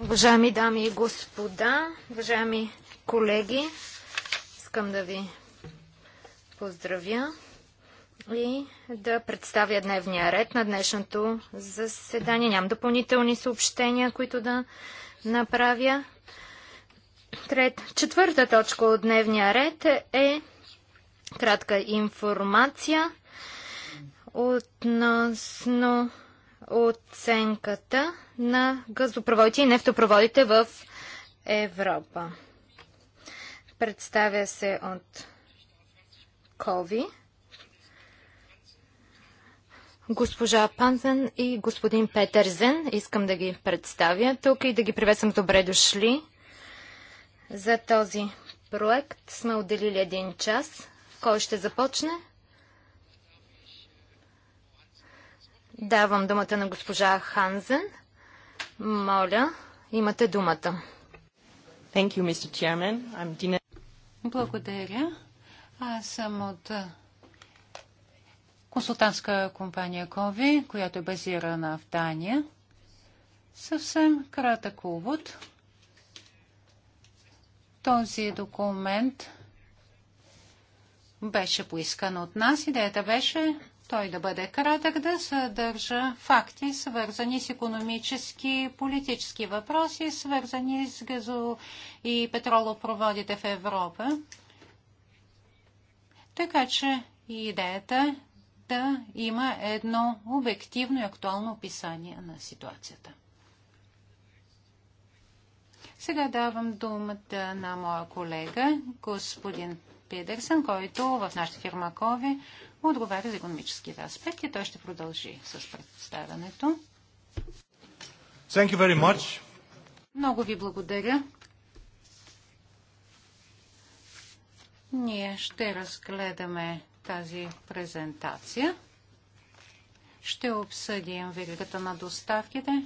Уважаеми дами и господа, уважаеми колеги, искам да ви поздравя и да представя дневния ред на днешното заседание. Нямам допълнителни съобщения, които да направя. Трет. Четвърта точка от дневния ред е кратка информация относно оценката на газопроводите и нефтопроводите в Европа. Представя се от Кови, госпожа Панзен и господин Петерзен. Искам да ги представя тук и да ги приветствам добре дошли. За този проект сме отделили един час. Кой ще започне? Давам думата на госпожа Ханзен. Моля, имате думата. Thank you, Mr. Chairman. I'm Dina. Благодаря. Аз съм от консултантска компания COVID, която е базирана в Дания. Съвсем кратък увод. Този документ беше поискан от нас. Идеята беше той да бъде кратък, да съдържа факти, свързани с економически и политически въпроси, свързани с газо и петролопроводите в Европа. Така че идеята да има едно обективно и актуално описание на ситуацията. Сега давам думата на моя колега, господин Педерсен, който в нашата фирма Кови отговаря за економическите аспекти. Той ще продължи с представянето. Thank you very much. Много ви благодаря. Ние ще разгледаме тази презентация. Ще обсъдим веригата на доставките.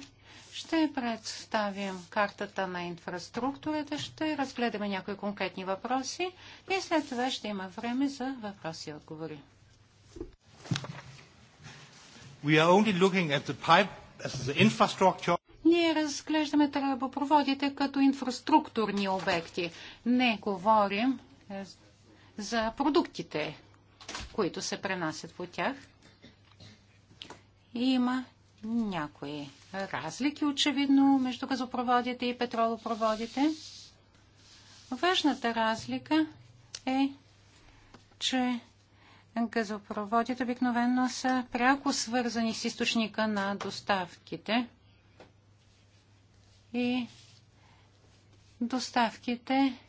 Ще представим картата на инфраструктурата, ще разгледаме някои конкретни въпроси и след това ще има време за въпроси и отговори. We are only looking at the pipe as the infrastructure. Ние разглеждаме тръбопроводите като инфраструктурни обекти. Не говорим е, за продуктите, които се пренасят по тях. Има някои разлики, очевидно, между газопроводите и петролопроводите. Важната разлика е, че газопроводите обикновено са пряко свързани с източника на доставките и доставките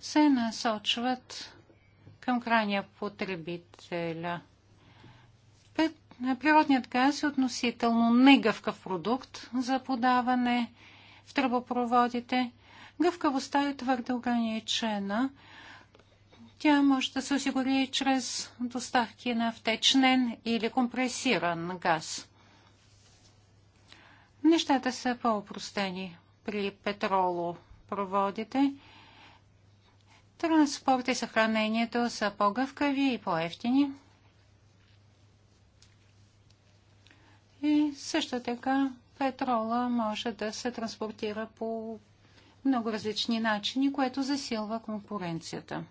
се насочват към крайния потребителя. Природният газ е относително негъвкав продукт за подаване в тръбопроводите. Гъвкавостта е твърде ограничена, тя може да се осигури чрез доставки на втечнен или компресиран газ. Нещата са по-опростени при петролопроводите. Транспорт и съхранението са по-гъвкави и по-ефтини. И също така петрола може да се транспортира по много различни начини, което засилва конкуренцията.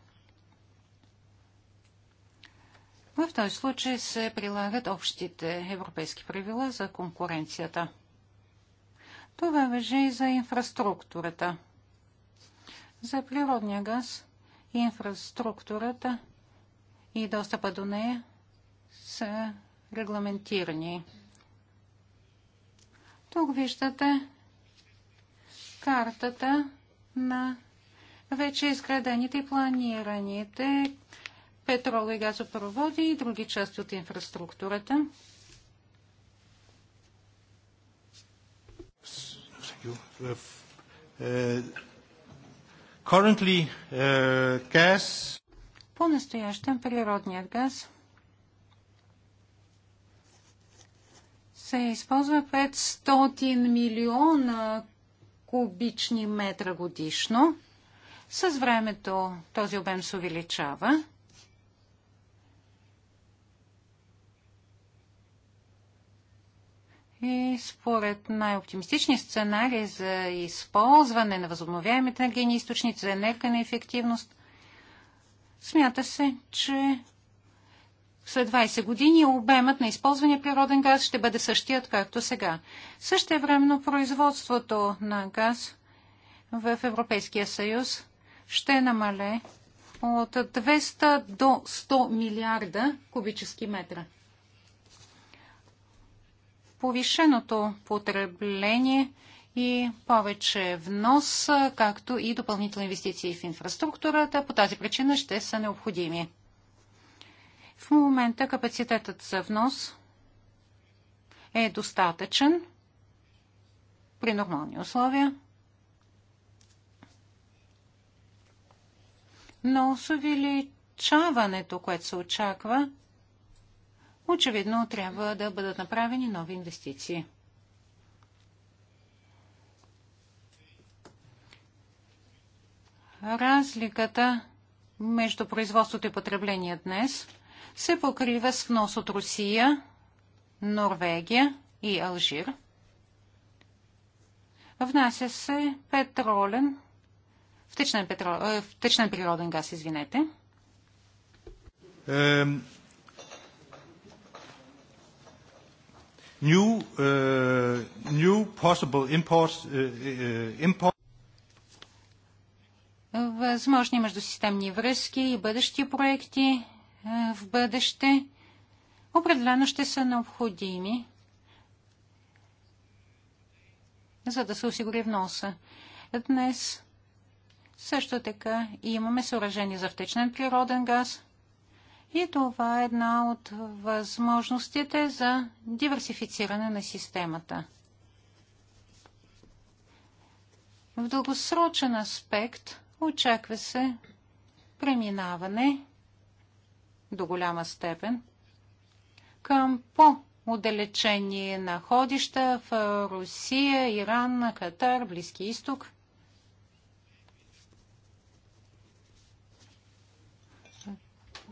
В този случай се прилагат общите европейски правила за конкуренцията. Това въжи и за инфраструктурата. За природния газ инфраструктурата и достъпа до нея са регламентирани. Тук виждате картата на вече изградените и планираните Петрол и газопроводи и други части от инфраструктурата. Currently, uh, gas... По-настоящен природният газ се използва 500 милиона кубични метра годишно. С времето този обем се увеличава. И според най-оптимистични сценарии за използване на възобновяемите енергийни източници за енергийна ефективност, смята се, че след 20 години обемът на използвания природен газ ще бъде същият, както сега. Също времено производството на газ в Европейския съюз ще намале от 200 до 100 милиарда кубически метра повишеното потребление и повече внос, както и допълнителни инвестиции в инфраструктурата. По тази причина ще са необходими. В момента капацитетът за внос е достатъчен при нормални условия. Но с увеличаването, което се очаква, очевидно трябва да бъдат направени нови инвестиции. Разликата между производството и потребление днес се покрива с внос от Русия, Норвегия и Алжир. Внася се петролен, втечнен, петрол, е, втечнен природен газ, извинете. Uh, new possible imports uh, uh, import възможни междусистемни връзки и бъдещи проекти е, в бъдеще определено ще са необходими, за да се осигури вноса. Днес също така имаме съоръжение за втечнен природен газ, и това е една от възможностите за диверсифициране на системата. В дългосрочен аспект очаква се преминаване до голяма степен към по на находища в Русия, Иран, Катар, Близки изток.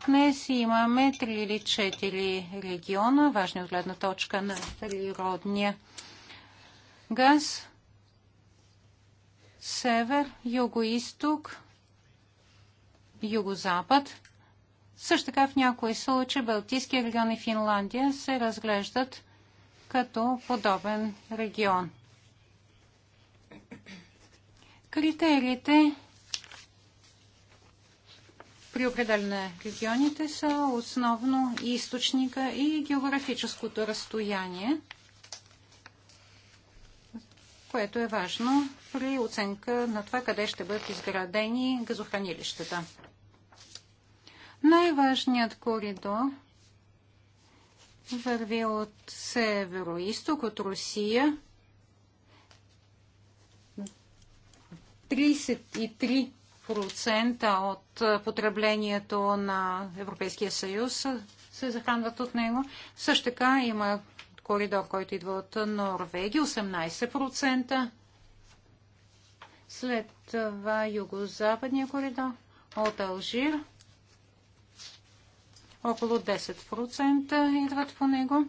Днес имаме три или четири региона, важни от гледна точка на природния газ. Север, юго-исток, юго-запад. Също така в някои случаи Балтийския регион и Финландия се разглеждат като подобен регион. Критериите при определяне регионите са основно и източника и географическото разстояние, което е важно при оценка на това къде ще бъдат изградени газохранилищата. Най-важният коридор върви от северо-исток, от Русия. 33 процента от потреблението на Европейския съюз се захранват от него. Също така има коридор, който идва от Норвегия, 18%. След това юго-западния коридор от Алжир, около 10% идват по него.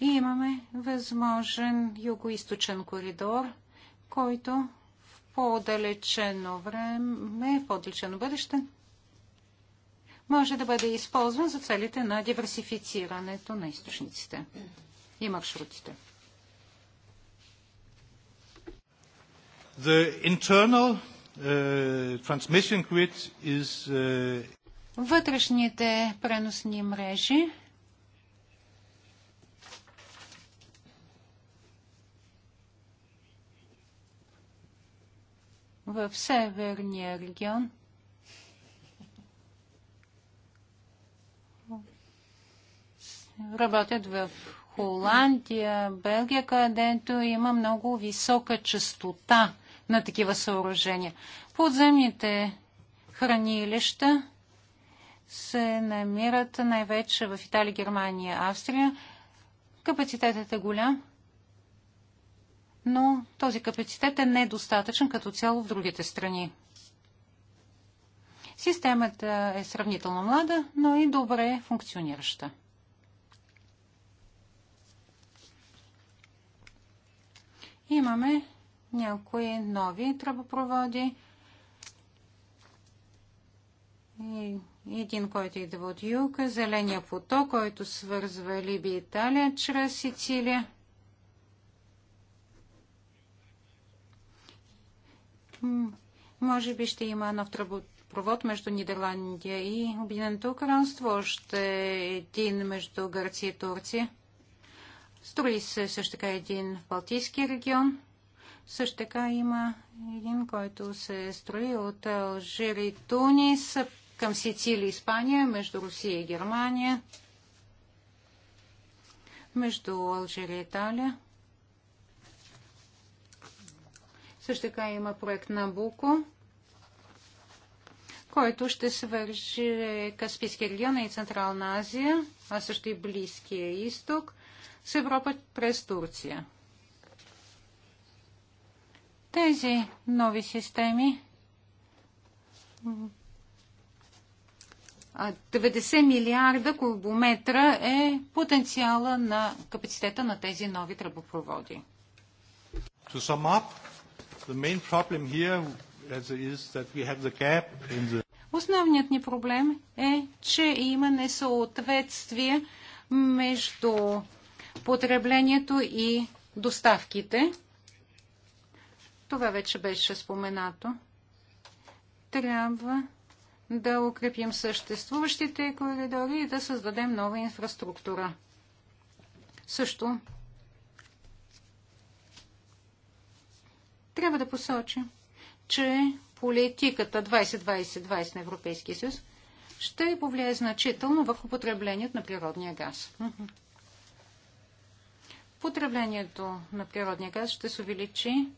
И имаме възможен юго-источен коридор, който в по-далечено време, в по-далечено бъдеще, може да бъде използван за целите на диверсифицирането на източниците и маршрутите. The internal uh, transmission grid is uh... Вътрешните преносни мрежи в северния регион. Работят в Холандия, Белгия, където има много висока частота на такива съоръжения. Подземните хранилища се намират най-вече в Италия, Германия, Австрия. Капацитетът е голям но този капацитет е недостатъчен като цяло в другите страни. Системата е сравнително млада, но и добре функционираща. Имаме някои нови тръбопроводи. един, който идва от юг, зеления поток, който свързва Либия и Италия чрез Сицилия. може би ще има нов тръбопровод между Нидерландия и Обединеното кралство, още един между Гърция и Турция. Строи се също така един в Балтийския регион. Също така има един, който се строи от Алжир и Тунис към Сицилия и Испания, между Русия и Германия, между Алжир и Италия. Също така има проект Набуко, който ще свържи Каспийския регион и Централна Азия, а също и Близкия изток, с Европа през Турция. Тези нови системи 90 милиарда кубометра е потенциала на капацитета на тези нови тръбопроводи. To sum up, Основният ни проблем е, че има несъответствие между потреблението и доставките. Това вече беше споменато. Трябва да укрепим съществуващите коридори и да създадем нова инфраструктура. Също Трябва да посоча, че политиката 2020-2020 на Европейския съюз ще повлияе значително върху потреблението на природния газ. Потреблението на природния газ ще се увеличи,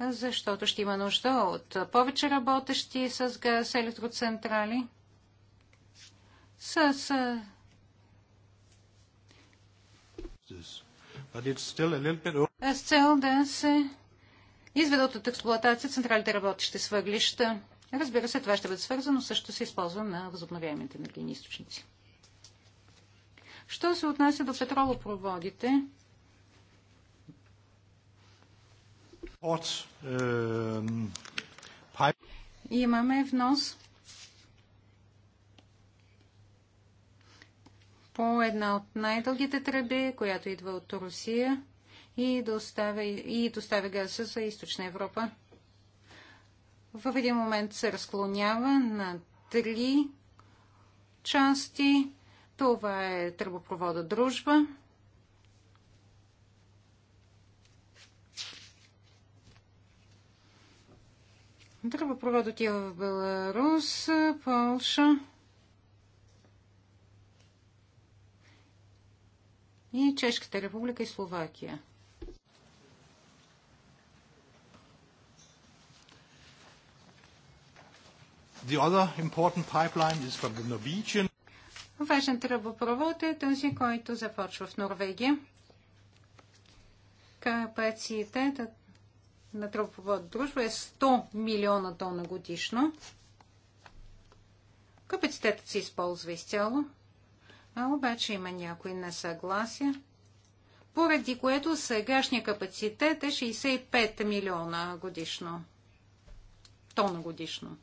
защото ще има нужда от повече работещи с газ електроцентрали, с с цел да се изведат от експлуатация централите работещи с въглища. Разбира се, това ще бъде свързано също се използва на възобновяемите енергийни източници. Що се отнася до петролопроводите? От, е, пай... Имаме внос по една от най-дългите тръби, която идва от Русия – и доставя, и доставя газа за източна Европа. В един момент се разклонява на три части. Това е тръбопровода Дружба. Тръбопроводът е в Беларус, Полша и Чешката република и Словакия. The other important pipeline is from the Norwegian. Важен тръбопровод е този, който започва в Норвегия. Капацитетът на тръбопровод дружба е 100 милиона тона годишно. Капацитетът се използва изцяло, а обаче има някои несъгласия, поради което сегашния капацитет е 65 милиона годишно. Тона годишно.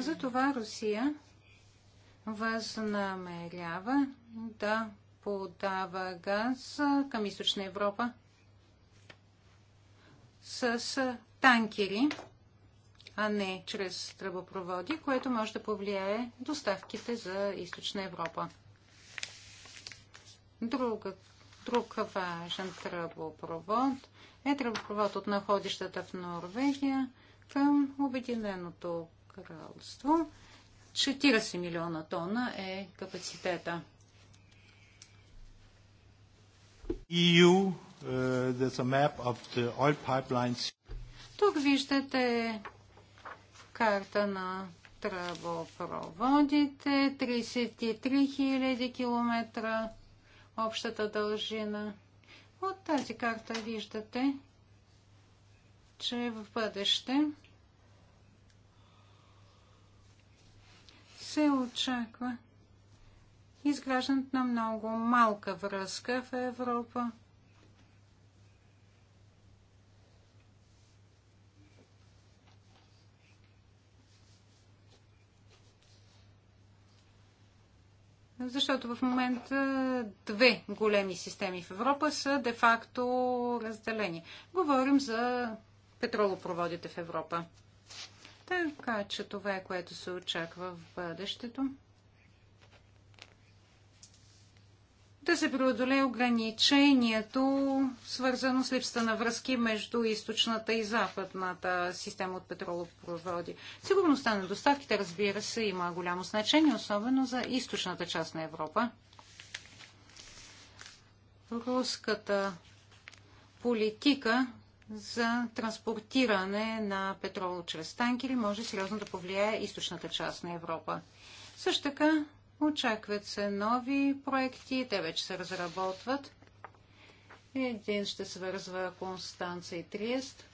Затова Русия възнамерява да подава газ към Източна Европа с танкери, а не чрез тръбопроводи, което може да повлияе доставките за Източна Европа. Друг, друг важен тръбопровод е тръбопровод от находищата в Норвегия към Обединеното кралство. 40 милиона тона е капацитета. EU, uh, Тук виждате карта на тръбопроводите, 33 000 км общата дължина. От тази карта виждате, че в бъдеще се очаква изграждането на много малка връзка в Европа. Защото в момента две големи системи в Европа са де-факто разделени. Говорим за петролопроводите в Европа. Така че това е което се очаква в бъдещето. да се преодолее ограничението, свързано с липсата на връзки между източната и западната система от петролопроводи. Сигурността на доставките, разбира се, има голямо значение, особено за източната част на Европа. Руската политика за транспортиране на петрол чрез танкери може сериозно да повлияе източната част на Европа. Също така очакват се нови проекти, те вече се разработват. Един ще свързва Констанца и Триест.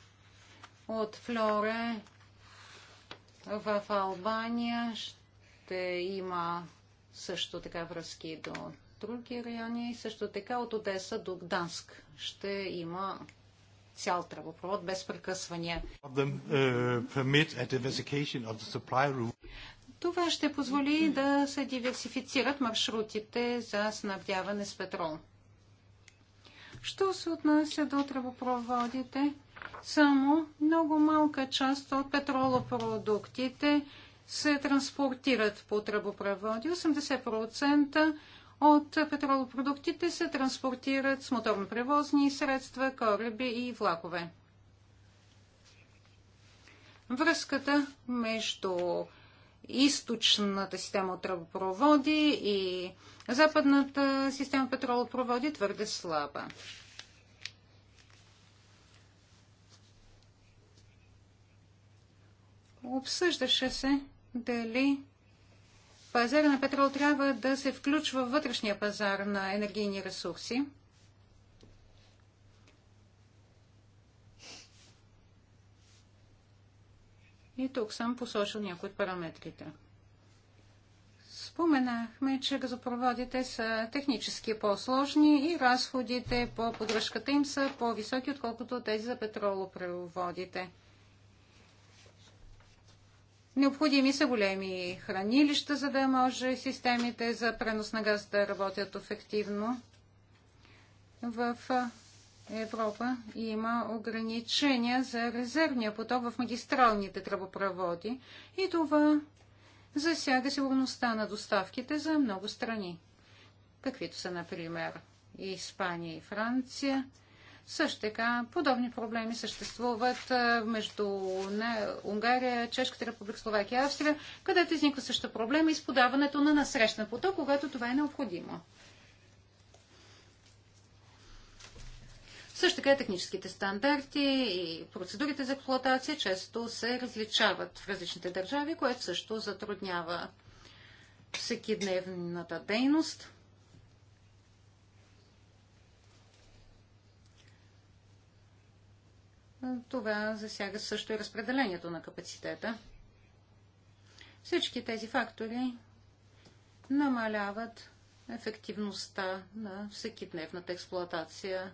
От Флоре в Албания ще има също така връзки до други райони. Също така от Одеса до Гданск ще има цял тръбопровод без прекъсвания. Uh, Това ще позволи да се диверсифицират маршрутите за снабдяване с петрол. Що се отнася до тръбопроводите, само много малка част от петролопродуктите се транспортират по тръбопроводи. 80% от петролопродуктите се транспортират с моторно превозни средства, кораби и влакове. Връзката между източната система от тръбопроводи и западната система петролопроводи е твърде слаба. Обсъждаше се дали пазара на петрол трябва да се включва в вътрешния пазар на енергийни ресурси. И тук съм посочил някои от параметрите. Споменахме, че газопроводите са технически по-сложни и разходите по поддръжката им са по-високи, отколкото тези за петролопроводите. Необходими са големи хранилища, за да може системите за пренос на газ да работят ефективно. В Европа има ограничения за резервния поток в магистралните тръбопроводи и това засяга сигурността на доставките за много страни, каквито са, например, Испания и Франция – също така, подобни проблеми съществуват между Унгария, Чешката република, Словакия и Австрия, където изниква също проблема и с подаването на насрещна пота, когато това е необходимо. Също така техническите стандарти и процедурите за експлуатация често се различават в различните държави, което също затруднява всекидневната дейност. това засяга също и разпределението на капацитета. Всички тези фактори намаляват ефективността на всекидневната експлоатация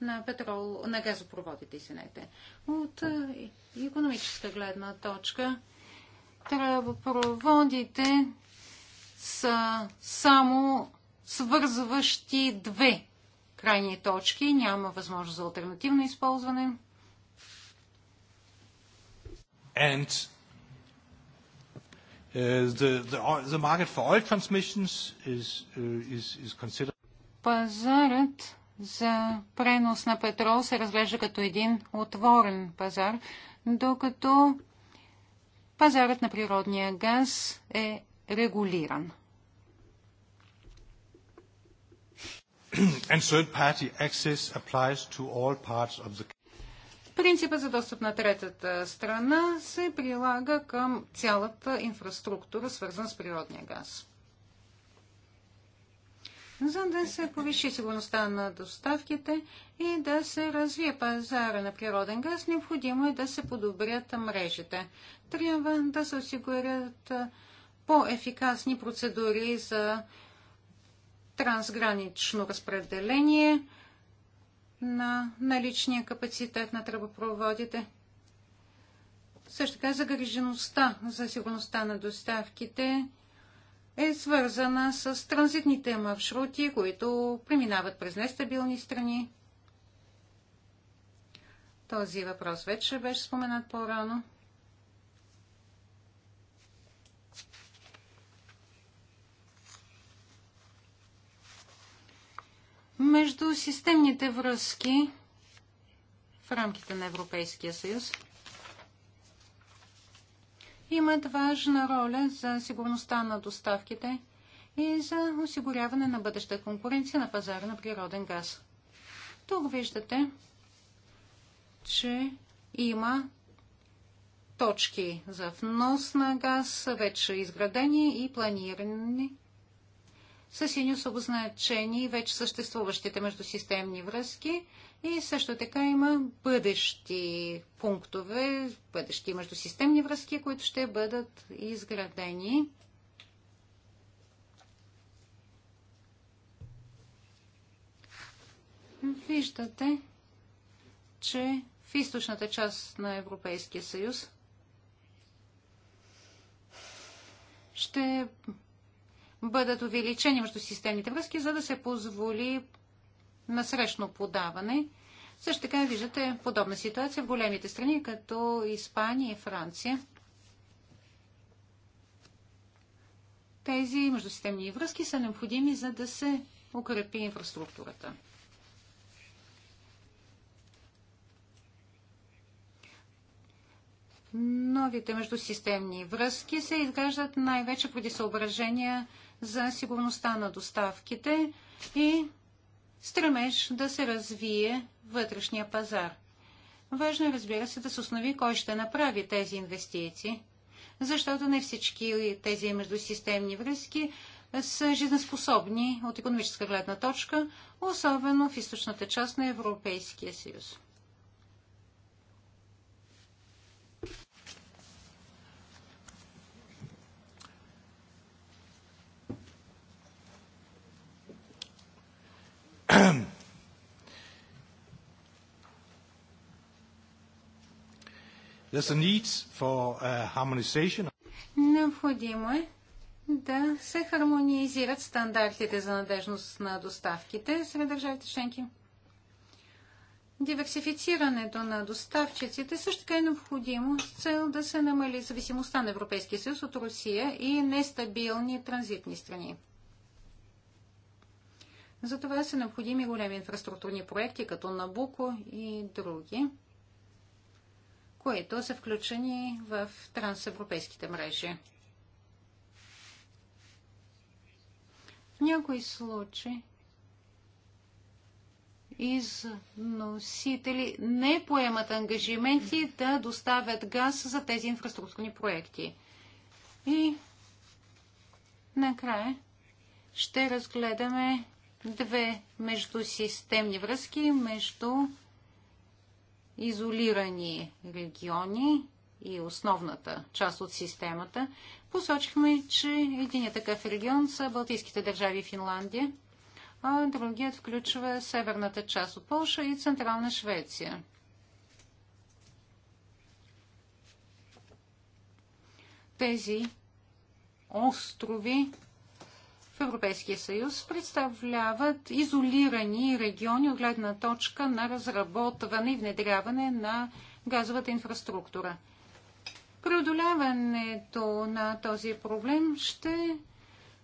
на петрол, на газопроводите, извинете. От економическа гледна точка тръбопроводите са само свързващи две крайни точки. Няма възможност за альтернативно използване. And uh, uh, the market for oil transmissions uh, is considered. Пазарът за пренос на петрол се разглежда като един отворен пазар, докато пазарът на природния газ е регулиран. And third party access applies to all parts of the Принципът за достъп на третата страна се прилага към цялата инфраструктура, свързана с природния газ. За да се повиши сигурността на доставките и да се развие пазара на природен газ, необходимо е да се подобрят мрежите. Трябва да се осигурят по-ефикасни процедури за трансгранично разпределение, на наличния капацитет на тръбопроводите. Също така загрижеността за сигурността на доставките е свързана с транзитните маршрути, които преминават през нестабилни страни. Този въпрос вече беше споменат по-рано. между системните връзки в рамките на Европейския съюз имат важна роля за сигурността на доставките и за осигуряване на бъдеща конкуренция на пазара на природен газ. Тук виждате, че има точки за внос на газ, вече изградени и планирани са силно обозначени вече съществуващите междусистемни връзки и също така има бъдещи пунктове, бъдещи междусистемни връзки, които ще бъдат изградени. Виждате, че в източната част на Европейския съюз ще бъдат увеличени между системните връзки, за да се позволи насрещно подаване. Също така виждате подобна ситуация в големите страни, като Испания и Франция. Тези междусистемни връзки са необходими, за да се укрепи инфраструктурата. Новите междусистемни връзки се изграждат най-вече преди съображения за сигурността на доставките и стремеж да се развие вътрешния пазар. Важно е, разбира се, да се установи кой ще направи тези инвестиции, защото не всички тези междусистемни връзки са жизнеспособни от економическа гледна точка, особено в източната част на Европейския съюз. There's a need for uh, harmonization. Необходимо е да се хармонизират стандартите за надежност на доставките сред държавите членки. Диверсифицирането на доставчиците също така е необходимо с цел да се намали зависимостта на Европейския съюз от Русия и нестабилни транзитни страни. За това са необходими големи инфраструктурни проекти, като Набуко и други, които са включени в трансевропейските мрежи. В някои случаи износители не поемат ангажименти да доставят газ за тези инфраструктурни проекти. И накрая ще разгледаме две междусистемни връзки между изолирани региони и основната част от системата. Посочихме, че един е такъв регион са Балтийските държави и Финландия, а другият включва северната част от Польша и Централна Швеция. Тези острови в Европейския съюз представляват изолирани региони от гледна точка на разработване и внедряване на газовата инфраструктура. Преодоляването на този проблем ще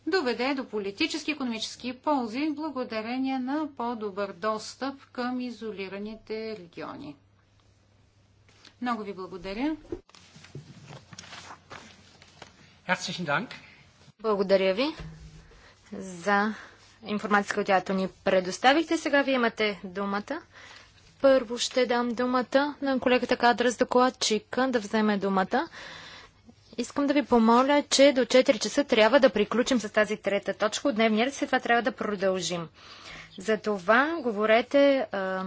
доведе до политически и економически ползи благодарение на по-добър достъп към изолираните региони. Много ви благодаря. Благодаря ви за информацията, която ни предоставихте. Сега вие имате думата. Първо ще дам думата на колегата с докладчика да вземе думата. Искам да ви помоля, че до 4 часа трябва да приключим с тази трета точка от дневния ред, след това трябва да продължим. За това говорете а,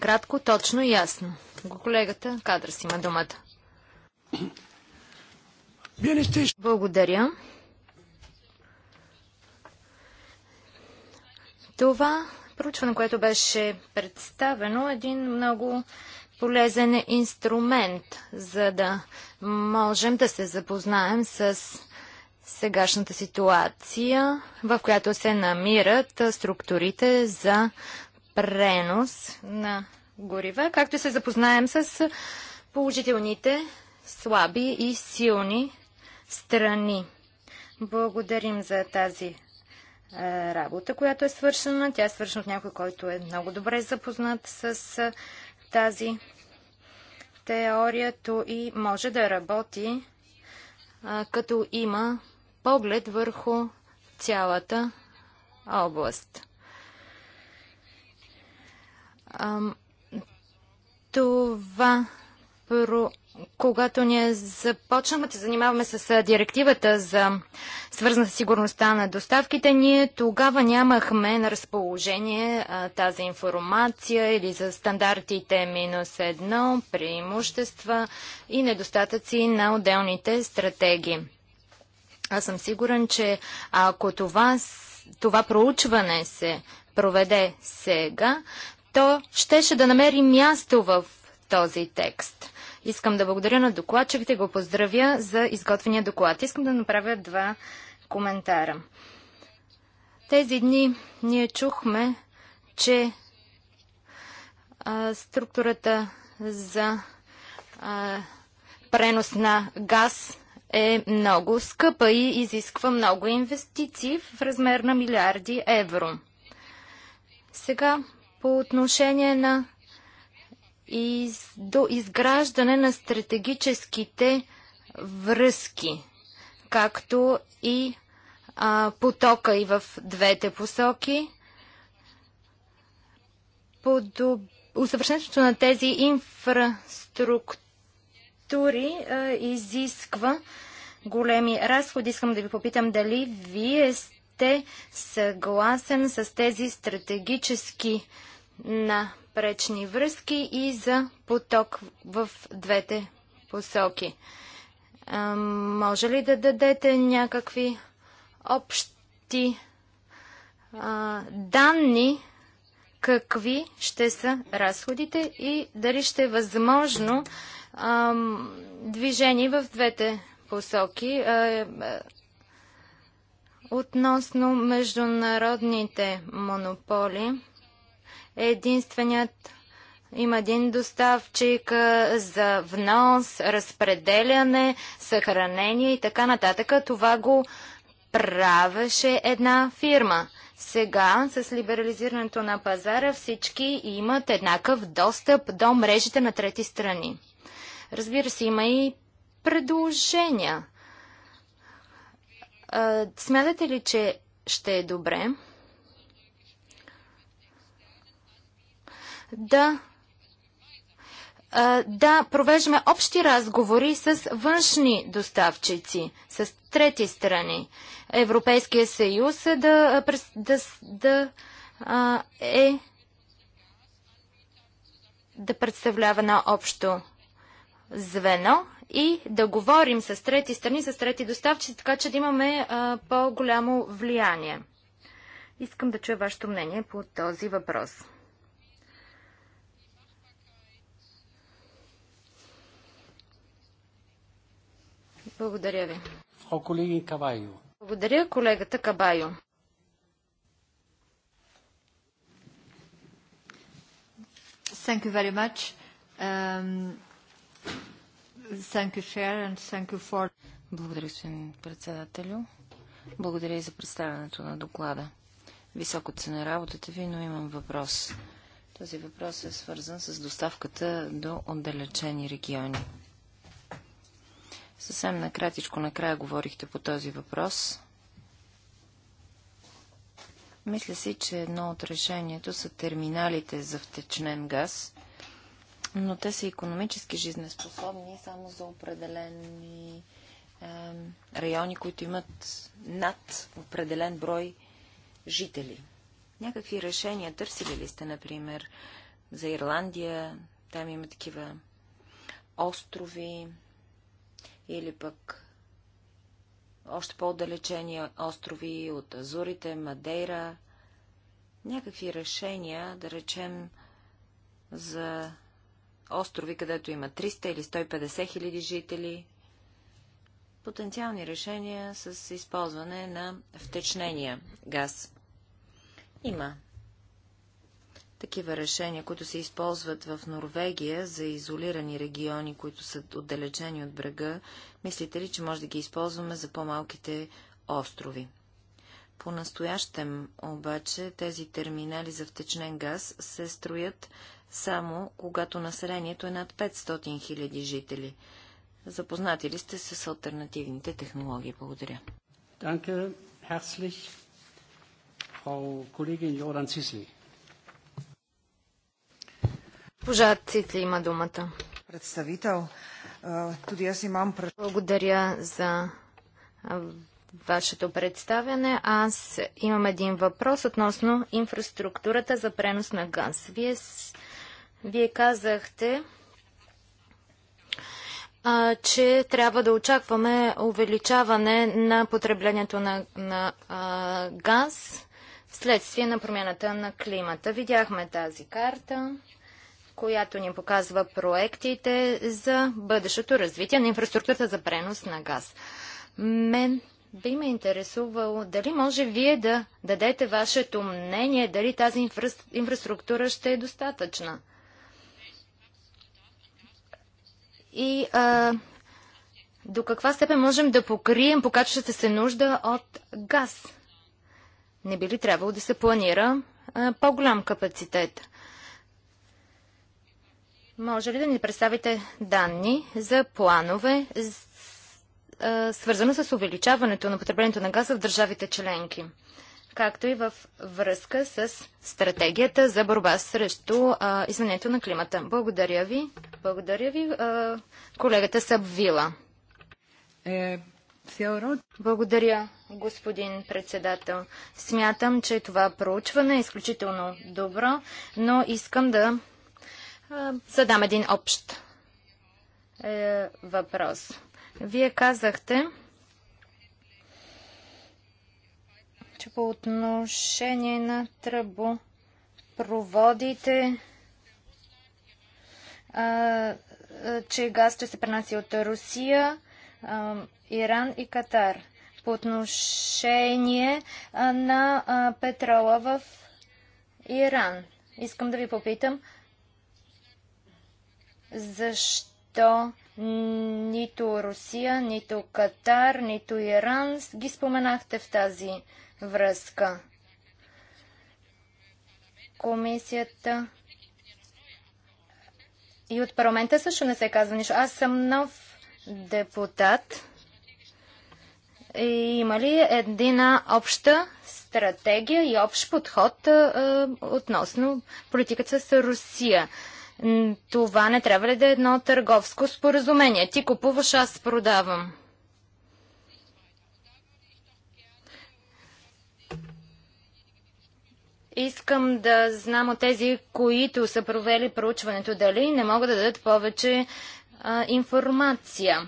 кратко, точно и ясно. Колегата си има думата. Благодаря. Това проучване, което беше представено, е един много полезен инструмент, за да можем да се запознаем с сегашната ситуация, в която се намират структурите за пренос на горива, както се запознаем с положителните, слаби и силни страни. Благодарим за тази е, работа, която е свършена. Тя е свършена от някой, който е много добре запознат с е, тази теорията и може да работи е, като има поглед върху цялата област. Това про когато ние започнахме да се занимаваме с директивата за свързана с сигурността на доставките, ние тогава нямахме на разположение а, тази информация или за стандартите минус едно, преимущества и недостатъци на отделните стратегии. Аз съм сигурен, че ако това, това проучване се проведе сега, то щеше да намери място в този текст. Искам да благодаря на докладчиките, го поздравя за изготвения доклад. Искам да направя два коментара. Тези дни ние чухме, че а, структурата за а, пренос на газ е много скъпа и изисква много инвестиции в размер на милиарди евро. Сега по отношение на и до изграждане на стратегическите връзки, както и а, потока и в двете посоки. Усъвършенството на тези инфраструктури а, изисква големи разходи. Искам да ви попитам дали вие сте съгласен с тези стратегически на пречни връзки и за поток в двете посоки. може ли да дадете някакви общи данни, какви ще са разходите и дали ще е възможно а, движение в двете посоки? Е, относно международните монополи, единственият. Има един доставчик за внос, разпределяне, съхранение и така нататък. Това го правеше една фирма. Сега, с либерализирането на пазара, всички имат еднакъв достъп до мрежите на трети страни. Разбира се, има и предложения. Смятате ли, че ще е добре да да провеждаме общи разговори с външни доставчици, с трети страни. Европейския съюз да, да, да е да представлява на общо звено и да говорим с трети страни, с трети доставчици, така че да имаме по-голямо влияние. Искам да чуя вашето мнение по този въпрос. Благодаря ви. О, колеги Кабайо. Благодаря колегата Кабайо. Thank you very much. Um, thank you, Chair, and thank you for... Благодаря, господин председателю. Благодаря и за представянето на доклада. Високо цена работата ви, но имам въпрос. Този въпрос е свързан с доставката до отдалечени региони. Съвсем накратичко накрая говорихте по този въпрос. Мисля си, че едно от решението са терминалите за втечнен газ, но те са економически жизнеспособни само за определени е, райони, които имат над определен брой жители. Някакви решения търсили ли сте, например, за Ирландия? Там има такива острови, или пък още по-отдалечени острови от Азурите, Мадейра, някакви решения, да речем, за острови, където има 300 или 150 хиляди жители, потенциални решения с използване на втечнения газ. Има такива решения, които се използват в Норвегия за изолирани региони, които са отдалечени от брега, мислите ли, че може да ги използваме за по-малките острови? По-настоящем обаче тези терминали за втечнен газ се строят само когато населението е над 500 000 жители. Запознати ли сте с альтернативните технологии? Благодаря. Danke, herzlich, Frau Kollegin Jordan Cisley. Пожа Цитли има думата. Представител, туди аз имам... Благодаря за вашето представяне. Аз имам един въпрос относно инфраструктурата за пренос на газ. Вие, вие казахте, а, че трябва да очакваме увеличаване на потреблението на, на а, газ вследствие на промяната на климата. Видяхме тази карта която ни показва проектите за бъдещето развитие на инфраструктурата за пренос на газ. Мен би ме интересувало дали може вие да дадете вашето мнение, дали тази инфра... инфраструктура ще е достатъчна. И а, до каква степен можем да покрием покачващата се нужда от газ? Не би ли трябвало да се планира по-голям капацитет? Може ли да ни представите данни за планове, свързано с увеличаването на потреблението на газа в държавите членки, както и в връзка с стратегията за борба срещу изменението на климата? Благодаря ви. Благодаря ви, колегата Сабвила. Е, Благодаря, господин председател. Смятам, че това проучване е изключително добро, но искам да задам един общ е, въпрос. Вие казахте, че по отношение на тръбопроводите, проводите, че газ ще се пренаси от Русия, Иран и Катар. По отношение на петрола в Иран. Искам да ви попитам, защо нито Русия, нито Катар, нито Иран ги споменахте в тази връзка. Комисията и от парламента също не се казва нищо. Аз съм нов депутат. И има ли една обща стратегия и общ подход а, относно политиката с Русия? Това не трябва ли да е едно търговско споразумение? Ти купуваш, аз продавам. Искам да знам от тези, които са провели проучването, дали не могат да дадат повече а, информация.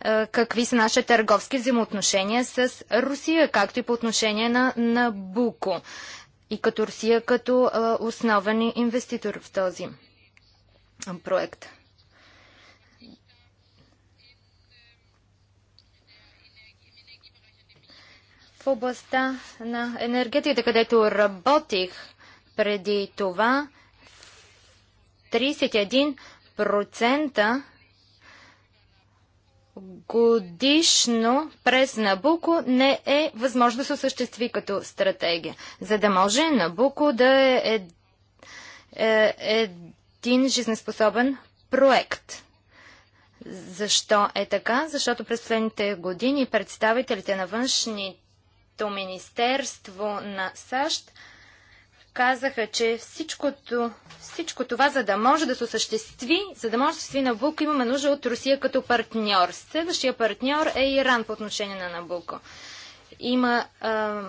А, какви са наши търговски взаимоотношения с Русия, както и по отношение на Набуко и като Русия като а, основен инвеститор в този проект. В областта на енергетиката, където работих преди това, 31% годишно през Набуко не е възможно да се осъществи като стратегия. За да може Набуко да е, е, е един жизнеспособен проект. Защо е така? Защото през последните години представителите на външното министерство на САЩ казаха, че всичкото, всичко това, за да може да се осъществи, за да може да се осъществи Набуко, имаме нужда от Русия като партньор. Следващия партньор е Иран по отношение на Набуко. Има а,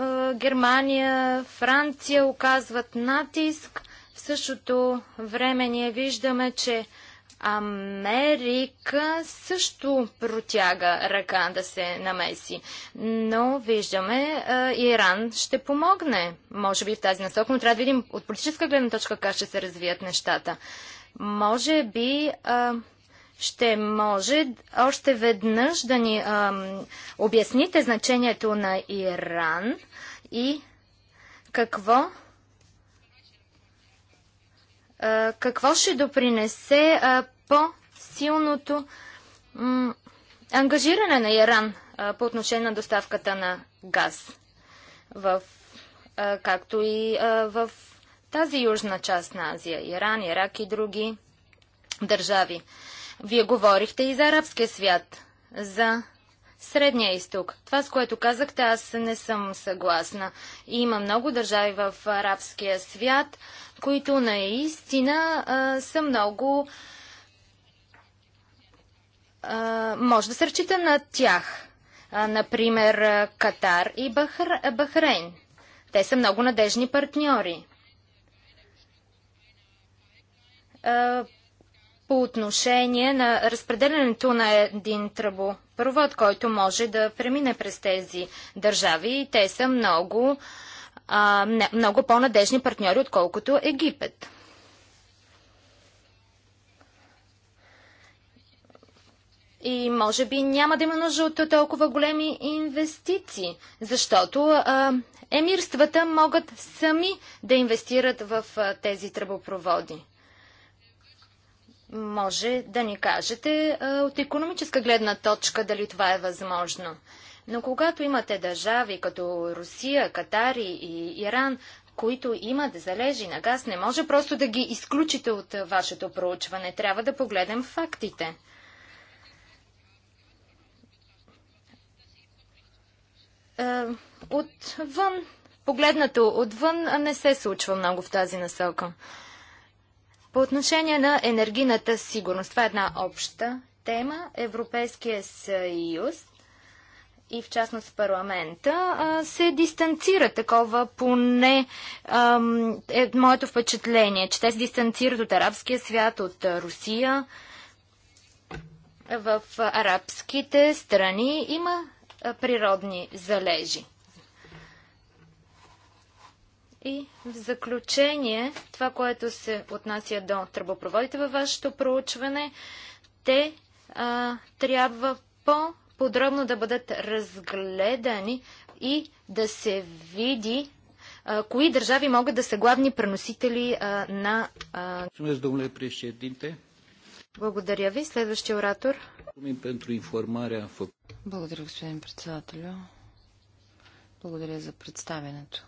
е, Германия, Франция оказват натиск. В същото време ние виждаме, че Америка също протяга ръка да се намеси. Но виждаме, е, Иран ще помогне, може би в тази насока, но трябва да видим от политическа гледна точка как ще се развият нещата. Може би е, ще може още веднъж да ни а, обясните значението на Иран и какво а, какво ще допринесе а, по-силното ангажиране на Иран а, по отношение на доставката на газ, в, а, както и а, в тази южна част на Азия, Иран, Ирак и други държави. Вие говорихте и за арабския свят, за Средния изток. Това, с което казахте, аз не съм съгласна. И има много държави в арабския свят, които наистина а, са много. А, може да се речита на тях. А, например, Катар и Бахр... Бахрейн. Те са много надежни партньори. А, по отношение на разпределянето на един тръбопровод, който може да премине през тези държави. И те са много, а, много по-надежни партньори, отколкото Египет. И може би няма да има нужда от толкова големи инвестиции, защото а, емирствата могат сами да инвестират в а, тези тръбопроводи. Може да ни кажете от економическа гледна точка дали това е възможно. Но когато имате държави като Русия, Катари и Иран, които имат залежи на газ, не може просто да ги изключите от вашето проучване. Трябва да погледнем фактите. Отвън, погледнато отвън, не се случва много в тази насока. По отношение на енергийната сигурност, това е една обща тема. Европейския съюз и в частност парламента се дистанцира такова поне е моето впечатление, че те се дистанцират от арабския свят, от Русия. В арабските страни има природни залежи. И в заключение, това, което се отнася до тръбопроводите във вашето проучване, те а, трябва по-подробно да бъдат разгледани и да се види а, кои държави могат да са главни преносители а, на. А... Благодаря ви. Следващия оратор. Благодаря, господин председателю. Благодаря за представенето.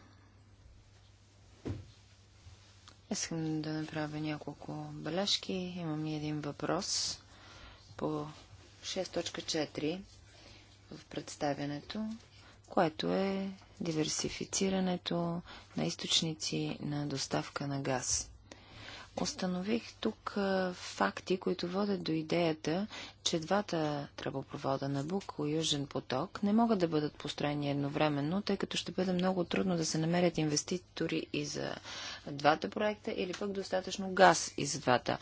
Искам да направя няколко бележки. Имам и един въпрос по 6.4 в представянето, което е диверсифицирането на източници на доставка на газ. Установих тук факти, които водят до идеята, че двата тръбопровода на Буко и Южен поток не могат да бъдат построени едновременно, тъй като ще бъде много трудно да се намерят инвеститори и за двата проекта, или пък достатъчно газ и за двата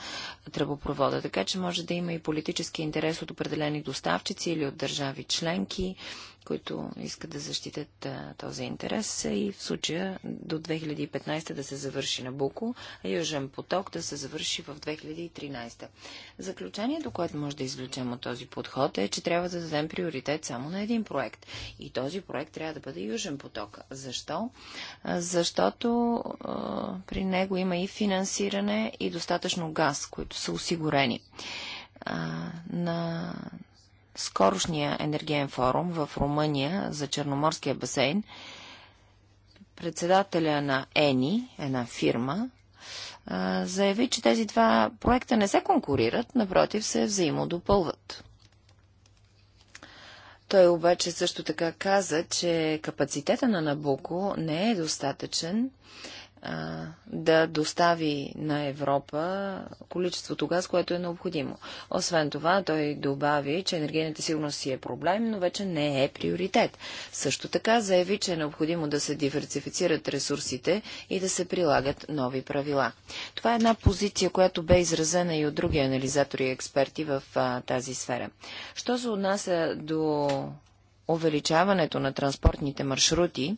тръбопровода. Така че може да има и политически интерес от определени доставчици или от държави членки които искат да защитят а, този интерес е и в случая до 2015 да се завърши на Буко, а Южен поток да се завърши в 2013. Заключението, което може да извлечем от този подход е, че трябва да дадем приоритет само на един проект. И този проект трябва да бъде Южен поток. Защо? Защото а, при него има и финансиране и достатъчно газ, които са осигурени. А, на скорошния енергиен форум в Румъния за Черноморския басейн, председателя на ЕНИ, една фирма, заяви, че тези два проекта не се конкурират, напротив се взаимодопълват. Той обаче също така каза, че капацитета на Набуко не е достатъчен, а, да достави на Европа количеството газ, което е необходимо. Освен това, той добави, че енергийната сигурност си е проблем, но вече не е приоритет. Също така заяви, че е необходимо да се диверсифицират ресурсите и да се прилагат нови правила. Това е една позиция, която бе изразена и от други анализатори и експерти в а, тази сфера. Що се отнася до увеличаването на транспортните маршрути,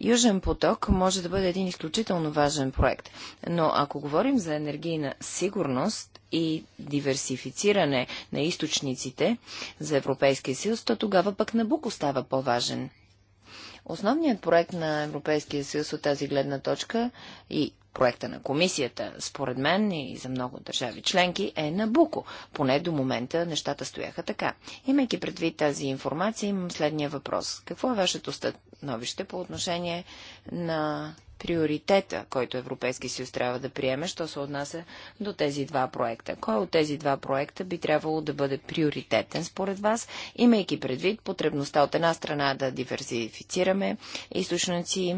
Южен поток може да бъде един изключително важен проект. Но ако говорим за енергийна сигурност и диверсифициране на източниците за Европейския съюз, то тогава пък Набуко става по-важен. Основният проект на Европейския съюз от тази гледна точка и проекта на комисията, според мен и за много държави членки, е Набуко. Поне до момента нещата стояха така. Имайки предвид тази информация, имам следния въпрос. Какво е вашето становище по отношение на приоритета, който Европейски съюз трябва да приеме, що се отнася до тези два проекта. Кой от тези два проекта би трябвало да бъде приоритетен според вас, имайки предвид потребността от една страна да диверсифицираме източници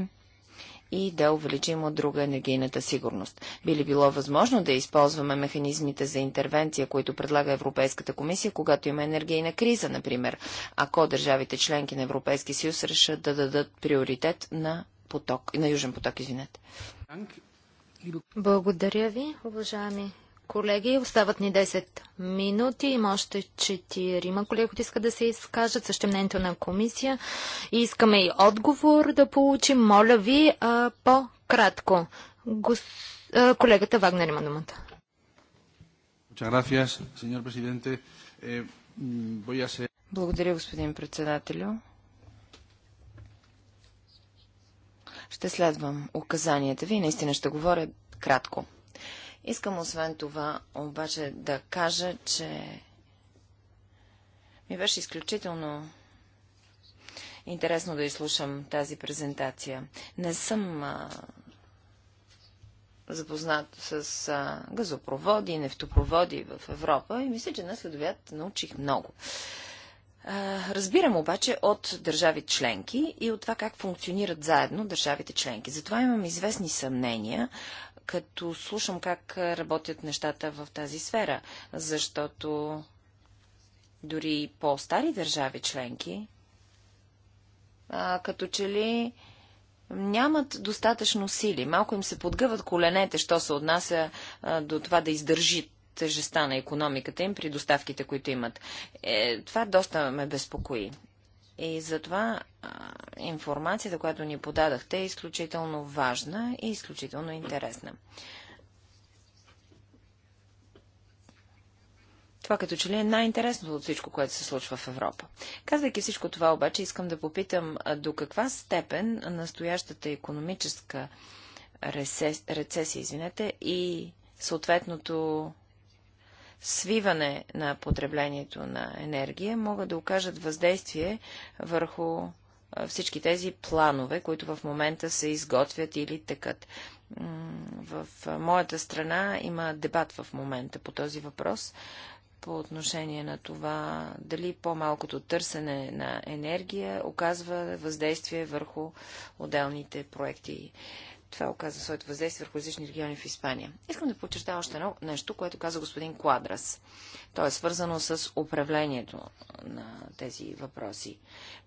и да увеличим от друга енергийната сигурност. Би ли било възможно да използваме механизмите за интервенция, които предлага Европейската комисия, когато има енергийна криза, например, ако държавите членки на Европейски съюз решат да дадат приоритет на поток, на Южен поток, извинете. Благодаря ви, уважаеми колеги. Остават ни 10 минути. Има още 4 има колеги, които искат да се изкажат. Също е мнението на комисия. И искаме и отговор да получим. Моля ви, по-кратко. Гос... А, колегата Вагнер има думата. Eh, Благодаря, господин председателю. Ще следвам указанията ви. и Наистина ще говоря кратко. Искам освен това обаче да кажа, че ми беше изключително интересно да изслушам тази презентация. Не съм а, запознат с а, газопроводи и нефтопроводи в Европа и мисля, че днес следовят научих много. Разбирам обаче от държави членки и от това как функционират заедно държавите членки. Затова имам известни съмнения, като слушам как работят нещата в тази сфера, защото дори по-стари държави членки, като че ли нямат достатъчно сили. Малко им се подгъват коленете, що се отнася до това да издържи тежеста на економиката им при доставките, които имат. Е, това доста ме безпокои. И затова информацията, която ни подадахте, е изключително важна и изключително интересна. Това като че ли е най-интересното от всичко, което се случва в Европа. Казвайки всичко това, обаче, искам да попитам до каква степен настоящата економическа рецесия извинете, и съответното свиване на потреблението на енергия могат да окажат въздействие върху всички тези планове, които в момента се изготвят или текат. В моята страна има дебат в момента по този въпрос, по отношение на това дали по-малкото търсене на енергия оказва въздействие върху отделните проекти. Това оказа своето въздействие върху различни региони в Испания. Искам да подчертая още едно нещо, което каза господин Квадрас. То е свързано с управлението на тези въпроси.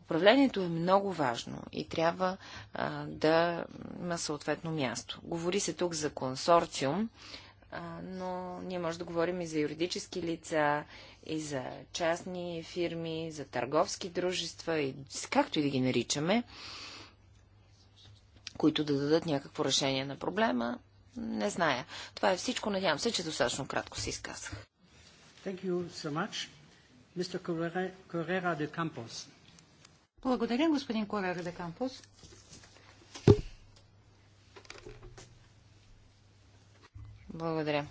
Управлението е много важно и трябва а, да има съответно място. Говори се тук за консорциум, а, но ние може да говорим и за юридически лица, и за частни фирми, за търговски дружества, и, както и да ги наричаме които да дадат някакво решение на проблема. Не зная. Това е всичко. Надявам се, че достатъчно кратко се изказах. So Благодаря, господин Корера де Кампус. Благодаря.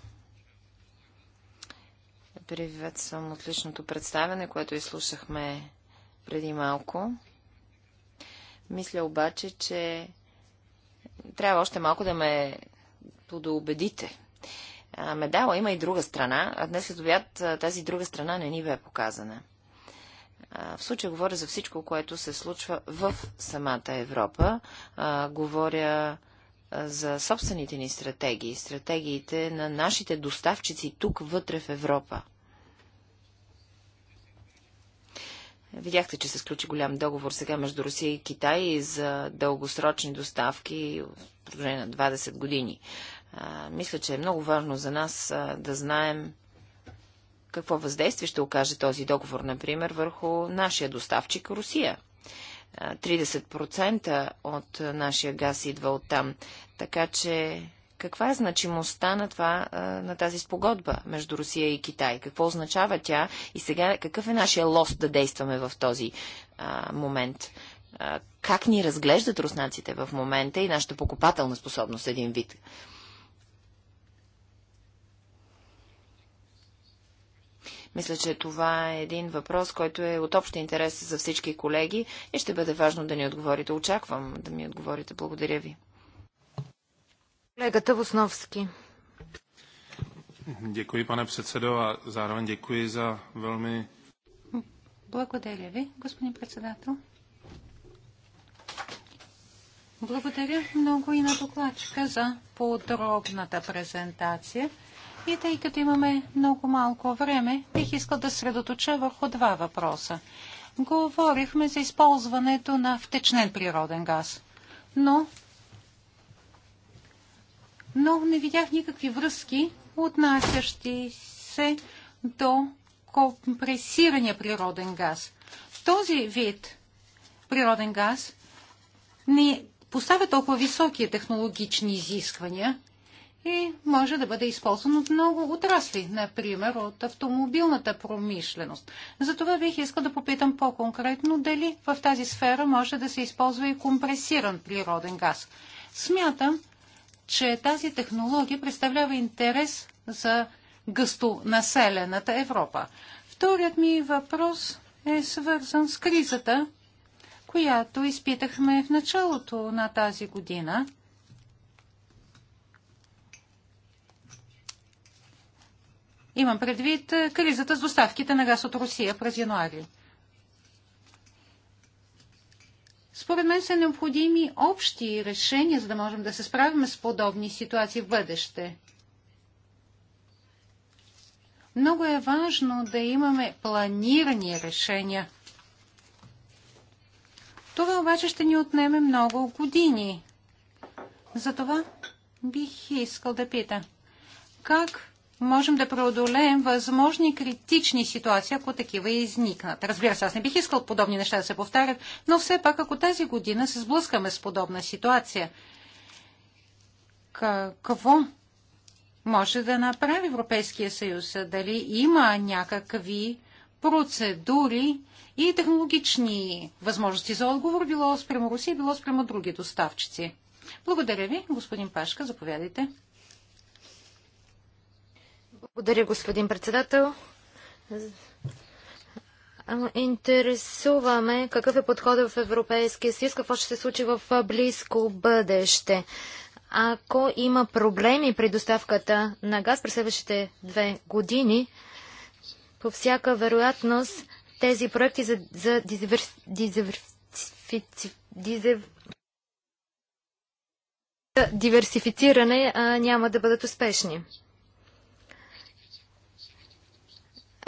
Приветствам отличното представяне, което изслушахме преди малко. Мисля обаче, че трябва още малко да ме подоубедите. Да медала има и друга страна, а днес след обяд тази друга страна не ни бе показана. В случая говоря за всичко, което се случва в самата Европа. Говоря за собствените ни стратегии, стратегиите на нашите доставчици тук вътре в Европа. Видяхте, че се сключи голям договор сега между Русия и Китай за дългосрочни доставки в продължение на 20 години. А, мисля, че е много важно за нас а, да знаем какво въздействие ще окаже този договор, например, върху нашия доставчик Русия. 30% от нашия газ идва оттам, Така че каква е значимостта на, това, на тази спогодба между Русия и Китай? Какво означава тя и сега какъв е нашия лост да действаме в този а, момент? А, как ни разглеждат руснаците в момента и нашата покупателна способност един вид? Мисля, че това е един въпрос, който е от общ интерес за всички колеги и ще бъде важно да ни отговорите. Очаквам да ми отговорите. Благодаря ви. Děkuji, pane předsedo, a zároveň děkuji za velmi... Благодаря ви, господин председател. Благодаря много и на докладчика за подробната презентация. И тъй като имаме много малко време, бих искал да средоточа върху два въпроса. Говорихме за използването на втечнен природен газ, но но не видях никакви връзки, отнасящи се до компресирания природен газ. Този вид природен газ не поставя толкова високи технологични изисквания и може да бъде използван от много отрасли, например от автомобилната промишленост. Затова бих искал да попитам по-конкретно дали в тази сфера може да се използва и компресиран природен газ. Смятам, че тази технология представлява интерес за гъстонаселената Европа. Вторият ми въпрос е свързан с кризата, която изпитахме в началото на тази година. Имам предвид кризата с доставките на газ от Русия през януари. Според мен са необходими общи решения, за да можем да се справим с подобни ситуации в бъдеще. Много е важно да имаме планирани решения. Това обаче ще ни отнеме много години. Затова бих искал да пита, как можем да преодолеем възможни критични ситуации, ако такива изникнат. Разбира се, аз не бих искал подобни неща да се повтарят, но все пак, ако тази година се сблъскаме с подобна ситуация, какво може да направи Европейския съюз? Дали има някакви процедури и технологични възможности за отговор, било спрямо Русия, било спрямо други доставчици? Благодаря ви, господин Пашка, заповядайте. Благодаря, господин председател. Интересуваме какъв е подходът в Европейския съюз, какво ще се случи в близко бъдеще. Ако има проблеми при доставката на газ през следващите две години, по всяка вероятност тези проекти за, за диверсифициране а, няма да бъдат успешни.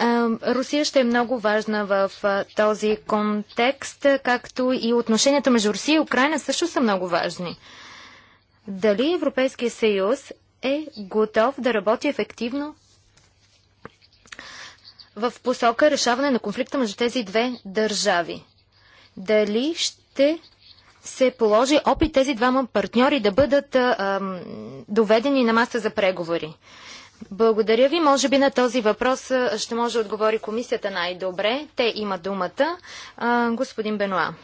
Русия ще е много важна в този контекст, както и отношенията между Русия и Украина също са много важни. Дали Европейския съюз е готов да работи ефективно в посока решаване на конфликта между тези две държави? Дали ще се положи опит тези двама партньори да бъдат а, доведени на маса за преговори? Благодаря ви. Може би на този въпрос ще може да отговори комисията най-добре. Те има думата. Господин Бенуа.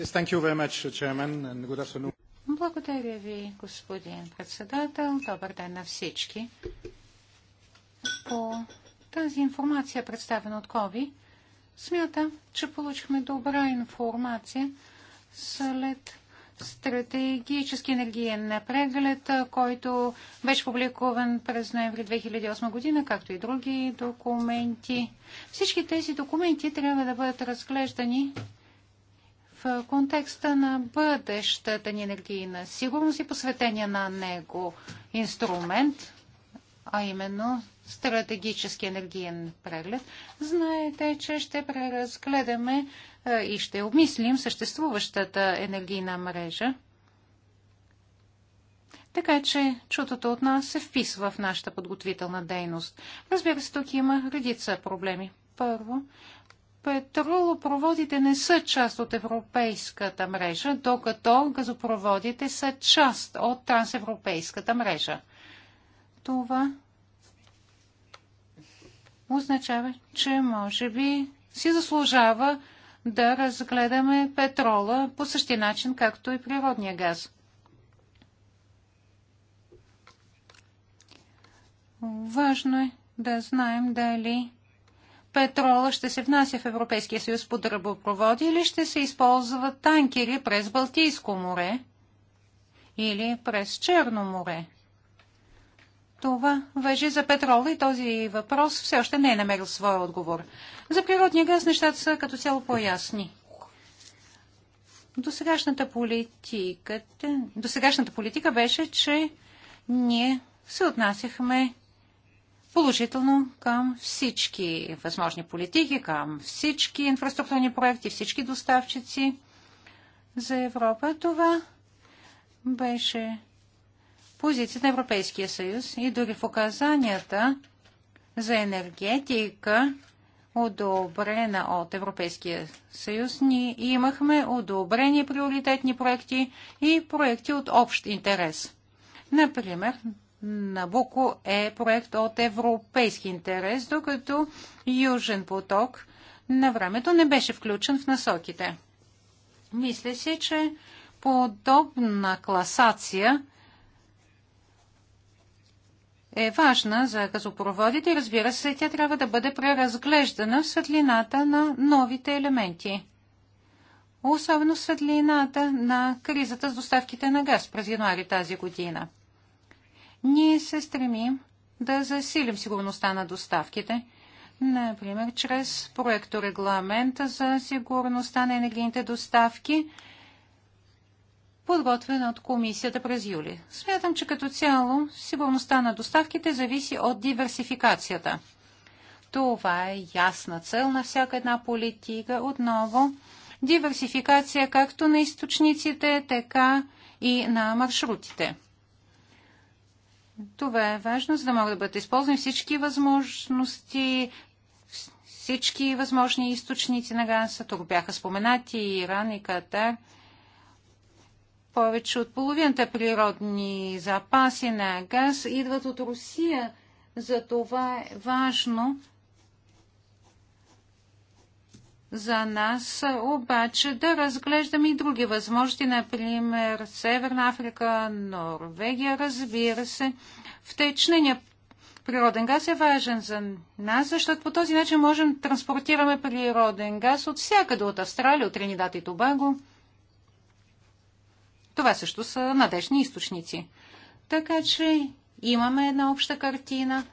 Uh, Благодаря ви, господин председател. Добър ден на всички. По тази информация, представена от КОВИ, смятам, че получихме добра информация след стратегически енергиен преглед, който беше публикуван през ноември 2008 година, както и други документи. Всички тези документи трябва да бъдат разглеждани в контекста на бъдещата ни енергийна сигурност и посветения на него инструмент, а именно стратегически енергиен преглед. Знаете, че ще преразгледаме е, и ще обмислим съществуващата енергийна мрежа. Така че чутото от нас се вписва в нашата подготвителна дейност. Разбира се, тук има редица проблеми. Първо, петролопроводите не са част от европейската мрежа, докато газопроводите са част от трансевропейската мрежа. Това означава, че може би си заслужава да разгледаме петрола по същия начин, както и природния газ. Важно е да знаем дали петрола ще се внася в Европейския съюз по дърбопроводи или ще се използват танкери през Балтийско море или през Черно море. Това въжи за петрола и този въпрос все още не е намерил своя отговор. За природния газ нещата са като цяло по-ясни. До политиката, политика беше, че ние се отнасяхме положително към всички възможни политики, към всички инфраструктурни проекти, всички доставчици за Европа. Това беше позицията на Европейския съюз и дори в указанията за енергетика, одобрена от Европейския съюз, ние имахме одобрени приоритетни проекти и проекти от общ интерес. Например, Набуко е проект от европейски интерес, докато Южен поток на времето не беше включен в насоките. Мисля си, че подобна класация – е важна за газопроводите и разбира се, тя трябва да бъде преразглеждана в светлината на новите елементи. Особено в светлината на кризата с доставките на газ през януари тази година. Ние се стремим да засилим сигурността на доставките, например чрез проекто регламента за сигурността на енергийните доставки – подготвен от комисията през юли. Смятам, че като цяло сигурността на доставките зависи от диверсификацията. Това е ясна цел на всяка една политика. Отново, диверсификация както на източниците, така и на маршрутите. Това е важно, за да могат да бъдат използвани всички възможности, всички възможни източници на газа. Тук бяха споменати и Иран и Катар – повече от половината природни запаси на газ идват от Русия. Затова е важно за нас обаче да разглеждаме и други възможности, например Северна Африка, Норвегия, разбира се. Втечнения природен газ е важен за нас, защото по този начин можем да транспортираме природен газ от всякъде, от Австралия, от Тринидад и Тобаго. Това също са надежни източници. Така че имаме една обща картина.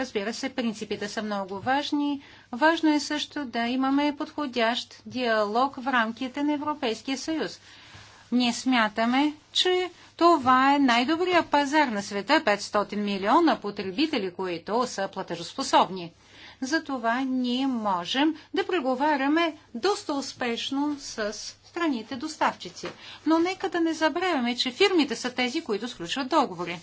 Разбира се, принципите са много важни. Важно е също да имаме подходящ диалог в рамките на Европейския съюз. Ние смятаме, че това е най добрият пазар на света, 500 милиона потребители, които са платежоспособни. Затова ние можем да преговаряме доста успешно с страните доставчици. Но нека да не забравяме, че фирмите са тези, които сключват договори.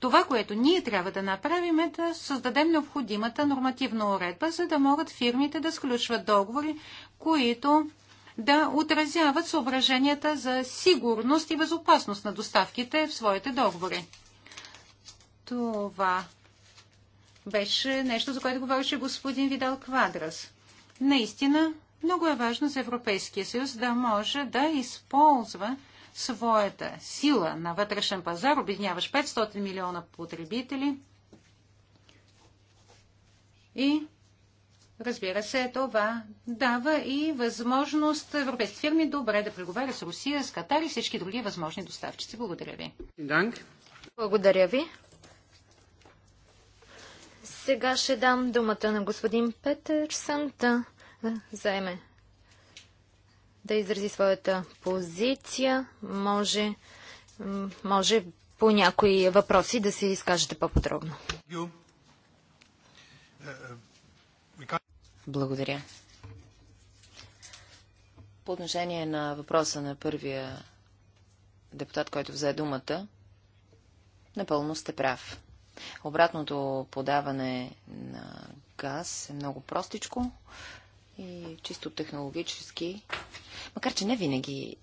Това, което ние трябва да направим е да създадем необходимата нормативна уредба, за да могат фирмите да сключват договори, които да отразяват съображенията за сигурност и безопасност на доставките в своите договори. Това беше нещо, за което говореше господин Видал Квадрас. Наистина, много е важно за Европейския съюз да може да използва своята сила на вътрешен пазар, обедняваш 500 милиона потребители и Разбира се, това дава и възможност европейски фирми добре да преговарят с Русия, с Катар и всички други възможни доставчици. Благодаря ви. Благодаря ви. Сега ще дам думата на господин Петър Санта заеме да изрази своята позиция, може, може по някои въпроси да се изкажете по-подробно. Благодаря. По отношение на въпроса на първия депутат, който взе думата, напълно сте прав. Обратното подаване на газ е много простичко и чисто технологически, макар че не винаги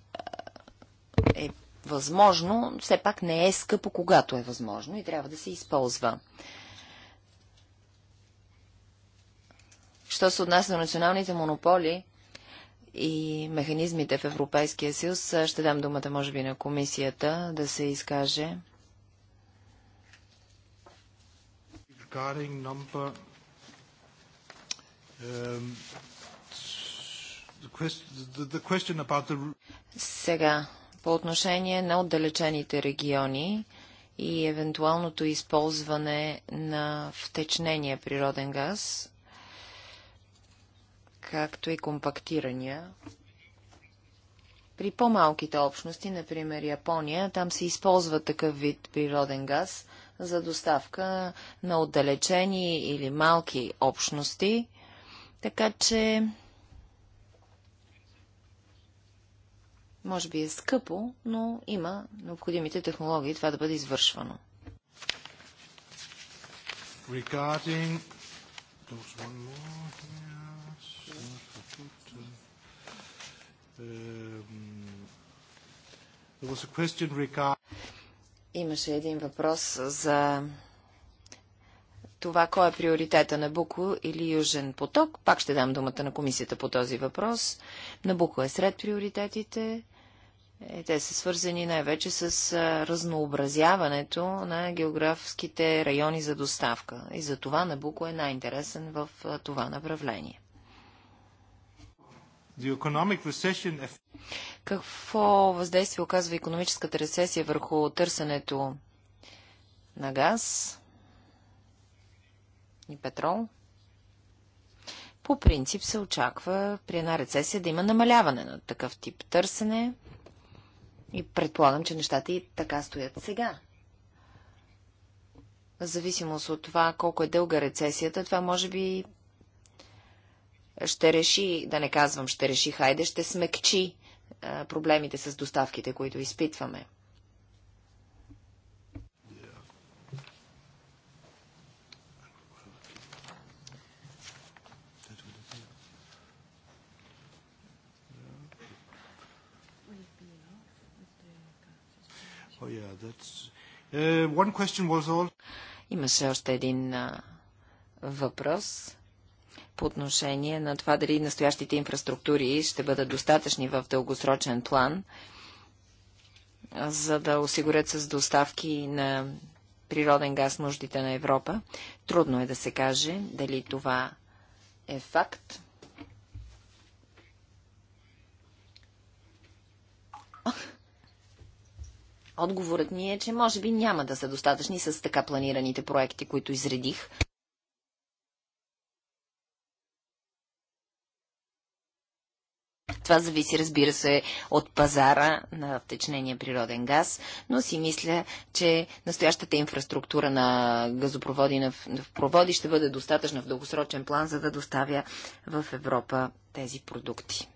е възможно, все пак не е скъпо, когато е възможно и трябва да се използва. Що се отнася до националните монополи и механизмите в Европейския съюз, ще дам думата, може би, на комисията да се изкаже. Regarding number, um, сега, по отношение на отдалечените региони и евентуалното използване на втечнения природен газ, както и компактирания. При по-малките общности, например Япония, там се използва такъв вид природен газ за доставка на отдалечени или малки общности, така че Може би е скъпо, но има необходимите технологии това да бъде извършвано. Regarding... Regarding... Имаше един въпрос за това, кой е приоритета на Буко или Южен поток. Пак ще дам думата на комисията по този въпрос. На БУКО е сред приоритетите. Е, те са свързани най-вече с разнообразяването на географските райони за доставка. И за това Набуко е най-интересен в това направление. Какво въздействие оказва економическата рецесия върху търсенето на газ и петрол? По принцип се очаква при една рецесия да има намаляване на такъв тип търсене и предполагам, че нещата и така стоят сега. В зависимост от това колко е дълга рецесията, това може би ще реши, да не казвам ще реши, хайде, ще смекчи проблемите с доставките, които изпитваме. Oh, uh, Имаше още един въпрос по отношение на това дали настоящите инфраструктури ще бъдат достатъчни в дългосрочен план, за да осигурят с доставки на природен газ нуждите на Европа. Трудно е да се каже дали това е факт. Отговорът ми е, че може би няма да са достатъчни с така планираните проекти, които изредих. Това зависи, разбира се, от пазара на втечнения природен газ, но си мисля, че настоящата инфраструктура на газопроводи на проводи ще бъде достатъчна в дългосрочен план, за да доставя в Европа тези продукти.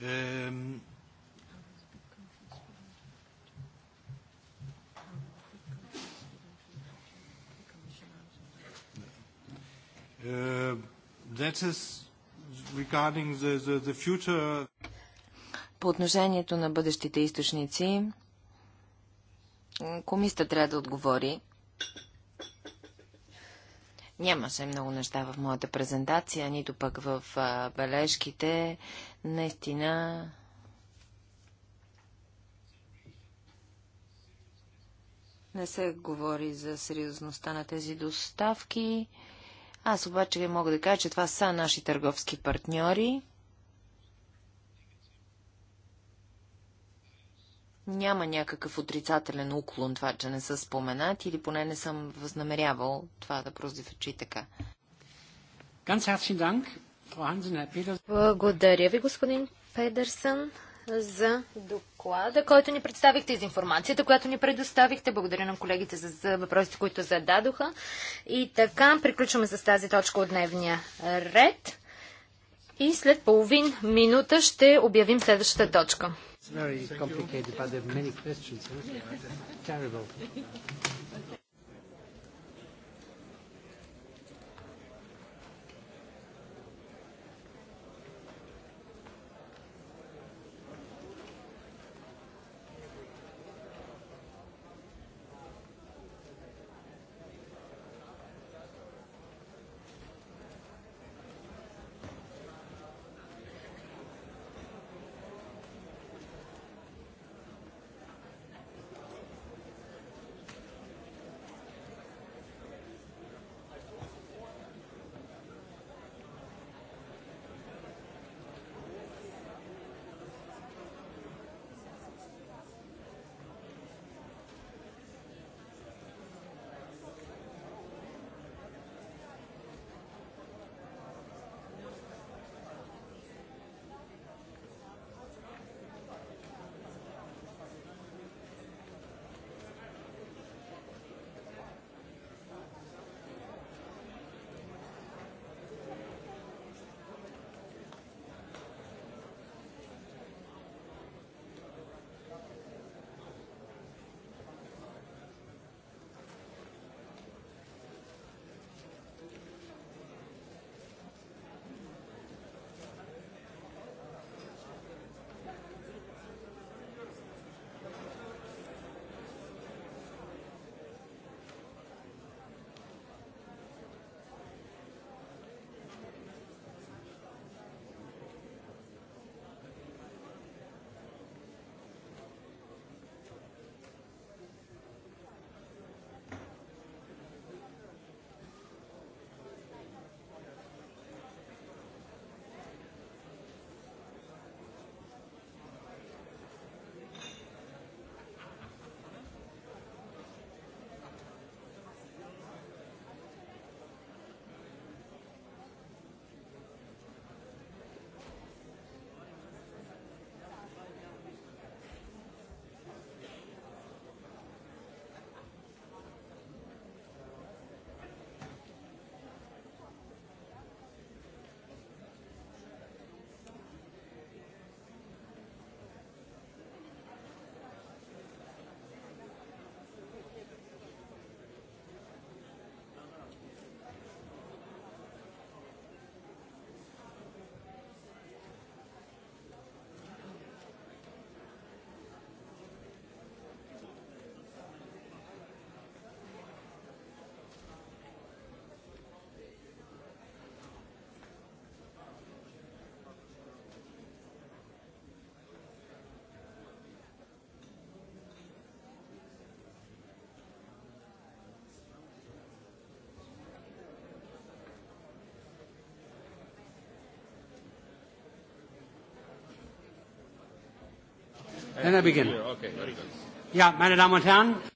Um, uh, that is regarding the, the, the future. По отношението на бъдещите източници, комисията трябва да отговори няма се много неща в моята презентация, нито пък в а, бележките. Наистина не се говори за сериозността на тези доставки. Аз обаче мога да кажа, че това са наши търговски партньори. няма някакъв отрицателен уклон това, че не са споменати или поне не съм възнамерявал това да прозвучи така. Благодаря ви, господин Педерсън, за доклада, който ни представихте, за информацията, която ни предоставихте. Благодаря на колегите за, за въпросите, които зададоха. И така, приключваме с тази точка от дневния ред. И след половин минута ще обявим следващата точка. It's very complicated, but there are many questions. Thank Terrible.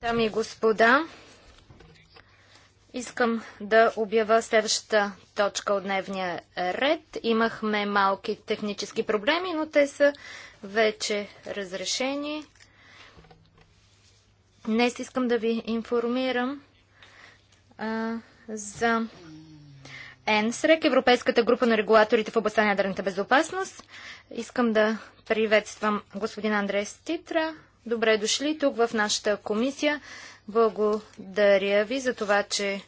Дами и господа, искам да обява следващата точка от дневния ред. Имахме малки технически проблеми, но те са вече разрешени. Днес искам да ви информирам а, за ЕНСРЕК, Европейската група на регулаторите в областта на ядрената безопасност. Искам да приветствам господин Андрей Ститра. Добре дошли тук в нашата комисия. Благодаря ви за това, че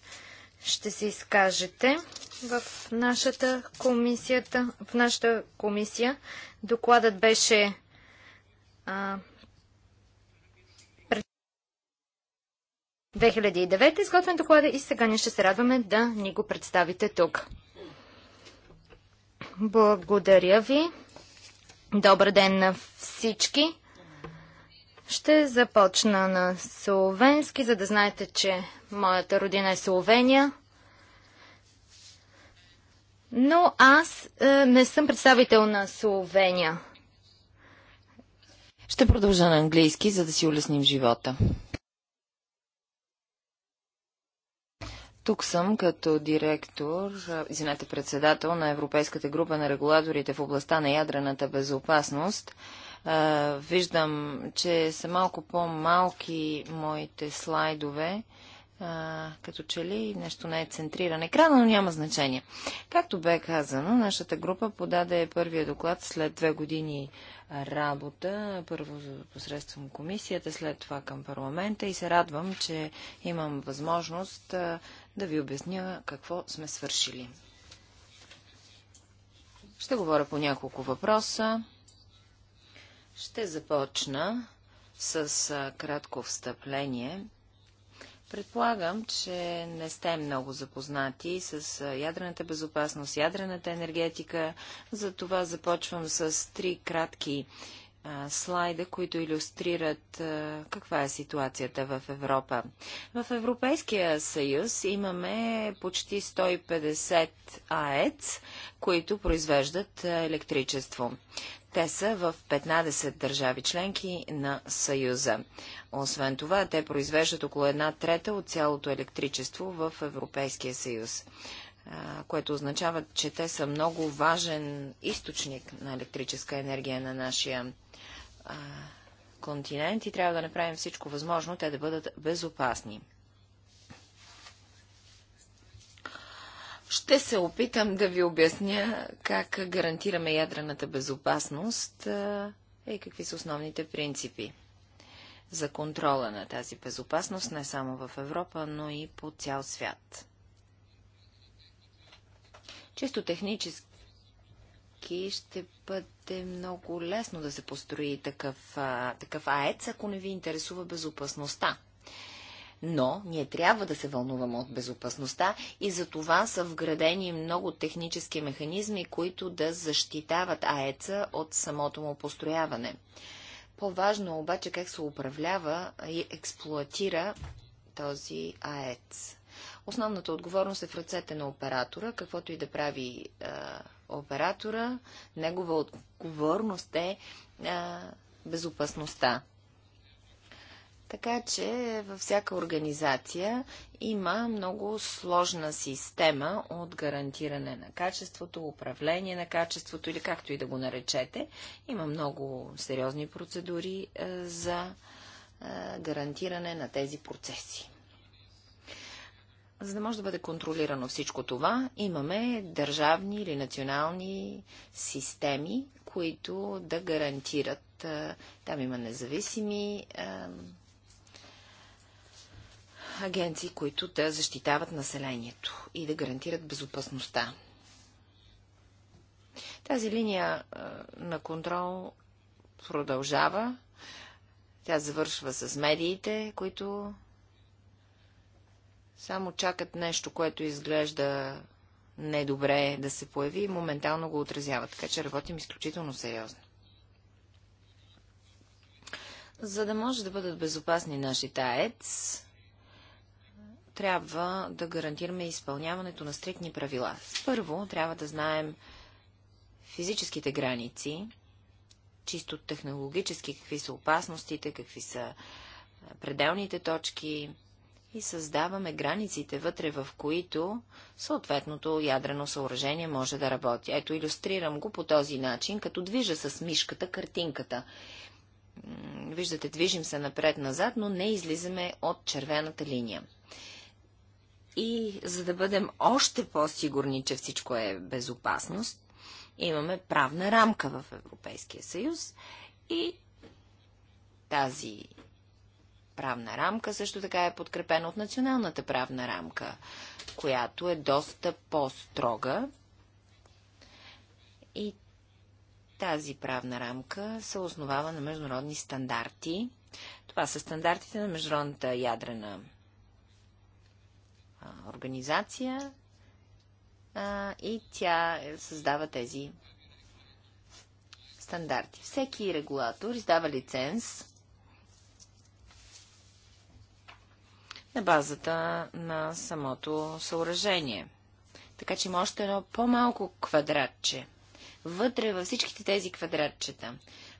ще се изкажете в нашата, комисията, в нашата комисия. Докладът беше а, 2009 изготвен доклада и сега ние ще се радваме да ни го представите тук. Благодаря ви. Добър ден на всички. Ще започна на словенски, за да знаете, че моята родина е Словения. Но аз е, не съм представител на Словения. Ще продължа на английски, за да си улесним живота. Тук съм като директор, извинете, председател на Европейската група на регулаторите в областта на ядрената безопасност. Виждам, че са малко по-малки моите слайдове като че ли нещо не е центриран екрана, но няма значение. Както бе казано, нашата група подаде първия доклад след две години работа, първо посредством комисията, след това към парламента и се радвам, че имам възможност да ви обясня какво сме свършили. Ще говоря по няколко въпроса. Ще започна с кратко встъпление. Предполагам, че не сте много запознати с ядрената безопасност, ядрената енергетика, затова започвам с три кратки слайда, които иллюстрират каква е ситуацията в Европа. В Европейския съюз имаме почти 150 АЕЦ, които произвеждат електричество. Те са в 15 държави членки на Съюза. Освен това, те произвеждат около една трета от цялото електричество в Европейския съюз което означава, че те са много важен източник на електрическа енергия на нашия а, континент и трябва да направим всичко възможно те да бъдат безопасни. Ще се опитам да ви обясня как гарантираме ядрената безопасност и какви са основните принципи за контрола на тази безопасност не само в Европа, но и по цял свят. Чисто технически Ники, ще бъде много лесно да се построи такъв, а, такъв аец, ако не ви интересува безопасността. Но ние трябва да се вълнуваме от безопасността и за това са вградени много технически механизми, които да защитават аеца от самото му построяване. По-важно обаче как се управлява и експлуатира този аец. Основната отговорност е в ръцете на оператора, каквото и да прави а, оператора, негова отговорност е а, безопасността. Така че във всяка организация има много сложна система от гарантиране на качеството, управление на качеството или както и да го наречете. Има много сериозни процедури за гарантиране на тези процеси. За да може да бъде контролирано всичко това, имаме държавни или национални системи, които да гарантират. Там има независими агенции, които да защитават населението и да гарантират безопасността. Тази линия на контрол продължава. Тя завършва с медиите, които само чакат нещо, което изглежда недобре да се появи и моментално го отразяват. Така че работим изключително сериозно. За да може да бъдат безопасни нашите АЕЦ, трябва да гарантираме изпълняването на стрикни правила. Първо, трябва да знаем физическите граници, чисто технологически, какви са опасностите, какви са пределните точки, и създаваме границите вътре, в които съответното ядрено съоръжение може да работи. Ето, иллюстрирам го по този начин, като движа с мишката картинката. Виждате, движим се напред-назад, но не излизаме от червената линия. И за да бъдем още по-сигурни, че всичко е безопасност, имаме правна рамка в Европейския съюз и тази правна рамка също така е подкрепена от националната правна рамка, която е доста по-строга. И тази правна рамка се основава на международни стандарти. Това са стандартите на Международната ядрена организация и тя създава тези стандарти. Всеки регулатор издава лиценз на базата на самото съоръжение. Така че има още едно по-малко квадратче. Вътре във всичките тези квадратчета,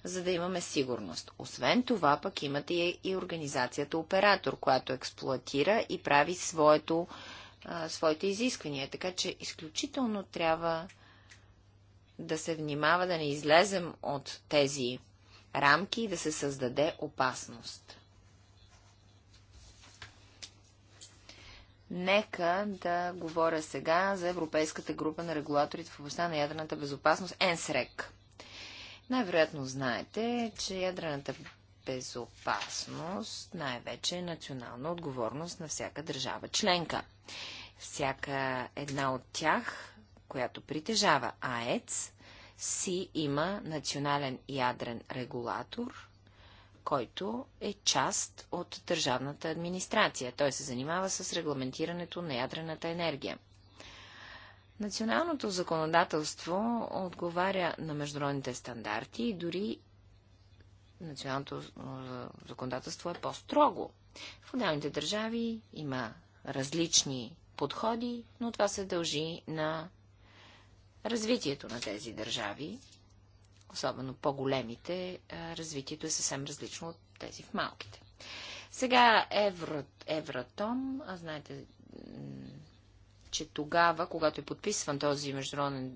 за да имаме сигурност. Освен това, пък имате и организацията оператор, която експлуатира и прави своето, а, своите изисквания. Така че изключително трябва да се внимава да не излезем от тези рамки и да се създаде опасност. Нека да говоря сега за Европейската група на регулаторите в областта на ядрената безопасност ЕНСРЕК. Най-вероятно знаете, че ядрената безопасност най-вече е национална отговорност на всяка държава членка. Всяка една от тях, която притежава АЕЦ, си има национален ядрен регулатор, който е част от държавната администрация. Той се занимава с регламентирането на ядрената енергия. Националното законодателство отговаря на международните стандарти и дори националното е, законодателство е по-строго. В отделните държави има различни подходи, но това се дължи на развитието на тези държави особено по-големите, е, развитието е съвсем различно от тези в малките. Сега Евро, Евратом, а знаете, че тогава, когато е подписван този международен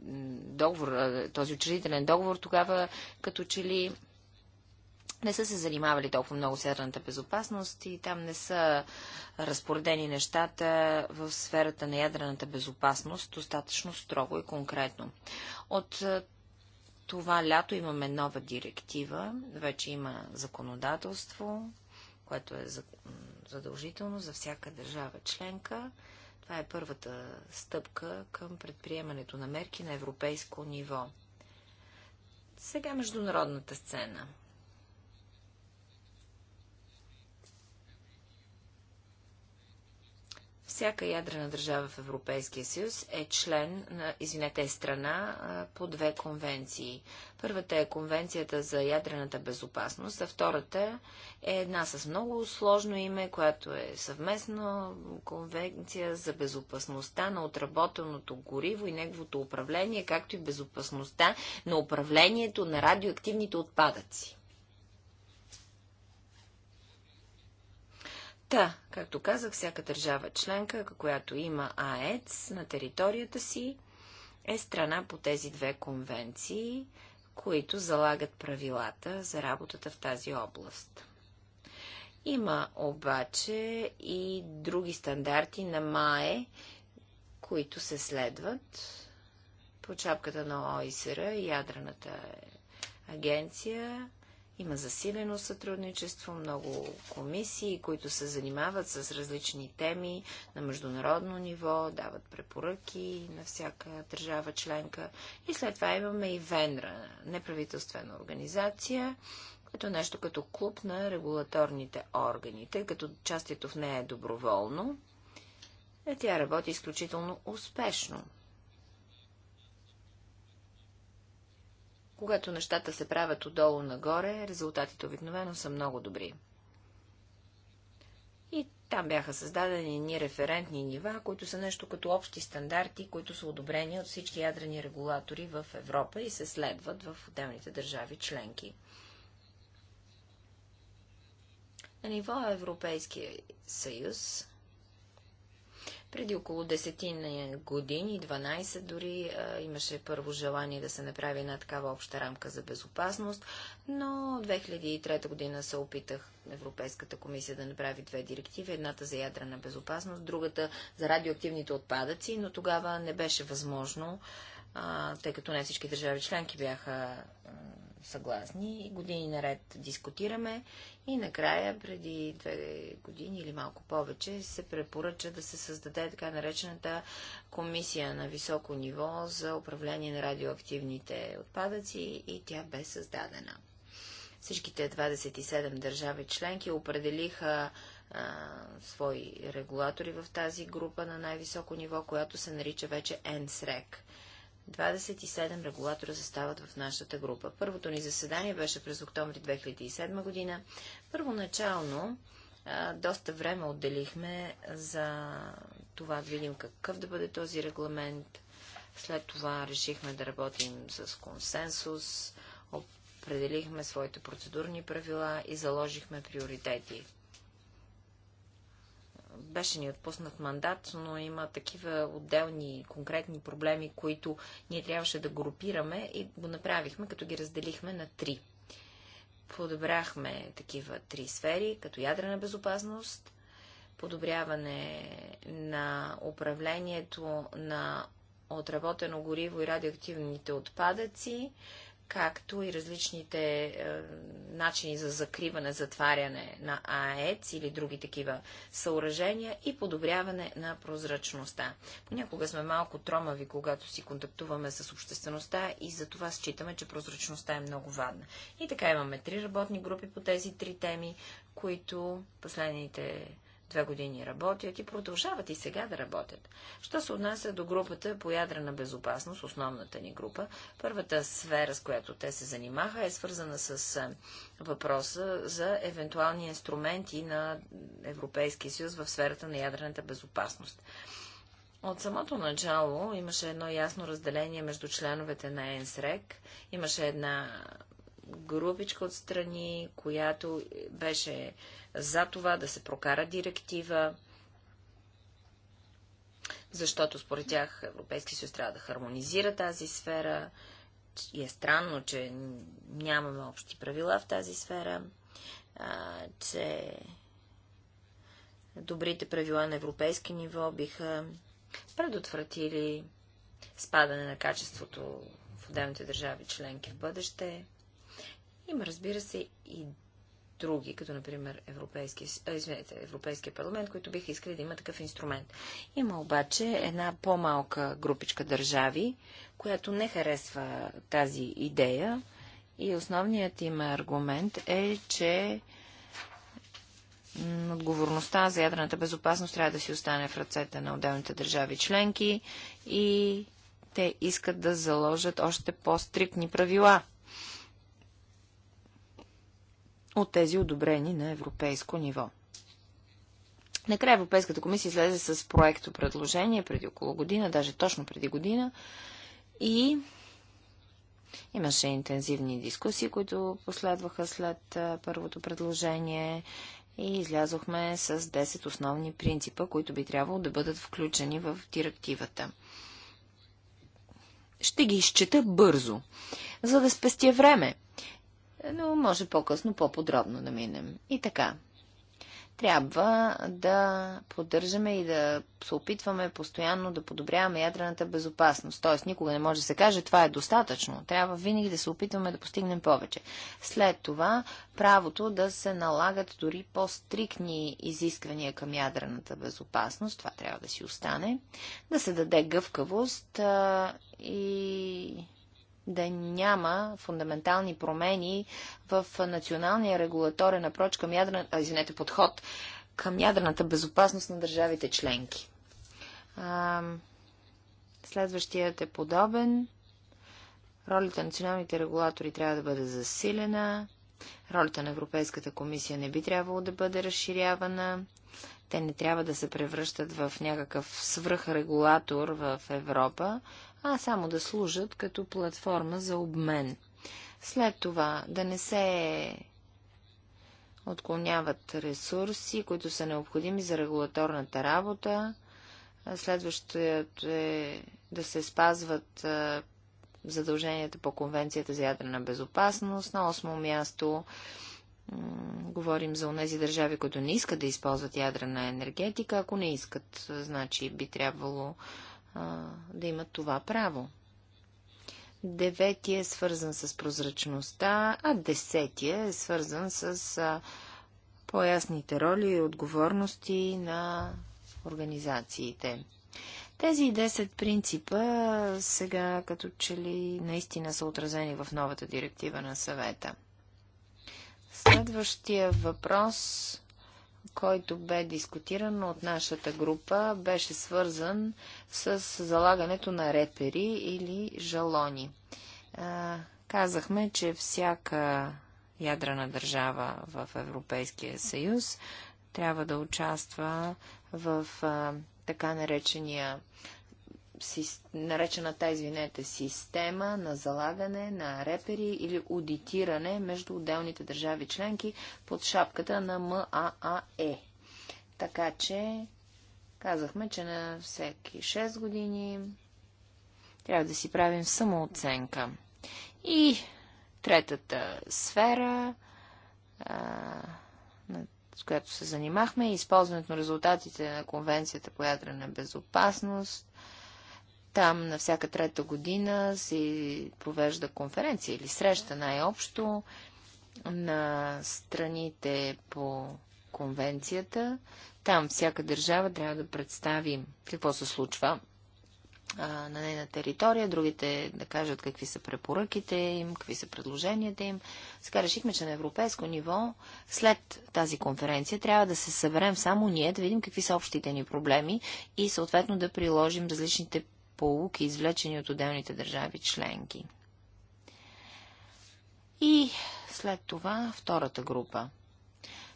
договор, този учредителен договор, тогава като че ли не са се занимавали толкова много с ядрената безопасност и там не са разпоредени нещата в сферата на ядрената безопасност достатъчно строго и конкретно. От това лято имаме нова директива, вече има законодателство, което е задължително за всяка държава членка. Това е първата стъпка към предприемането на мерки на европейско ниво. Сега международната сцена. Всяка ядрена държава в Европейския съюз е член на, извинете, е страна по две конвенции. Първата е конвенцията за ядрената безопасност, а втората е една с много сложно име, която е съвместна конвенция за безопасността на отработеното гориво и неговото управление, както и безопасността на управлението на радиоактивните отпадъци. Та, да, както казах, всяка държава членка, която има АЕЦ на територията си, е страна по тези две конвенции, които залагат правилата за работата в тази област. Има обаче и други стандарти на МАЕ, които се следват по чапката на ОИСР, ядрената агенция, има засилено сътрудничество, много комисии, които се занимават с различни теми на международно ниво, дават препоръки на всяка държава членка. И след това имаме и Венра, неправителствена организация, като нещо като клуб на регулаторните органи, тъй като частието в нея е доброволно. тя работи изключително успешно. Когато нещата се правят отдолу нагоре, резултатите обикновено са много добри. И там бяха създадени ни референтни нива, които са нещо като общи стандарти, които са одобрени от всички ядрени регулатори в Европа и се следват в отделните държави членки. На ниво Европейския съюз преди около 10 години, 12 дори, имаше първо желание да се направи една такава обща рамка за безопасност, но 2003 година се опитах Европейската комисия да направи две директиви, едната за ядрена безопасност, другата за радиоактивните отпадъци, но тогава не беше възможно, тъй като не всички държави членки бяха съгласни. Години наред дискутираме и накрая, преди две години или малко повече, се препоръча да се създаде така наречената комисия на високо ниво за управление на радиоактивните отпадъци и тя бе създадена. Всичките 27 държави членки определиха а, свои регулатори в тази група на най-високо ниво, която се нарича вече НСРЕК. 27 регулатора застават в нашата група. Първото ни заседание беше през октомври 2007 година. Първоначално доста време отделихме за това да видим какъв да бъде този регламент. След това решихме да работим с консенсус, определихме своите процедурни правила и заложихме приоритети беше ни отпуснат мандат, но има такива отделни конкретни проблеми, които ние трябваше да групираме и го направихме, като ги разделихме на три. Подобряхме такива три сфери, като ядрена безопасност, подобряване на управлението на отработено гориво и радиоактивните отпадъци както и различните е, начини за закриване, затваряне на АЕЦ или други такива съоръжения и подобряване на прозрачността. Понякога сме малко тромави, когато си контактуваме с обществеността и за това считаме, че прозрачността е много вадна. И така имаме три работни групи по тези три теми, които последните Две години работят и продължават и сега да работят. Що се отнася до групата по ядрена безопасност, основната ни група, първата сфера, с която те се занимаха, е свързана с въпроса за евентуални инструменти на Европейския съюз в сферата на ядрената безопасност. От самото начало имаше едно ясно разделение между членовете на ЕНСРЕК. Имаше една групичка от страни, която беше за това да се прокара директива, защото според тях Европейски съюз трябва да хармонизира тази сфера. И е странно, че нямаме общи правила в тази сфера, а, че добрите правила на европейски ниво биха предотвратили спадане на качеството в отделните държави членки в бъдеще. Има, разбира се, и други, като например Европейски, извините, Европейския парламент, които биха искали да има такъв инструмент. Има обаче една по-малка групичка държави, която не харесва тази идея и основният им аргумент е, че отговорността за ядрената безопасност трябва да си остане в ръцете на отделните държави членки и те искат да заложат още по-стриктни правила от тези одобрени на европейско ниво. Накрая Европейската комисия излезе с проекто предложение преди около година, даже точно преди година, и имаше интензивни дискусии, които последваха след първото предложение и излязохме с 10 основни принципа, които би трябвало да бъдат включени в директивата. Ще ги изчета бързо, за да спестя време но може по-късно, по-подробно да минем. И така. Трябва да поддържаме и да се опитваме постоянно да подобряваме ядрената безопасност. Тоест, никога не може да се каже, това е достатъчно. Трябва винаги да се опитваме да постигнем повече. След това, правото да се налагат дори по-стрикни изисквания към ядрената безопасност, това трябва да си остане, да се даде гъвкавост а, и да няма фундаментални промени в националния регулаторен апроч към ядрен... а, извинете, подход към ядрената безопасност на държавите членки. А, следващият е подобен. Ролята на националните регулатори трябва да бъде засилена. Ролята на Европейската комисия не би трябвало да бъде разширявана. Те не трябва да се превръщат в някакъв свръхрегулатор в Европа, а само да служат като платформа за обмен. След това да не се отклоняват ресурси, които са необходими за регулаторната работа. Следващото е да се спазват задълженията по Конвенцията за ядрена безопасност. На осмо място говорим за онези държави, които не искат да използват ядрена енергетика. Ако не искат, значи би трябвало а, да имат това право. Деветия е свързан с прозрачността, а десетия е свързан с а, по-ясните роли и отговорности на организациите. Тези 10 принципа сега като че ли наистина са отразени в новата директива на съвета. Следващия въпрос който бе дискутиран от нашата група, беше свързан с залагането на репери или жалони. казахме, че всяка ядрена държава в Европейския съюз трябва да участва в така наречения наречената, извинете, система на залагане на репери или аудитиране между отделните държави членки под шапката на МААЕ. Така че казахме, че на всеки 6 години трябва да си правим самооценка. И третата сфера, с която се занимахме, е използването на резултатите на Конвенцията по ядрена безопасност там на всяка трета година се провежда конференция или среща най-общо на страните по конвенцията. Там всяка държава трябва да представи какво се случва а, на нейна територия, другите да кажат какви са препоръките им, какви са предложенията им. Сега решихме, че на европейско ниво, след тази конференция, трябва да се съберем само ние, да видим какви са общите ни проблеми и съответно да приложим различните полуки, извлечени от отделните държави членки. И след това втората група.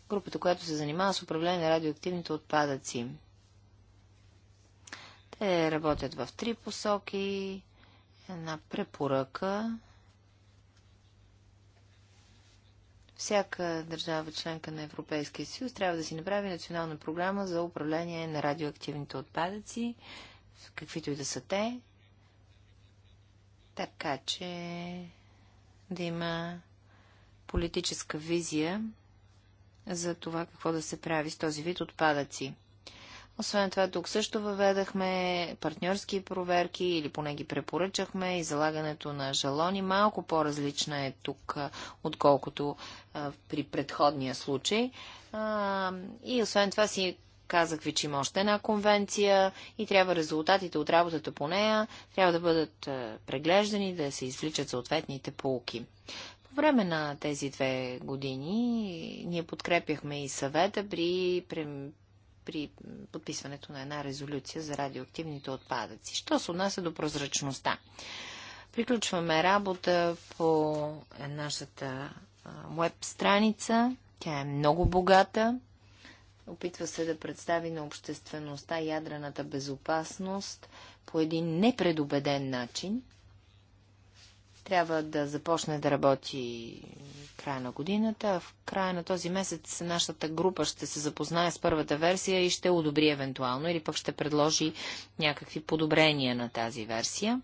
Групата, която се занимава с управление на радиоактивните отпадъци. Те работят в три посоки. Една препоръка. Всяка държава членка на Европейския съюз трябва да си направи национална програма за управление на радиоактивните отпадъци каквито и да са те, така че да има политическа визия за това какво да се прави с този вид отпадъци. Освен това, тук също въведахме партньорски проверки или поне ги препоръчахме и залагането на жалони. Малко по-различна е тук, отколкото а, при предходния случай. А, и освен това си Казах ви, че има още една конвенция и трябва резултатите от работата по нея трябва да бъдат е, преглеждани, да се извличат съответните полки. По време на тези две години ние подкрепяхме и съвета при, при, при подписването на една резолюция за радиоактивните отпадъци. Що се отнася до прозрачността? Приключваме работа по нашата веб страница. Тя е много богата. Опитва се да представи на обществеността ядрената безопасност по един непредобеден начин. Трябва да започне да работи края на годината. В края на този месец нашата група ще се запознае с първата версия и ще одобри евентуално или пък ще предложи някакви подобрения на тази версия.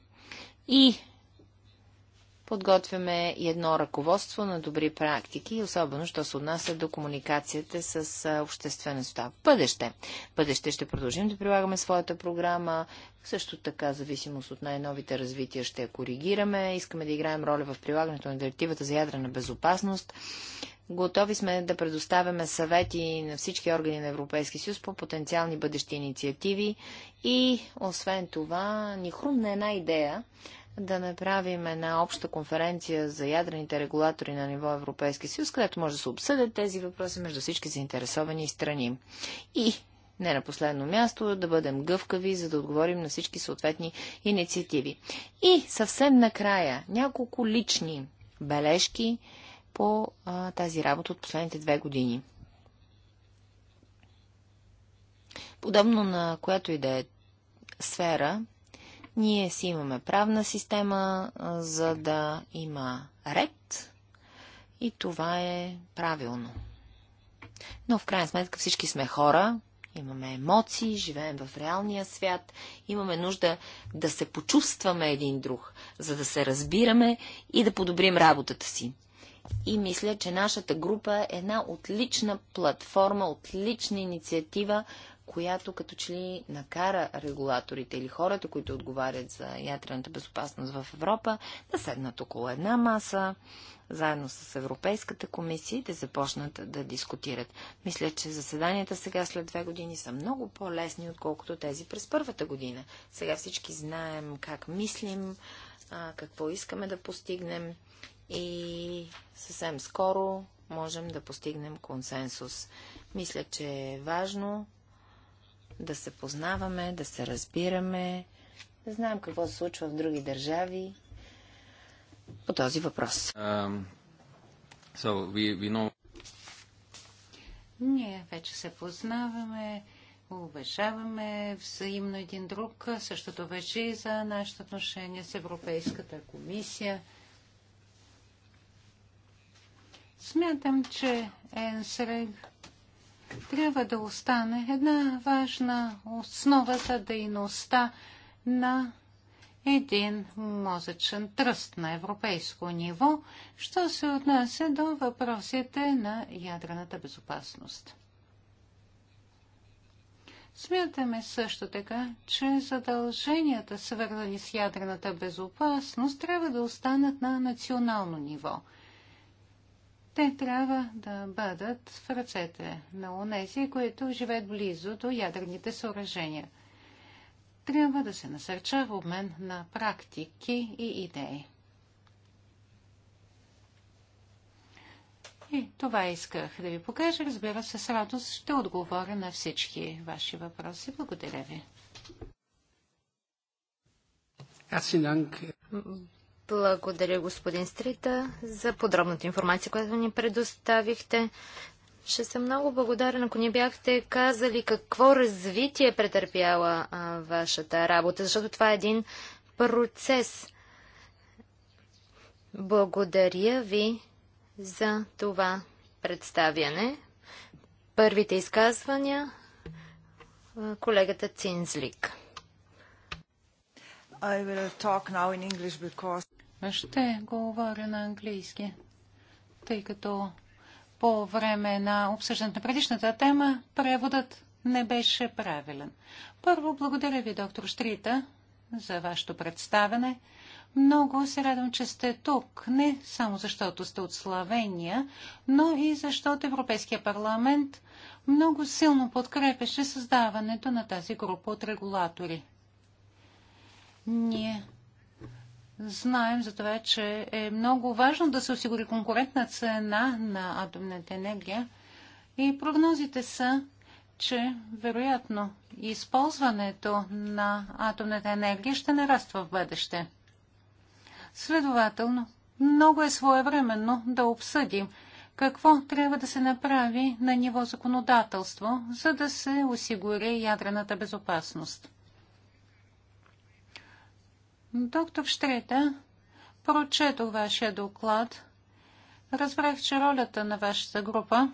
И Подготвяме и едно ръководство на добри практики, особено, що се отнася до комуникацията с обществеността. Бъдеще. Бъдеще ще продължим да прилагаме своята програма. Също така, зависимост от най-новите развития, ще я коригираме. Искаме да играем роля в прилагането на директивата за ядрена безопасност. Готови сме да предоставяме съвети на всички органи на Европейски съюз по потенциални бъдещи инициативи и освен това ни хрумна една идея да направим една обща конференция за ядрените регулатори на ниво Европейски съюз, където може да се обсъдят тези въпроси между всички заинтересовани страни. И не на последно място, да бъдем гъвкави, за да отговорим на всички съответни инициативи. И съвсем накрая, няколко лични бележки по а, тази работа от последните две години. Подобно на която и да е сфера, ние си имаме правна система, за да има ред и това е правилно. Но в крайна сметка всички сме хора, имаме емоции, живеем в реалния свят, имаме нужда да се почувстваме един друг, за да се разбираме и да подобрим работата си. И мисля, че нашата група е една отлична платформа, отлична инициатива, която като че ли накара регулаторите или хората, които отговарят за ядрената безопасност в Европа, да седнат около една маса, заедно с Европейската комисия и да започнат да дискутират. Мисля, че заседанията сега след две години са много по-лесни, отколкото тези през първата година. Сега всички знаем как мислим, какво искаме да постигнем и съвсем скоро можем да постигнем консенсус. Мисля, че е важно да се познаваме, да се разбираме, да знаем какво се случва в други държави по този въпрос. Um, so we, we know... Ние вече се познаваме, уважаваме взаимно един друг. Същото вече и за нашите отношения с Европейската комисия. Смятам, че ЕНСРЕГ трябва да остане една важна основа за дейността на един мозъчен тръст на европейско ниво, що се отнася до въпросите на ядрената безопасност. Смятаме също така, че задълженията, свързани с ядрената безопасност, трябва да останат на национално ниво – те трябва да бъдат в ръцете на онези, които живеят близо до ядрените съоръжения. Трябва да се насърча в обмен на практики и идеи. И това исках да ви покажа. Разбира се, с радост ще отговоря на всички ваши въпроси. Благодаря ви. Благодаря, господин Стрита, за подробната информация, която ни предоставихте. Ще съм много благодарен, ако ни бяхте казали какво развитие е претърпяла а, вашата работа, защото това е един процес. Благодаря ви за това представяне. Първите изказвания колегата Цинзлик. I will talk now in English because ще говоря на английски, тъй като по време на обсъждането на предишната тема преводът не беше правилен. Първо, благодаря ви, доктор Штрита, за вашето представене. Много се радвам, че сте тук, не само защото сте от Словения, но и защото Европейския парламент много силно подкрепеше създаването на тази група от регулатори. Ние знаем за това, че е много важно да се осигури конкурентна цена на атомната енергия и прогнозите са, че вероятно използването на атомната енергия ще нараства в бъдеще. Следователно, много е своевременно да обсъдим какво трябва да се направи на ниво законодателство, за да се осигури ядрената безопасност. Доктор Штрета, прочетох вашия доклад. Разбрах, че ролята на вашата група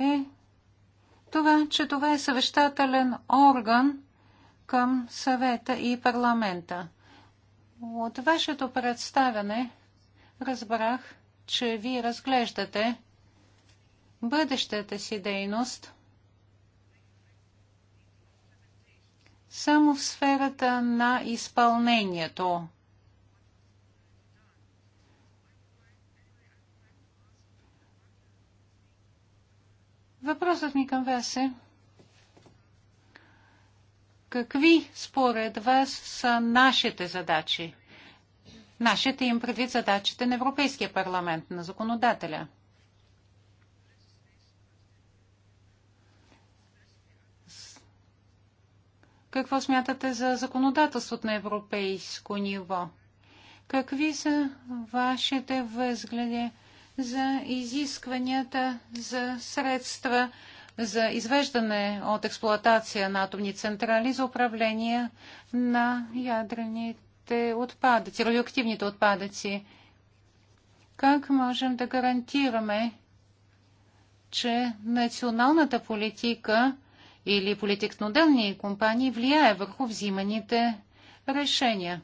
е това, че това е съвещателен орган към съвета и парламента. От вашето представяне разбрах, че вие разглеждате бъдещата си дейност – само в сферата на изпълнението. Въпросът ми към вас е какви според вас са нашите задачи? Нашите им предвид задачите на Европейския парламент, на законодателя – Какво смятате за законодателството на европейско ниво? Какви са вашите възгледи за изискванията за средства за извеждане от експлоатация на атомни централи за управление на ядрените отпадъци, радиоактивните отпадъци? Как можем да гарантираме, че националната политика – или политик на отделни компании влияе върху взиманите решения.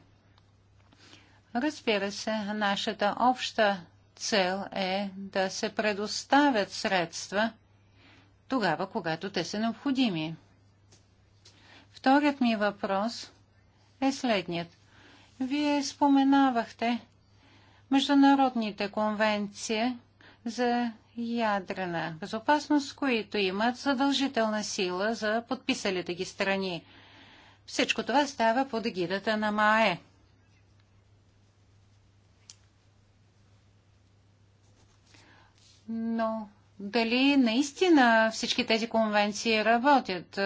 Разбира се, нашата обща цел е да се предоставят средства тогава, когато те са необходими. Вторият ми въпрос е следният. Вие споменавахте международните конвенции за ядрена безопасност, които имат задължителна сила за подписалите ги страни. Всичко това става под егидата на МАЕ. Но дали наистина всички тези конвенции работят?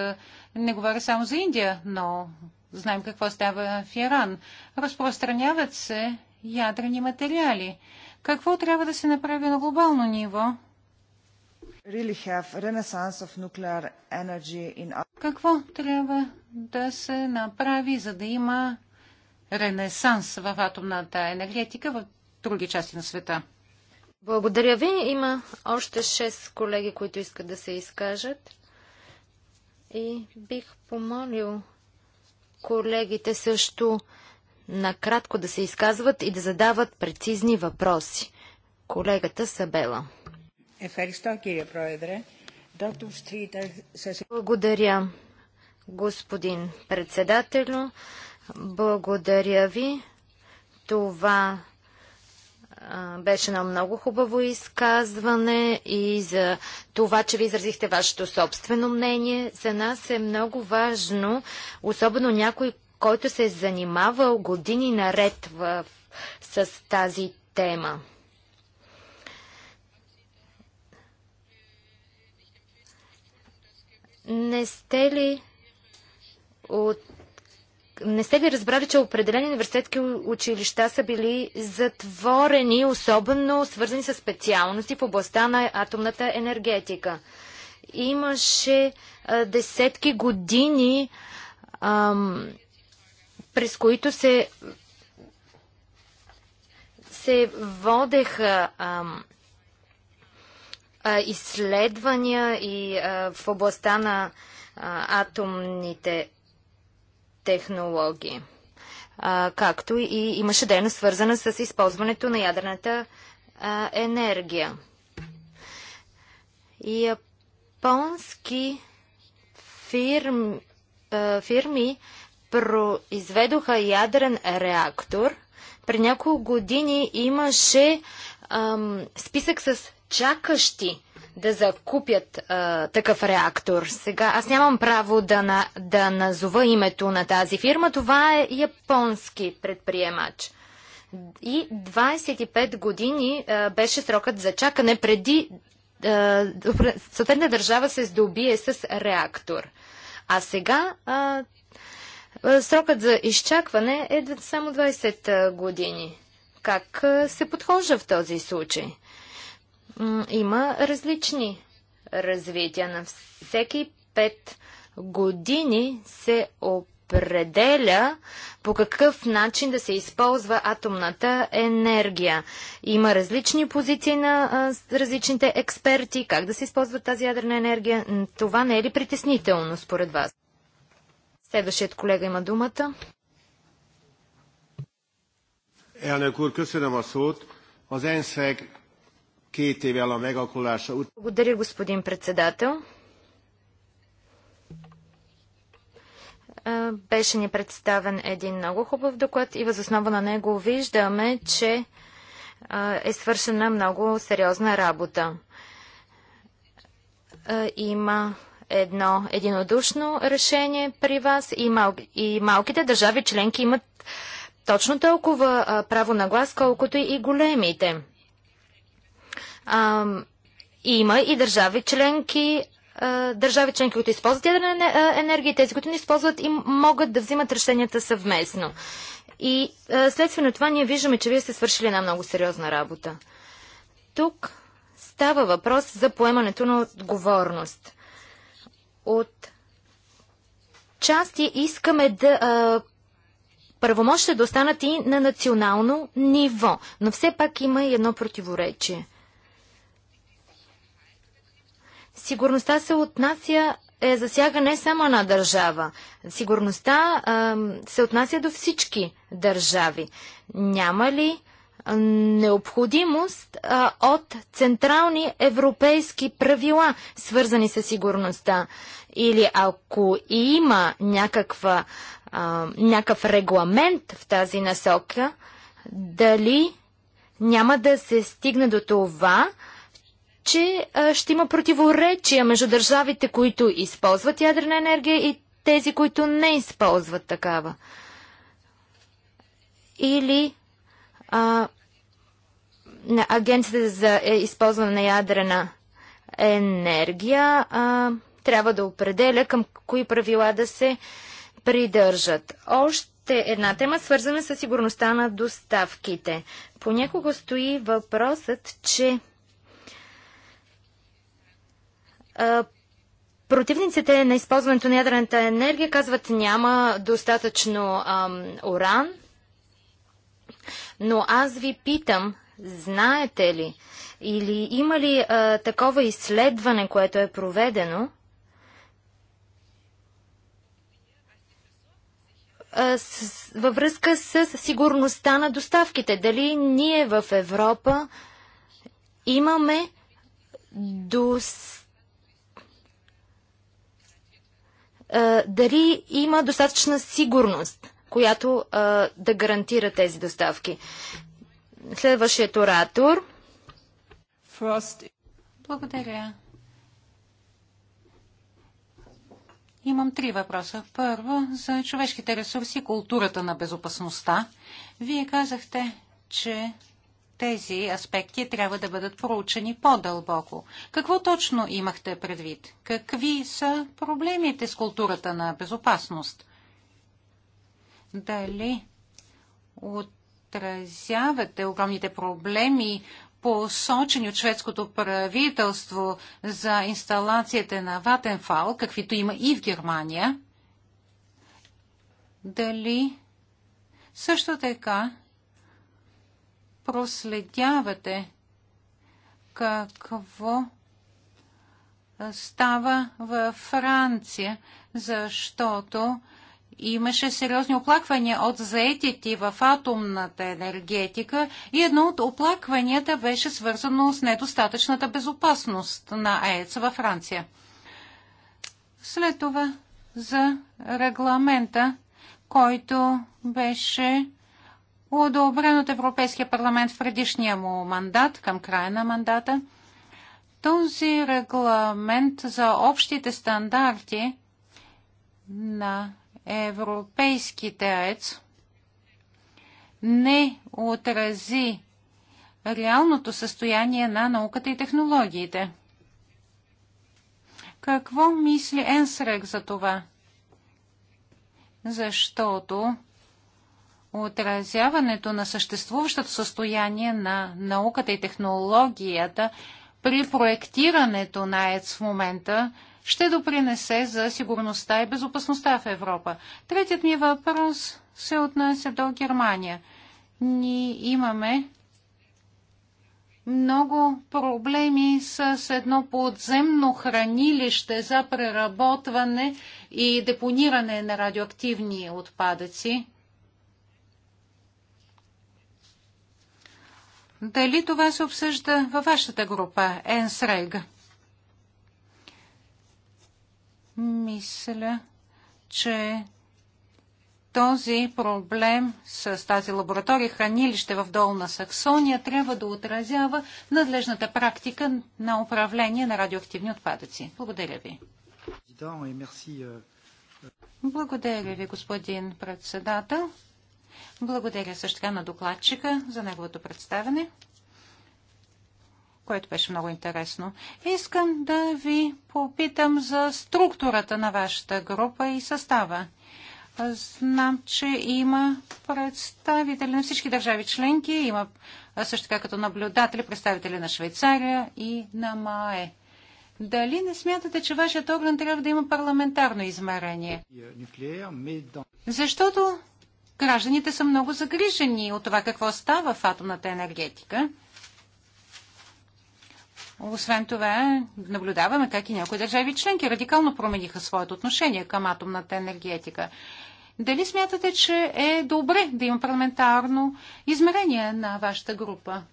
Не говоря само за Индия, но знаем какво става в Иран. Разпространяват се ядрени материали. Какво трябва да се направи на глобално ниво? Какво трябва да се направи, за да има ренесанс в атомната енергетика в други части на света? Благодаря ви. Има още 6 колеги, които искат да се изкажат. И бих помолил колегите също накратко да се изказват и да задават прецизни въпроси. Колегата Сабела. Благодаря, господин председател, Благодаря ви. Това беше на много хубаво изказване и за това, че ви изразихте вашето собствено мнение. За нас е много важно, особено някои който се е занимавал години наред в, с тази тема. Не сте ли от не сте ли разбрали, че определени университетски училища са били затворени, особено свързани с специалности в областта на атомната енергетика? Имаше а, десетки години ам, през които се, се водеха ам, а, изследвания и а, в областта на а, атомните технологии, а, както и имаше дейност свързана с използването на ядрената а, енергия. Японски фирми, а, фирми произведоха ядрен реактор, при няколко години имаше ам, списък с чакащи да закупят а, такъв реактор. Сега аз нямам право да, на, да назова името на тази фирма. Това е японски предприемач. И 25 години а, беше срокът за чакане преди а, съответна държава се здобие с реактор. А сега а, е, срокът за изчакване е само 20 е, години. Как е, се подхожда в този случай? Има различни развития. На всеки 5 години се определя по какъв начин да се използва атомната енергия. Има различни позиции на различните експерти, как да се използва тази ядрена енергия. Това не е ли притеснително според вас? Следващият колега има думата. Elnök Благодаря, господин председател. Беше ни представен един много хубав доклад и възоснова на него виждаме, че е свършена много сериозна работа. Има едно единодушно решение при вас и, мал, и малките държави членки имат точно толкова а, право на глас, колкото и големите. А, има и държави членки, а, държави членки, които използват ядрена енергия, тези, които не използват и могат да взимат решенията съвместно. И а, следствие на това ние виждаме, че вие сте свършили една много сериозна работа. Тук става въпрос за поемането на отговорност от части искаме да а, правомощите да останат и на национално ниво. Но все пак има и едно противоречие. Сигурността се отнася е, засяга не само една държава. Сигурността а, се отнася до всички държави. Няма ли необходимост а, от централни европейски правила, свързани с сигурността. Или ако има някаква, а, някакъв регламент в тази насока, дали няма да се стигне до това, че а, ще има противоречия между държавите, които използват ядрена енергия и тези, които не използват такава. Или на Агенцията за е, използване на ядрена енергия а, трябва да определя към кои правила да се придържат. Още една тема, свързана с сигурността на доставките. Понякога стои въпросът, че а, противниците на използването на ядрената енергия казват няма достатъчно а, уран но аз ви питам, знаете ли или има ли а, такова изследване, което е проведено? А, с, във връзка с сигурността на доставките. Дали ние в Европа имаме достатъчно дали има достатъчна сигурност която а, да гарантира тези доставки. Следващият оратор. Благодаря. Имам три въпроса. Първо, за човешките ресурси и културата на безопасността. Вие казахте, че тези аспекти трябва да бъдат проучени по-дълбоко. Какво точно имахте предвид? Какви са проблемите с културата на безопасност? дали отразявате огромните проблеми, посочени от шведското правителство за инсталацията на Ватенфал, каквито има и в Германия, дали също така проследявате какво става във Франция, защото имаше сериозни оплаквания от заетите в атомната енергетика и едно от оплакванията беше свързано с недостатъчната безопасност на АЕЦ във Франция. След това за регламента, който беше одобрен от Европейския парламент в предишния му мандат, към края на мандата. Този регламент за общите стандарти на европейските АЕЦ не отрази реалното състояние на науката и технологиите. Какво мисли Енсрек за това? Защото отразяването на съществуващото състояние на науката и технологията при проектирането на ЕЦ в момента ще допринесе за сигурността и безопасността в Европа. Третият ми въпрос се отнася до Германия. Ние имаме много проблеми с едно подземно хранилище за преработване и депониране на радиоактивни отпадъци. Дали това се обсъжда във вашата група, Енсрег? Мисля, че този проблем с тази лаборатория, хранилище в Долна Саксония, трябва да отразява надлежната практика на управление на радиоактивни отпадъци. Благодаря ви. Благодаря ви, господин председател. Благодаря също така на докладчика за неговото представене което беше много интересно. Искам да ви попитам за структурата на вашата група и състава. Знам, че има представители на всички държави членки, има също така като наблюдатели представители на Швейцария и на МАЕ. Дали не смятате, че вашият орган трябва да има парламентарно измерение? Защото гражданите са много загрижени от това какво става в атомната енергетика. Освен това, наблюдаваме как и някои държави членки радикално промениха своето отношение към атомната енергетика. Дали смятате, че е добре да има парламентарно измерение на вашата група?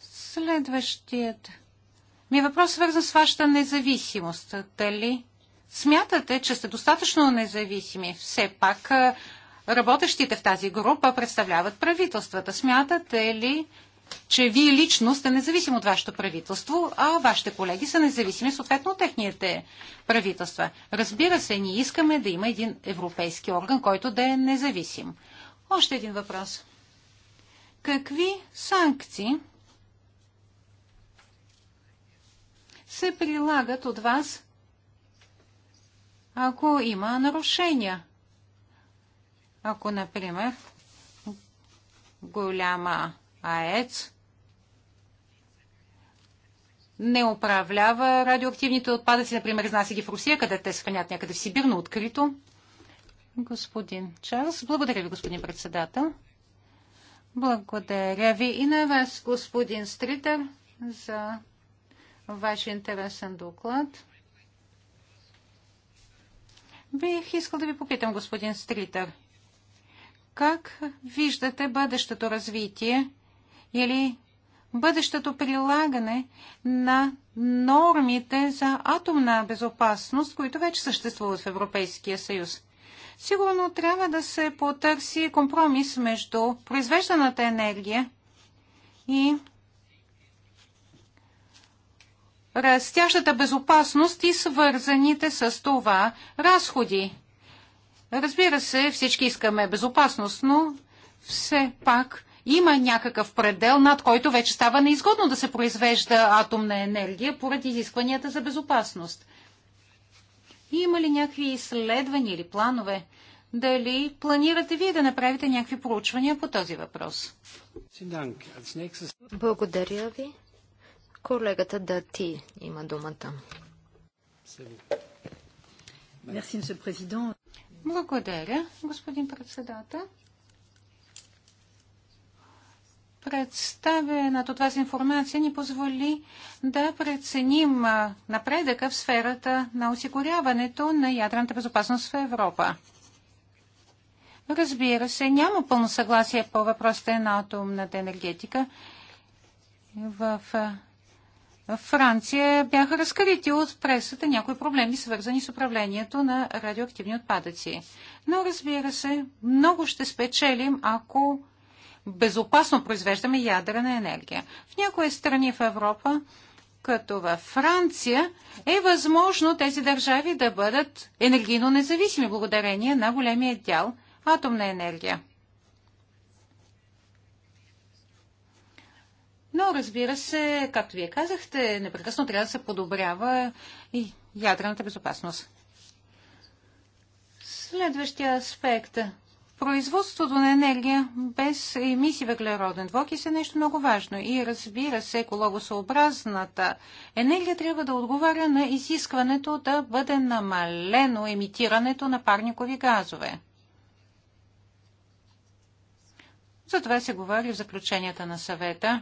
Следващият ми въпрос е свързан с вашата независимост. Дали смятате, че сте достатъчно независими? Все пак работещите в тази група представляват правителствата. Смятате ли, че вие лично сте независими от вашето правителство, а вашите колеги са независими съответно от техните правителства. Разбира се, ние искаме да има един европейски орган, който да е независим. Още един въпрос. Какви санкции се прилагат от вас, ако има нарушения? Ако, например, голяма АЕЦ не управлява радиоактивните отпадъци, например, изнася ги в Русия, къде те се някъде в Сибир, но открито. Господин Чарлз, благодаря ви, господин председател. Благодаря ви и на вас, господин Стритър, за ваш интересен доклад. Бих искал да ви попитам, господин Стритър – как виждате бъдещето развитие или бъдещето прилагане на нормите за атомна безопасност, които вече съществуват в Европейския съюз? Сигурно трябва да се потърси компромис между произвежданата енергия и растящата безопасност и свързаните с това разходи. Разбира се, всички искаме безопасност, но все пак има някакъв предел, над който вече става неизгодно да се произвежда атомна енергия поради изискванията за безопасност. Има ли някакви изследвания или планове? Дали планирате вие да направите някакви проучвания по този въпрос? Благодаря ви. Колегата да ти има думата. Merci, благодаря, господин председател. Представената от вас информация ни позволи да преценим напредъка в сферата на осигуряването на ядрената безопасност в Европа. Разбира се, няма пълно съгласие по въпросите на атомната енергетика. В Франция бяха разкрити от пресата някои проблеми, свързани с управлението на радиоактивни отпадъци. Но разбира се, много ще спечелим, ако безопасно произвеждаме ядрена енергия. В някои страни в Европа, като във Франция, е възможно тези държави да бъдат енергийно независими благодарение на големия дял атомна енергия. Но, разбира се, както вие казахте, непрекъсно трябва да се подобрява и ядрената безопасност. Следващия аспект. Производството на енергия без емисии въглероден двокис е нещо много важно и разбира се, екологосъобразната енергия трябва да отговаря на изискването да бъде намалено емитирането на парникови газове. За това се говори в заключенията на съвета.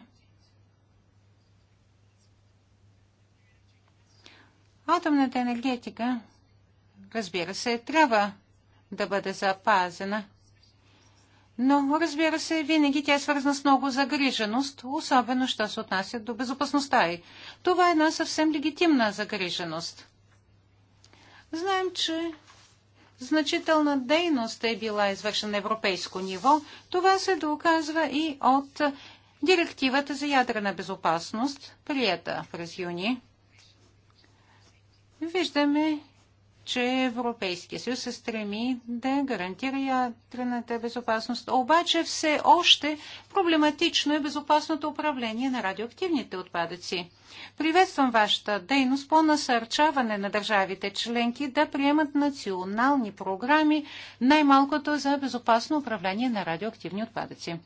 Атомната енергетика, разбира се, трябва да бъде запазена. Но, разбира се, винаги тя е свързана с много загриженост, особено, що се отнася до безопасността й. Това е една съвсем легитимна загриженост. Знаем, че значителна дейност е била извършена на европейско ниво. Това се доказва и от директивата за ядрена безопасност, прията през юни. Виждаме, че Европейския съюз се стреми да гарантира ядрената безопасност. Обаче все още проблематично е безопасното управление на радиоактивните отпадъци. Приветствам вашата дейност по насърчаване на държавите членки да приемат национални програми, най-малкото за безопасно управление на радиоактивни отпадъци.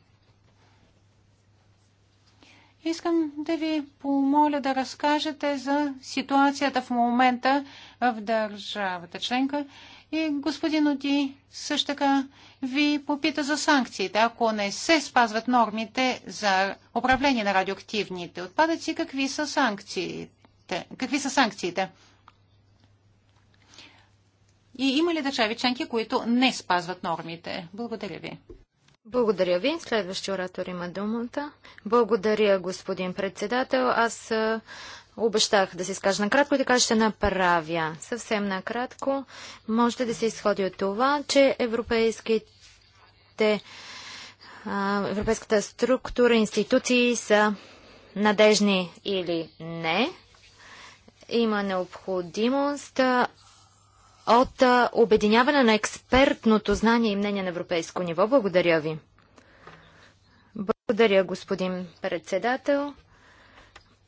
Искам да ви помоля да разкажете за ситуацията в момента в държавата членка. И господин Оди също така ви попита за санкциите. Ако не се спазват нормите за управление на радиоактивните отпадъци, какви са санкциите? Какви са санкциите? И има ли държави членки, които не спазват нормите? Благодаря ви. Благодаря ви. Следващия оратор има думата. Благодаря, господин председател. Аз обещах да се изкажа накратко и така ще направя. Съвсем накратко можете да се изходи от това, че европейските европейската структура, институции са надежни или не. Има необходимост от обединяване на експертното знание и мнение на европейско ниво. Благодаря ви. Благодаря, господин председател.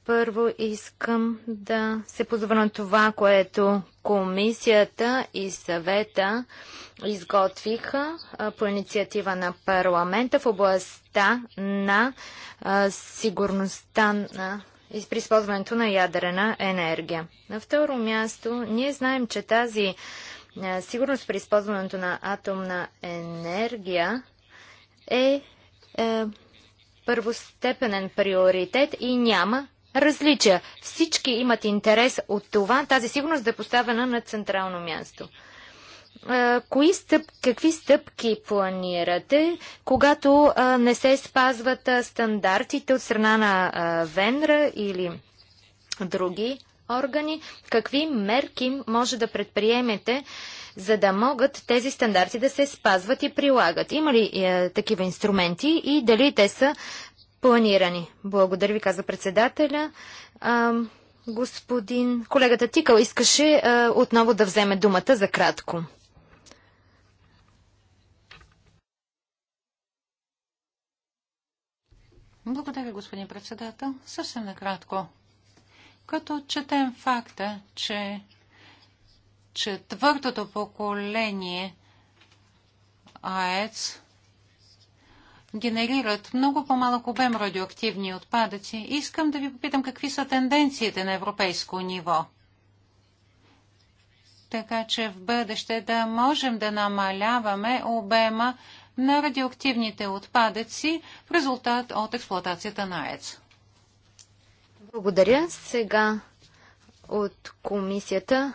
Първо искам да се позова на това, което комисията и съвета изготвиха по инициатива на парламента в областта на сигурността на и с използването на ядрена енергия. На второ място, ние знаем, че тази е, сигурност при използването на атомна енергия е, е първостепенен приоритет и няма различия. Всички имат интерес от това тази сигурност да е поставена на централно място кои стъп, какви стъпки планирате, когато а, не се спазват а, стандартите от страна на а, Венра или други органи? Какви мерки може да предприемете, за да могат тези стандарти да се спазват и прилагат? Има ли е, такива инструменти и дали те са планирани? Благодаря ви, каза председателя. А, господин, колегата Тикал искаше а, отново да вземе думата за кратко. Благодаря, господин председател. Съвсем накратко. Като четем факта, че четвъртото поколение АЕЦ генерират много по-малък обем радиоактивни отпадъци. Искам да ви попитам какви са тенденциите на европейско ниво. Така че в бъдеще да можем да намаляваме обема на радиоактивните отпадъци в резултат от експлуатацията на АЕЦ. Благодаря. Сега от комисията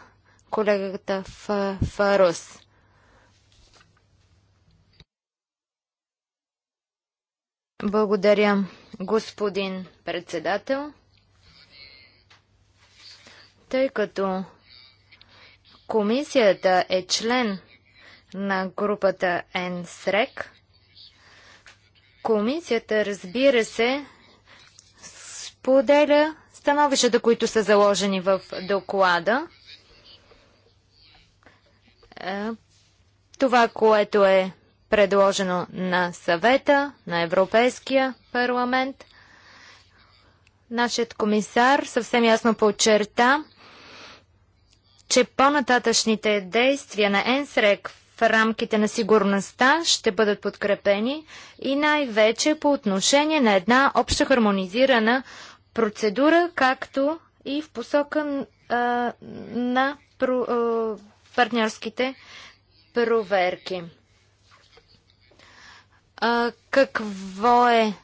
колегата Фарус. Благодаря, господин председател. Тъй като комисията е член на групата НСРЕК. E Комисията, разбира се, споделя становищата, които са заложени в доклада. Е, това, което е предложено на съвета, на Европейския парламент. Нашият комисар съвсем ясно подчерта, че по-нататъчните действия на ЕНСРЕК рамките на сигурността ще бъдат подкрепени и най-вече по отношение на една обща хармонизирана процедура, както и в посока а, на про, а, партньорските проверки. А, какво е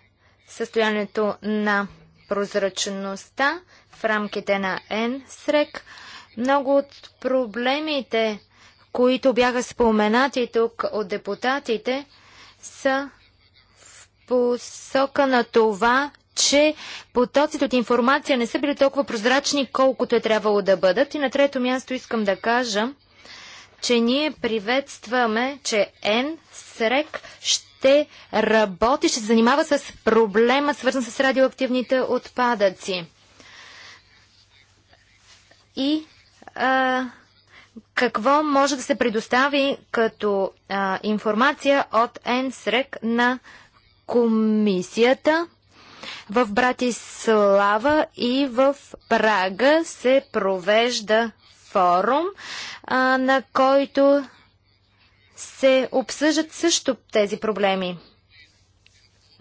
състоянието на прозрачността в рамките на НСРЕК? Много от проблемите, които бяха споменати тук от депутатите, са в посока на това, че потоците от информация не са били толкова прозрачни, колкото е трябвало да бъдат. И на трето място искам да кажа, че ние приветстваме, че Н СРЕК ще работи, ще се занимава с проблема, свързан с радиоактивните отпадъци. И а, какво може да се предостави като а, информация от НСРЕК на комисията. В Братислава и в Прага се провежда форум, а, на който се обсъждат също тези проблеми.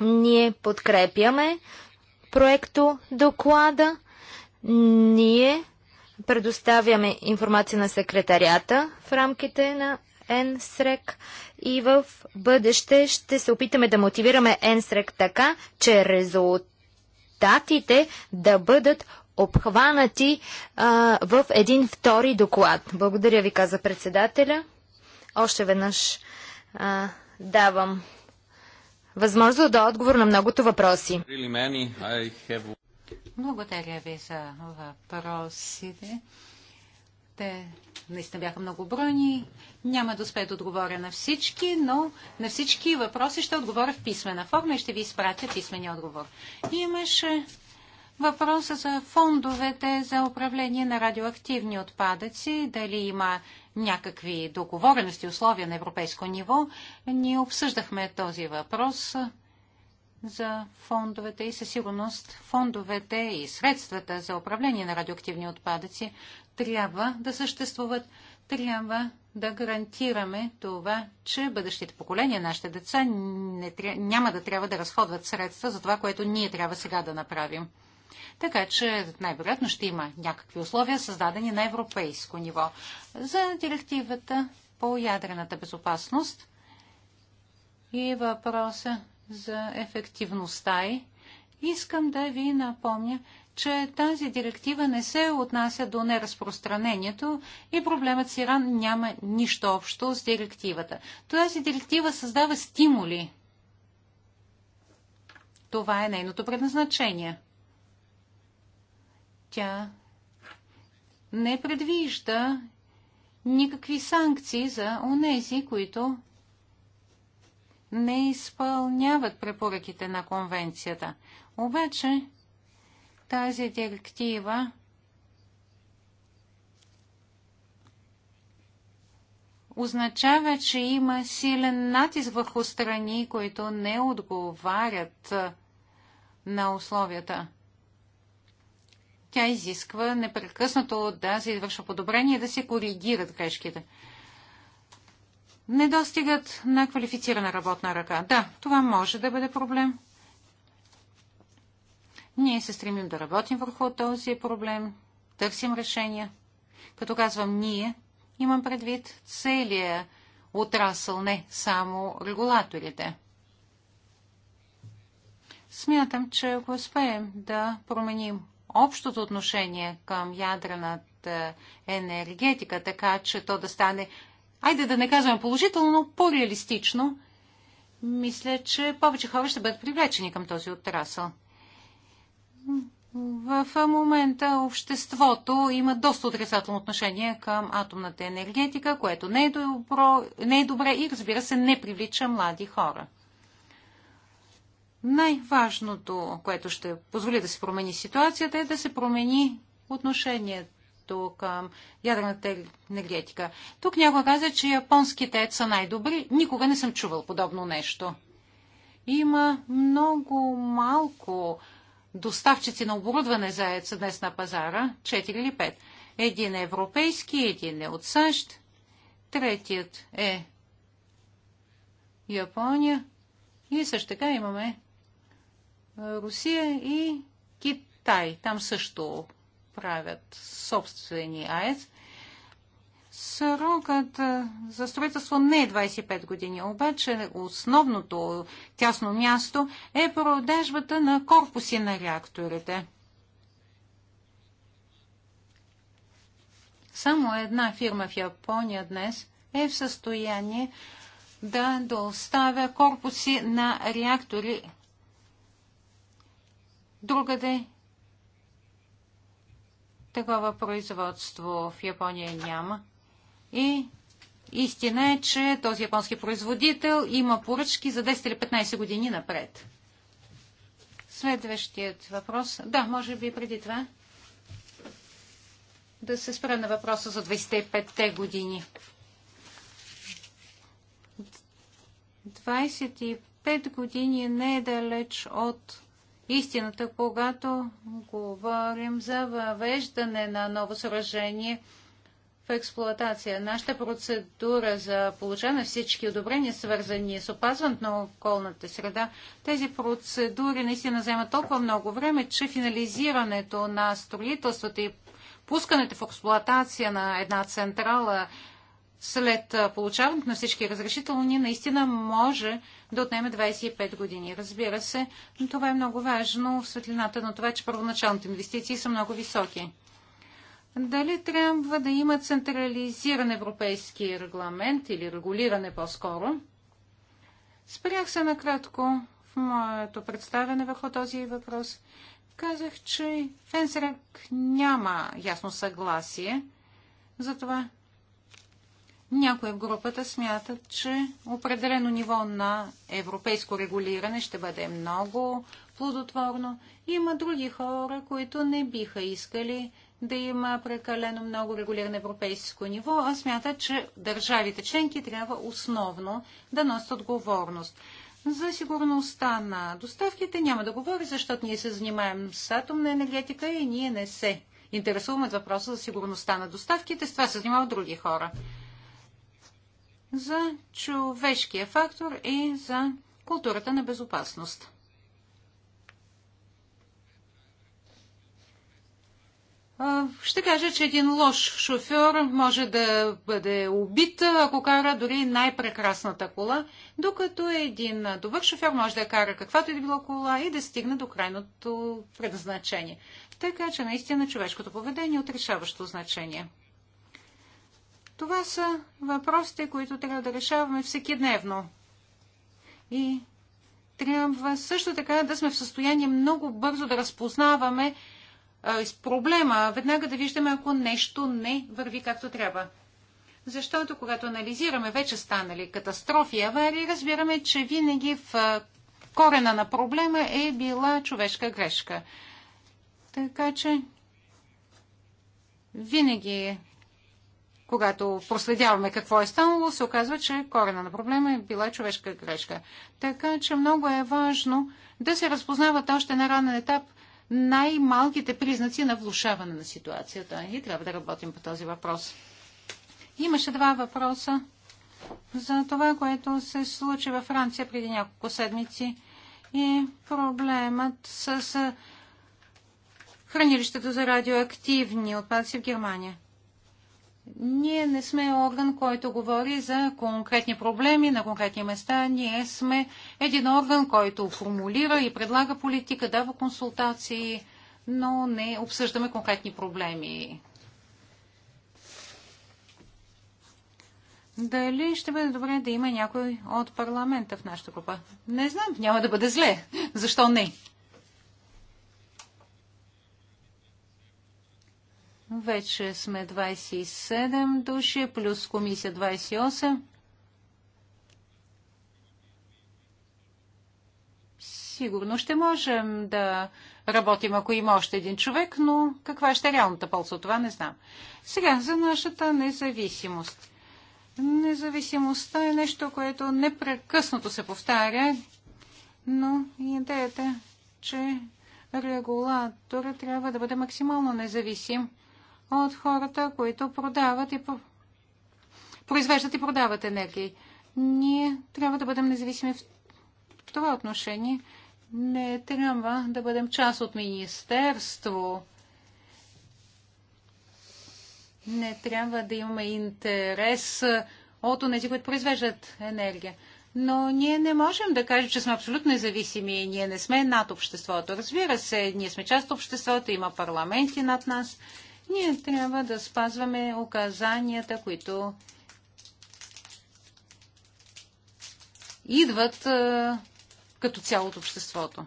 Ние подкрепяме проекто доклада. Ние Предоставяме информация на секретарията в рамките на НСРЕК и в бъдеще ще се опитаме да мотивираме НСРЕК така, че резултатите да бъдат обхванати а, в един втори доклад. Благодаря ви, каза председателя. Още веднъж а, давам възможност да отговор на многото въпроси. Благодаря ви за въпросите. Те наистина бяха много брони. Няма да успея да отговоря на всички, но на всички въпроси ще отговоря в писмена форма и ще ви изпратя писмения отговор. Имаше въпроса за фондовете за управление на радиоактивни отпадъци, дали има някакви договорености, условия на европейско ниво. Ние обсъждахме този въпрос за фондовете и със сигурност фондовете и средствата за управление на радиоактивни отпадъци трябва да съществуват. Трябва да гарантираме това, че бъдещите поколения, нашите деца, не, няма да трябва да разходват средства за това, което ние трябва сега да направим. Така че най-вероятно ще има някакви условия, създадени на европейско ниво. За директивата по ядрената безопасност и въпроса за ефективността й, искам да ви напомня, че тази директива не се отнася до неразпространението и проблемът с Иран няма нищо общо с директивата. Тази директива създава стимули. Това е нейното предназначение. Тя не предвижда никакви санкции за онези, които не изпълняват препоръките на конвенцията. Обаче тази директива означава, че има силен натиск върху страни, които не отговарят на условията. Тя изисква непрекъснато да се извършва подобрение и да се коригират грешките недостигът на квалифицирана работна ръка. Да, това може да бъде проблем. Ние се стремим да работим върху този проблем, търсим решения. Като казвам ние, имам предвид целия отрасъл, не само регулаторите. Смятам, че ако успеем да променим общото отношение към ядрената енергетика, така че то да стане айде да не казваме положително, но по-реалистично, мисля, че повече хора ще бъдат привлечени към този отрасъл. В момента обществото има доста отрицателно отношение към атомната енергетика, което не е, добро, не е добре и разбира се не привлича млади хора. Най-важното, което ще позволи да се промени ситуацията, е да се промени отношението вниманието към ядрената енергетика. Тук някой каза, че японските ЕЦ са най-добри. Никога не съм чувал подобно нещо. Има много малко доставчици на оборудване за ЕЦ днес на пазара, 4 или 5. Един е европейски, един е от САЩ, третият е Япония и също така имаме Русия и Китай. Там също правят собствени АЕЦ. Срокът за строителство не е 25 години, обаче основното тясно място е продажбата на корпуси на реакторите. Само една фирма в Япония днес е в състояние да доставя корпуси на реактори другаде Такова производство в Япония няма. И истина е, че този японски производител има поръчки за 10 или 15 години напред. Следващият въпрос. Да, може би преди това да се спра на въпроса за 25-те години. 25 години не е далеч от истината, когато говорим за въвеждане на ново съоръжение в експлуатация. Нашата процедура за получаване на всички одобрения, свързани с опазването на околната среда, тези процедури наистина вземат толкова много време, че финализирането на строителството и пускането в експлуатация на една централа след получаването на всички разрешителни, наистина може да отнеме 25 години. Разбира се, но това е много важно в светлината на това, че първоначалните инвестиции са много високи. Дали трябва да има централизиран европейски регламент или регулиране по-скоро? Спрях се накратко в моето представяне върху този въпрос. Казах, че в няма ясно съгласие за това някои в групата смятат, че определено ниво на европейско регулиране ще бъде много плодотворно. Има други хора, които не биха искали да има прекалено много регулиране европейско ниво, а смятат, че държавите членки трябва основно да носят отговорност. За сигурността на доставките няма да говори, защото ние се занимаем с атомна енергетика и ние не се интересуваме от въпроса за сигурността на доставките. С това се занимават други хора за човешкия фактор и за културата на безопасност. Ще кажа, че един лош шофьор може да бъде убит, ако кара дори най-прекрасната кола, докато един добър шофьор може да кара каквато и да било кола и да стигне до крайното предназначение. Така че наистина човешкото поведение е от решаващо значение. Това са въпросите, които трябва да решаваме всеки дневно. И трябва също така да сме в състояние много бързо да разпознаваме а, е, с проблема, веднага да виждаме, ако нещо не върви както трябва. Защото когато анализираме вече станали катастрофи и аварии, разбираме, че винаги в е, корена на проблема е била човешка грешка. Така че винаги когато проследяваме какво е станало, се оказва, че корена на проблема е била човешка грешка. Така че много е важно да се разпознават още на ранен етап най-малките признаци на влушаване на ситуацията. И трябва да работим по този въпрос. Имаше два въпроса за това, което се случи във Франция преди няколко седмици и проблемът с хранилището за радиоактивни отпадъци в Германия. Ние не сме орган, който говори за конкретни проблеми на конкретни места. Ние сме един орган, който формулира и предлага политика, дава консултации, но не обсъждаме конкретни проблеми. Дали ще бъде добре да има някой от парламента в нашата група? Не знам, няма да бъде зле. Защо не? Вече сме 27 души, плюс комисия 28. Сигурно ще можем да работим, ако има още един човек, но каква ще е реалната полза от това, не знам. Сега, за нашата независимост. Независимостта е нещо, което непрекъснато се повтаря, но идеята, е, че регулаторът трябва да бъде максимално независим от хората, които продават и произвеждат и продават енергии. Ние трябва да бъдем независими в това отношение. Не трябва да бъдем част от министерство. Не трябва да имаме интерес от тези, които произвеждат енергия. Но ние не можем да кажем, че сме абсолютно независими и ние не сме над обществото. Разбира се, ние сме част от обществото, има парламенти над нас ние трябва да спазваме указанията, които идват като цяло от обществото.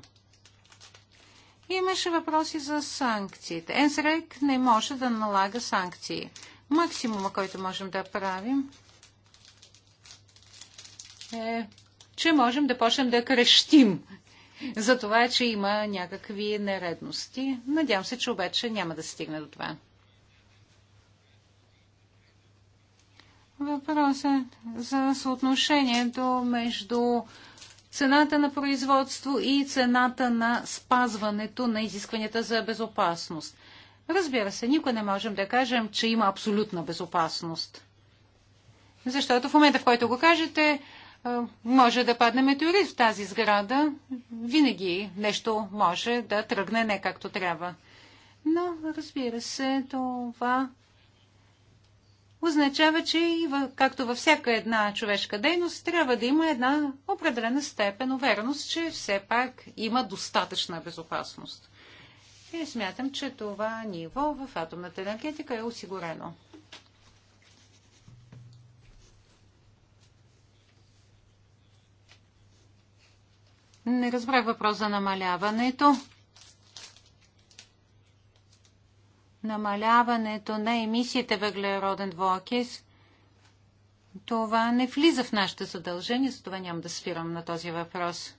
Имаше въпроси за санкциите. Енсрек не може да налага санкции. Максимума, който можем да правим, е, че можем да почнем да крещим за това, че има някакви нередности. Надявам се, че обаче няма да стигне до това. Въпросът за съотношението между цената на производство и цената на спазването на изискванията за безопасност. Разбира се, никой не можем да кажем, че има абсолютна безопасност. Защото в момента, в който го кажете, е, може да падне метеорит в тази сграда. Винаги нещо може да тръгне не както трябва. Но, разбира се, това означава, че и както във всяка една човешка дейност трябва да има една определена степен увереност, че все пак има достатъчна безопасност. И смятам, че това ниво в атомната енергетика е осигурено. Не разбрах въпрос за намаляването. намаляването на емисиите въглероден двуокис, това не влиза в нашите задължения, за това няма да спирам на този въпрос.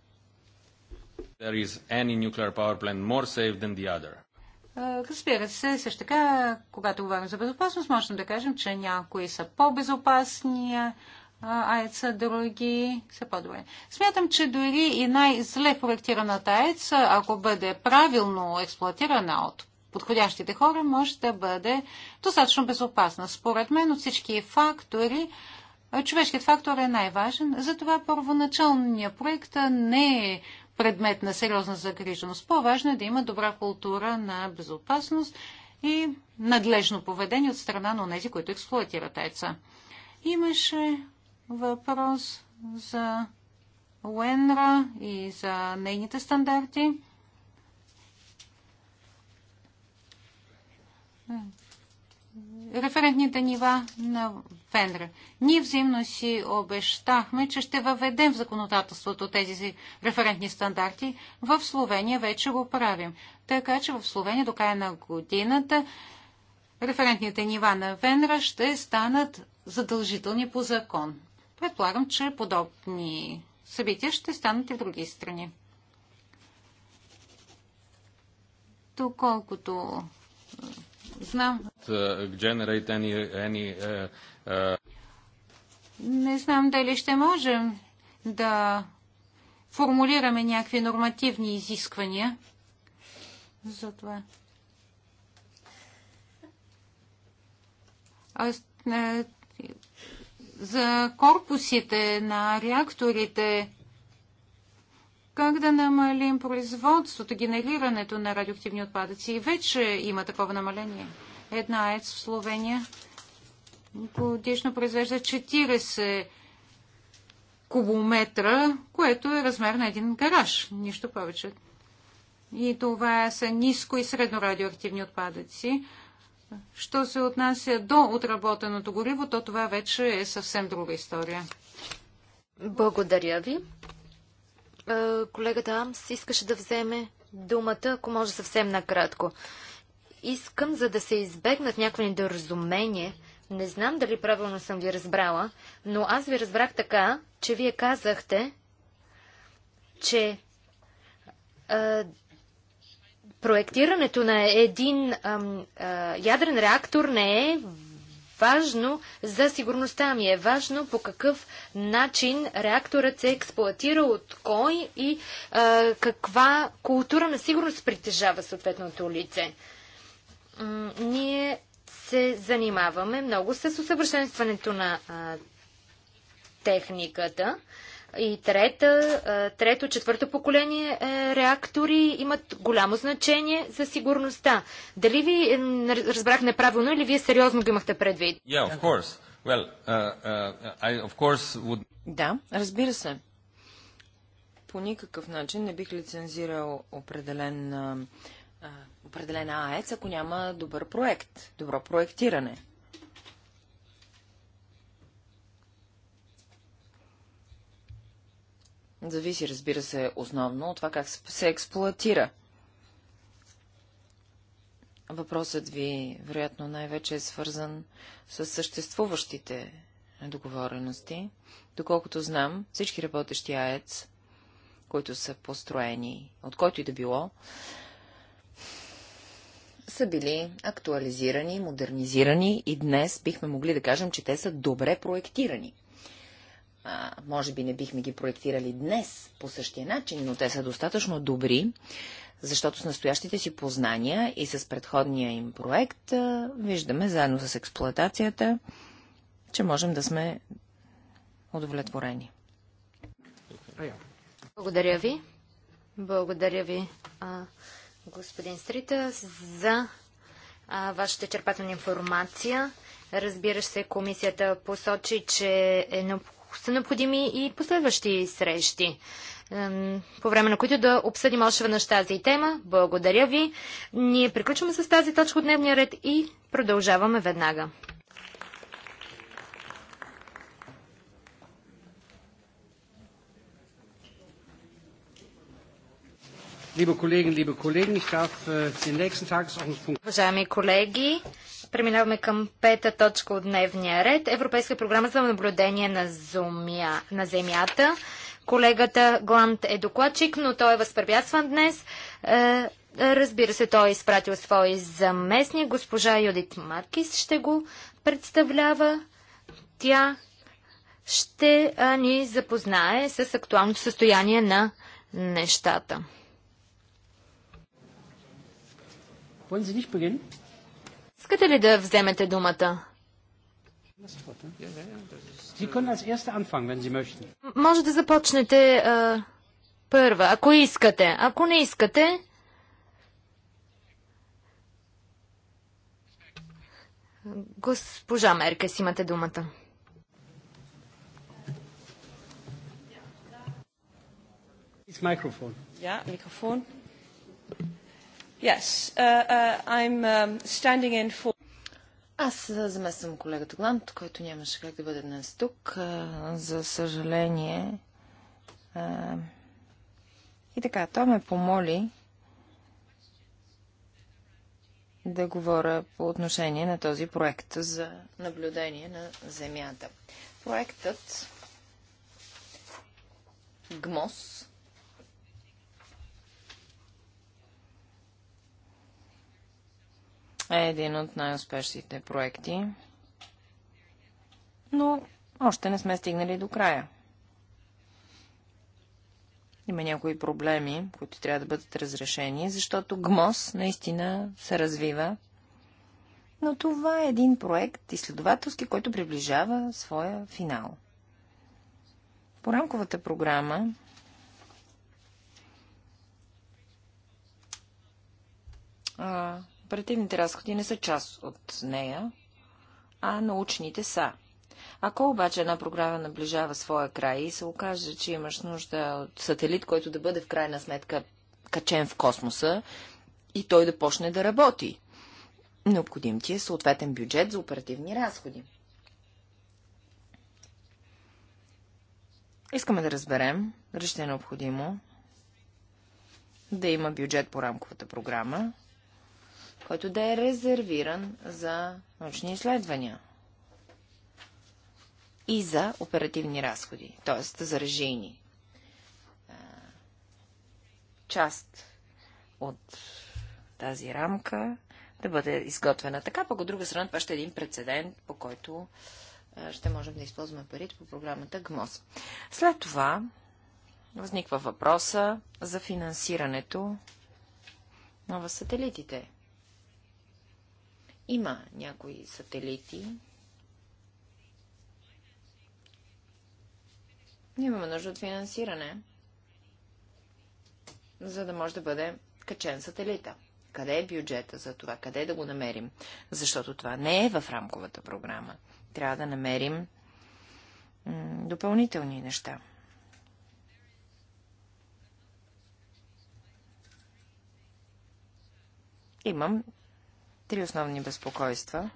Разбира се, също така, когато говорим за безопасност, можем да кажем, че някои са по-безопасни, АЕЦ, други са по-добре. Смятам, че дори и най-зле проектираната АЕЦ, ако бъде правилно експлуатирана от подходящите хора може да бъде достатъчно безопасна. Според мен от всички фактори, човешкият фактор е най-важен. Затова първоначалният проект не е предмет на сериозна загриженост. По-важно е да има добра култура на безопасност и надлежно поведение от страна на тези, които експлуатират яйца. Имаше въпрос за Уенра и за нейните стандарти. референтните нива на Вендра. Ние взаимно си обещахме, че ще въведем в законодателството тези референтни стандарти. В Словения вече го правим. Така че в Словения до края на годината референтните нива на Венра ще станат задължителни по закон. Предполагам, че подобни събития ще станат и в други страни. Доколкото Знам. Uh, uh, Не знам дали ще можем да формулираме някакви нормативни изисквания за това. Е, за корпусите на реакторите как да намалим производството, генерирането на радиоактивни отпадъци. И вече има такова намаление. Една ЕЦ в Словения годишно произвежда 40 кубометра, което е размер на един гараж. Нищо повече. И това са ниско и средно радиоактивни отпадъци. Що се отнася до отработеното гориво, то това вече е съвсем друга история. Благодаря ви. Е, колегата Амс искаше да вземе думата, ако може съвсем накратко. Искам, за да се избегнат някакво недоразумение, не знам дали правилно съм ви разбрала, но аз ви разбрах така, че вие казахте, че а, е, проектирането на един а, а, е, ядрен реактор не е важно за сигурността ми. Е важно по какъв начин реакторът се експлуатира, от кой и а, каква култура на сигурност притежава съответното лице. М ние се занимаваме много с усъвършенстването на а, техниката и трета, трето, четвърто поколение е, реактори имат голямо значение за сигурността. Дали ви разбрах неправилно или вие сериозно го имахте предвид? Yeah, well, uh, uh, would... Да, разбира се. По никакъв начин не бих лицензирал определен, определен АЕЦ, ако няма добър проект, добро проектиране. Зависи, разбира се, основно от това как се експлуатира. Въпросът ви, вероятно, най-вече е свързан с съществуващите договорености. Доколкото знам, всички работещи АЕЦ, които са построени, от който и да било, са били актуализирани, модернизирани и днес бихме могли да кажем, че те са добре проектирани – а, може би не бихме ги проектирали днес по същия начин, но те са достатъчно добри, защото с настоящите си познания и с предходния им проект а, виждаме заедно с експлоатацията, че можем да сме удовлетворени. Благодаря ви. Благодаря ви, а, господин Стрита, за а, вашата черпателна информация. Разбира се, комисията посочи, че е необходимо са необходими и последващи срещи, по време на които да обсъдим още веднъж тази тема. Благодаря ви. Ние приключваме с тази точка от дневния ред и продължаваме веднага. Уважаеми колеги, Преминаваме към пета точка от дневния ред. Европейска програма за наблюдение на, зумия, на земята. Колегата Глант е докладчик, но той е възпрепятстван днес. Е, разбира се, той е изпратил свой заместник. Госпожа Юдит Маркис ще го представлява. Тя ще ни запознае с актуалното състояние на нещата. Wollen Sie nicht beginnen? Искате ли да вземете думата? Може да започнете а, първа, ако искате. Ако не искате, госпожа Меркес, имате думата. Микрофон. Yeah, микрофон. Yes, uh, uh I'm um, standing in for... Аз замествам колегата Гланд, който нямаше как да бъде днес тук. За съжаление. И така, той ме помоли да говоря по отношение на този проект за наблюдение на Земята. Проектът ГМОС е един от най-успешните проекти, но още не сме стигнали до края. Има някои проблеми, които трябва да бъдат разрешени, защото ГМОС наистина се развива. Но това е един проект изследователски, който приближава своя финал. По рамковата програма а, Оперативните разходи не са част от нея, а научните са. Ако обаче една програма наближава своя край и се окаже, че имаш нужда от сателит, който да бъде в крайна сметка качен в космоса и той да почне да работи, необходим ти е съответен бюджет за оперативни разходи. Искаме да разберем, дали ще е необходимо да има бюджет по рамковата програма който да е резервиран за научни изследвания и за оперативни разходи, т.е. за режийни. Част от тази рамка да бъде изготвена така, пък от друга страна това ще е един прецедент, по който ще можем да използваме парите по програмата ГМОС. След това възниква въпроса за финансирането на сателитите. Има някои сателити. Имаме нужда от финансиране, за да може да бъде качен сателита. Къде е бюджета за това? Къде е да го намерим? Защото това не е в рамковата програма. Трябва да намерим допълнителни неща. Имам Три основни безпокойства.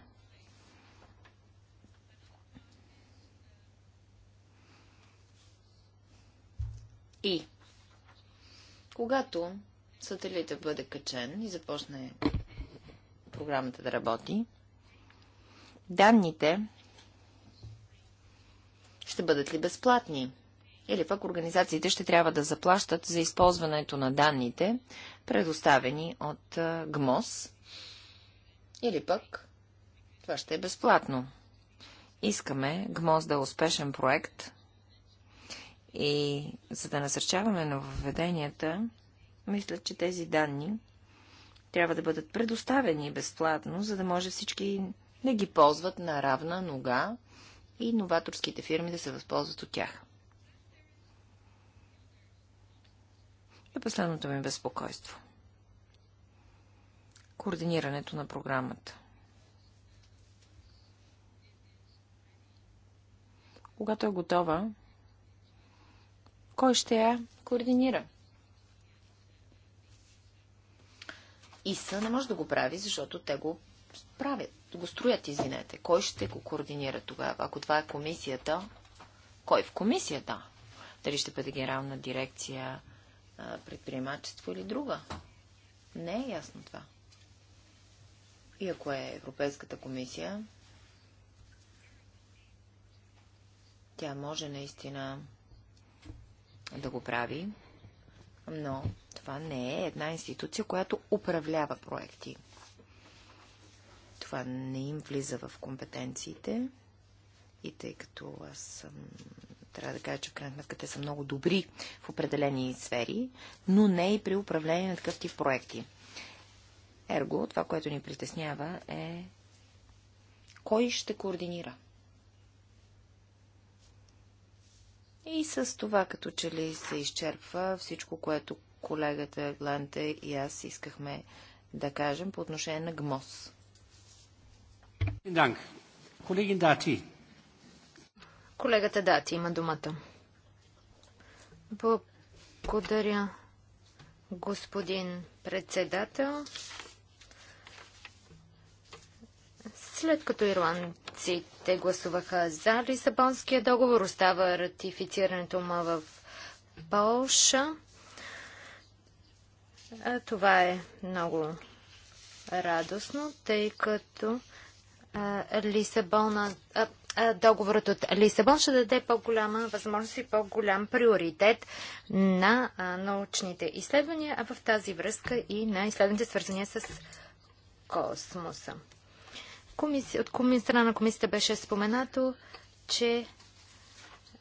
И когато сателитът бъде качен и започне програмата да работи, данните ще бъдат ли безплатни? Или пък организациите ще трябва да заплащат за използването на данните, предоставени от ГМОС или пък това ще е безплатно. Искаме ГМОЗ да е успешен проект и за да насърчаваме на въведенията, мисля, че тези данни трябва да бъдат предоставени безплатно, за да може всички да ги ползват на равна нога и новаторските фирми да се възползват от тях. И последното ми безпокойство координирането на програмата. Когато е готова, кой ще я координира? ИСА не може да го прави, защото те го правят, го строят, извинете. Кой ще го координира тогава? Ако това е комисията, кой е в комисията? Дали ще бъде генерална дирекция предприемачество или друга? Не е ясно това. И ако е Европейската комисия, тя може наистина да го прави, но това не е една институция, която управлява проекти. Това не им влиза в компетенциите и тъй като аз съм, трябва да кажа, че в крайна сметка те са много добри в определени сфери, но не и при управление на такъв тип проекти. Ерго, това, което ни притеснява е кой ще координира. И с това, като че ли се изчерпва всичко, което колегата Гланте и аз искахме да кажем по отношение на ГМОС. Дати. Колегата Дати има думата. Благодаря, господин председател. След като ирландците гласуваха за Лисабонския договор, остава ратифицирането му в Полша. Това е много радостно, тъй като Лисабона, договорът от Лисабон ще даде по-голяма възможност и по-голям приоритет на научните изследвания, а в тази връзка и на изследваните свързания с космоса. Комисия, от коми, страна на комисията беше споменато, че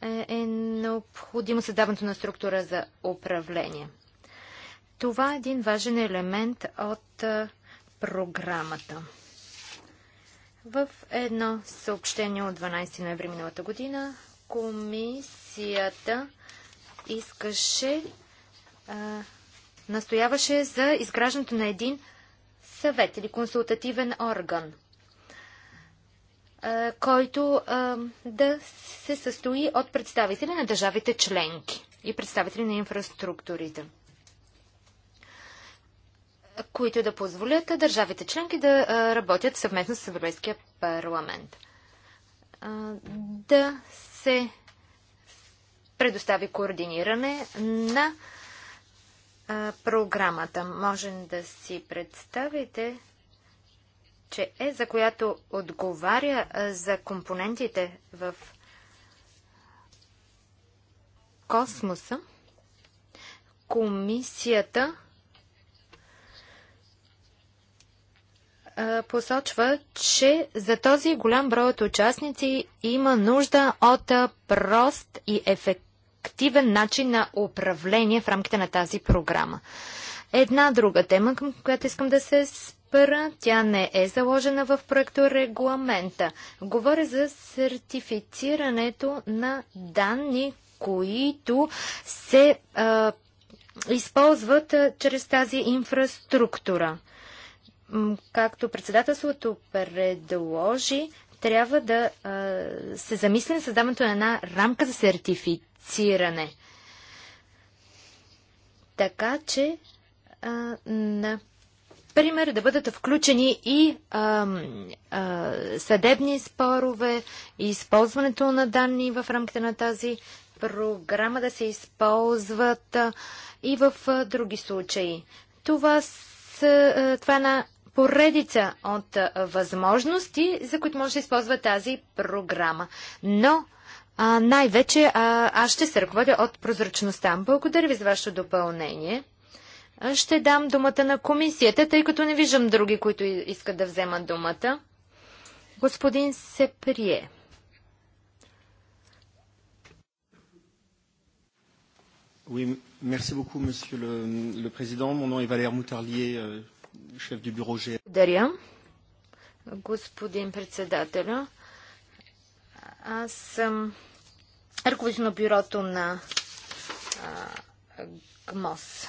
е, е необходимо създаването на структура за управление. Това е един важен елемент от е, програмата. В едно съобщение от 12 ноември миналата година комисията искаше, е, настояваше за изграждането на един съвет или консултативен орган – който да се състои от представители на държавите членки и представители на инфраструктурите, които да позволят държавите членки да работят съвместно с Европейския парламент. Да се предостави координиране на програмата. Можем да си представите, че е, за която отговаря за компонентите в космоса, комисията посочва, че за този голям брой от участници има нужда от прост и ефективен начин на управление в рамките на тази програма. Една друга тема, към която искам да се спра, тя не е заложена в проекто регламента. Говоря за сертифицирането на данни, които се а, използват а, чрез тази инфраструктура. Както председателството предложи, трябва да а, се замислим създаването на една рамка за сертифициране. Така че а, на Пример да бъдат включени и а, а, съдебни спорове, и използването на данни в рамките на тази програма да се използват а, и в а, други случаи. Това, с, а, това е на поредица от а, възможности, за които може да използва тази програма. Но най-вече аз ще се ръководя от прозрачността. Благодаря ви за вашето допълнение. Ще дам думата на комисията, тъй като не виждам други, които искат да вземат думата. Господин Сеприе. Oui, merci beaucoup, Monsieur le, le Président. Mon nom est Valère Moutarlier, euh, chef du bureau G. Благодаря, господин председателя. Аз съм ръководител на бюрото на а, ГМОС.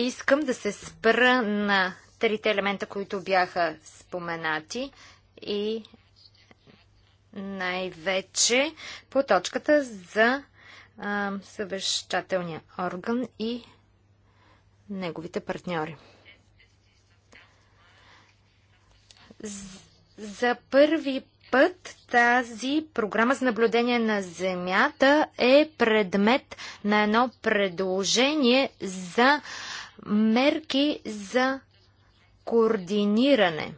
Искам да се спра на трите елемента, които бяха споменати и най-вече по точката за а, съвещателния орган и неговите партньори. За първи път тази програма за наблюдение на Земята е предмет на едно предложение за а, Мерки за координиране.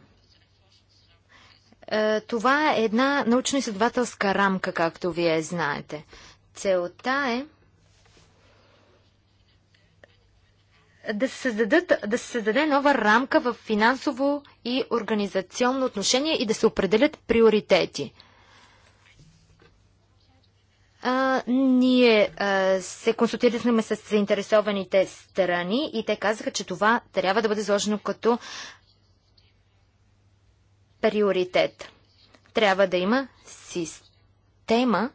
Е, това е една научно-изследователска рамка, както вие знаете. Целта е да се, създадат, да се създаде нова рамка в финансово и организационно отношение и да се определят приоритети – а, ние а, се консултирахме с заинтересованите страни и те казаха, че това трябва да бъде заложено като приоритет. Трябва да има система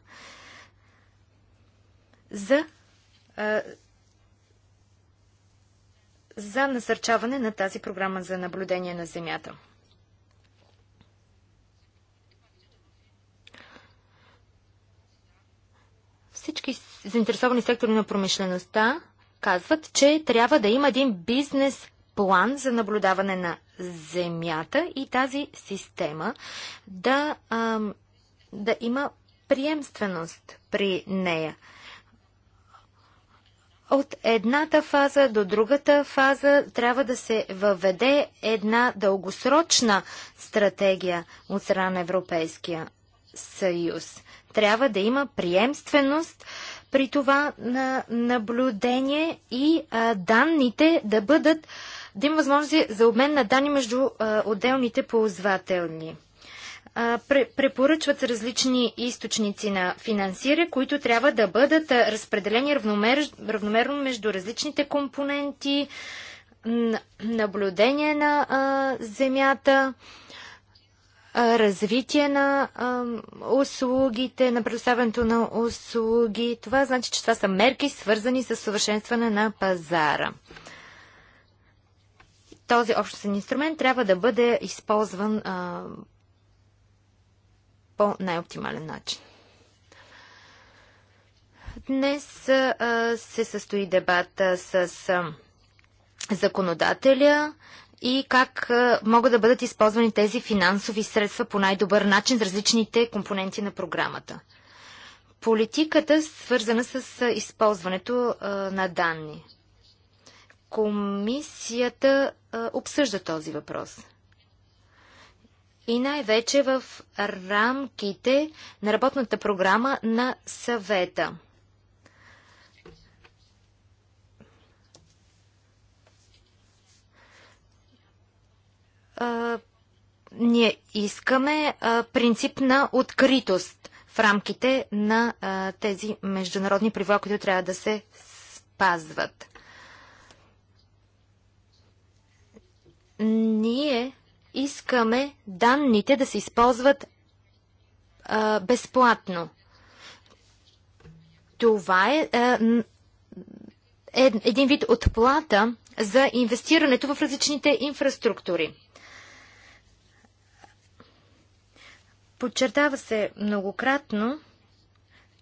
за, а, за насърчаване на тази програма за наблюдение на Земята. Всички заинтересовани сектори на промишлеността казват, че трябва да има един бизнес план за наблюдаване на земята и тази система да, да има приемственост при нея. От едната фаза до другата фаза трябва да се въведе една дългосрочна стратегия от страна на Европейския съюз трябва да има приемственост при това на наблюдение и а, данните да бъдат, да има възможност за обмен на данни между а, отделните ползвателни. А, препоръчват различни източници на финансиране, които трябва да бъдат разпределени равномер, равномерно между различните компоненти, наблюдение на а, земята, развитие на а, услугите, на предоставянето на услуги. Това значи, че това са мерки, свързани с съвършенстване на пазара. Този общностен инструмент трябва да бъде използван а, по най-оптимален начин. Днес а, се състои дебата с законодателя и как могат да бъдат използвани тези финансови средства по най-добър начин за различните компоненти на програмата. Политиката свързана с използването на данни. Комисията обсъжда този въпрос и най-вече в рамките на работната програма на съвета. ние искаме а, принцип на откритост в рамките на а, тези международни правила, които трябва да се спазват. Ние искаме данните да се използват а, безплатно. Това е е, един вид отплата за инвестирането в различните инфраструктури. Подчертава се многократно,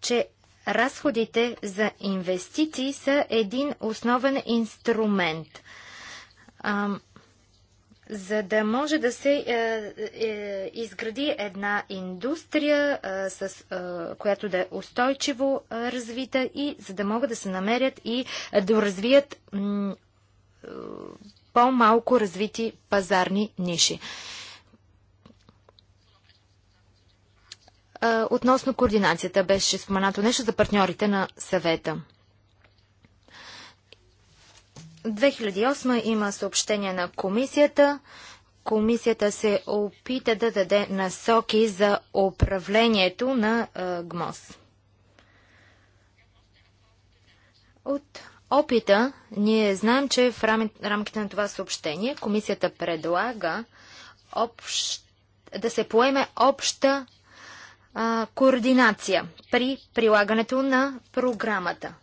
че разходите за инвестиции са един основен инструмент. А, за да може да се е, е, изгради една индустрия, е, с, е, която да е устойчиво е, развита и за да могат да се намерят и е, развият е, по-малко развити пазарни ниши. Относно координацията беше споменато нещо за партньорите на съвета. 2008 има съобщение на комисията. Комисията се опита да даде насоки за управлението на а, ГМОС. От опита ние знаем, че в рамките на това съобщение комисията предлага общ... да се поеме обща а, координация при прилагането на програмата.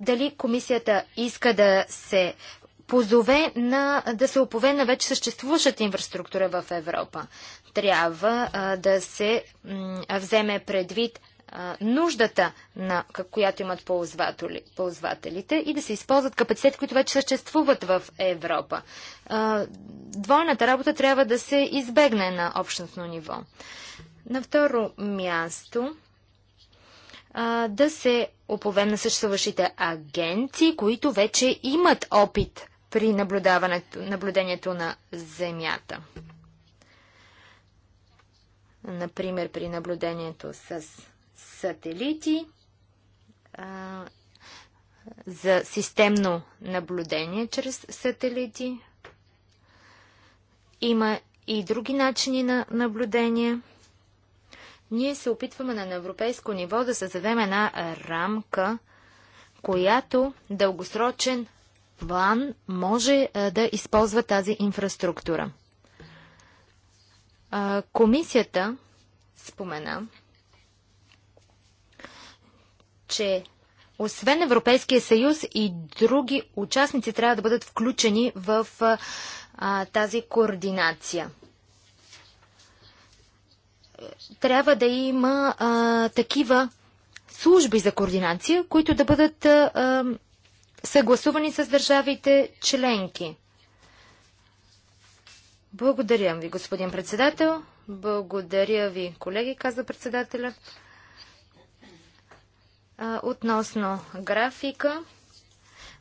Дали комисията иска да се позове на, да се опове на вече съществуващата инфраструктура в Европа. Трябва а, да се м, вземе предвид нуждата, на която имат ползвателите и да се използват капацитети, които вече съществуват в Европа. А, двойната работа трябва да се избегне на общностно ниво. На второ място а, да се оповем на съществуващите агенции, които вече имат опит при наблюдението на Земята. Например, при наблюдението с сателити а, за системно наблюдение чрез сателити. Има и други начини на наблюдение. Ние се опитваме на европейско ниво да създадем една рамка, която дългосрочен план може да използва тази инфраструктура. комисията спомена, че освен Европейския съюз и други участници трябва да бъдат включени в а, тази координация. Трябва да има а, такива служби за координация, които да бъдат а, съгласувани с държавите членки. Благодаря ви, господин председател. Благодаря ви, колеги, каза председателя. Относно графика,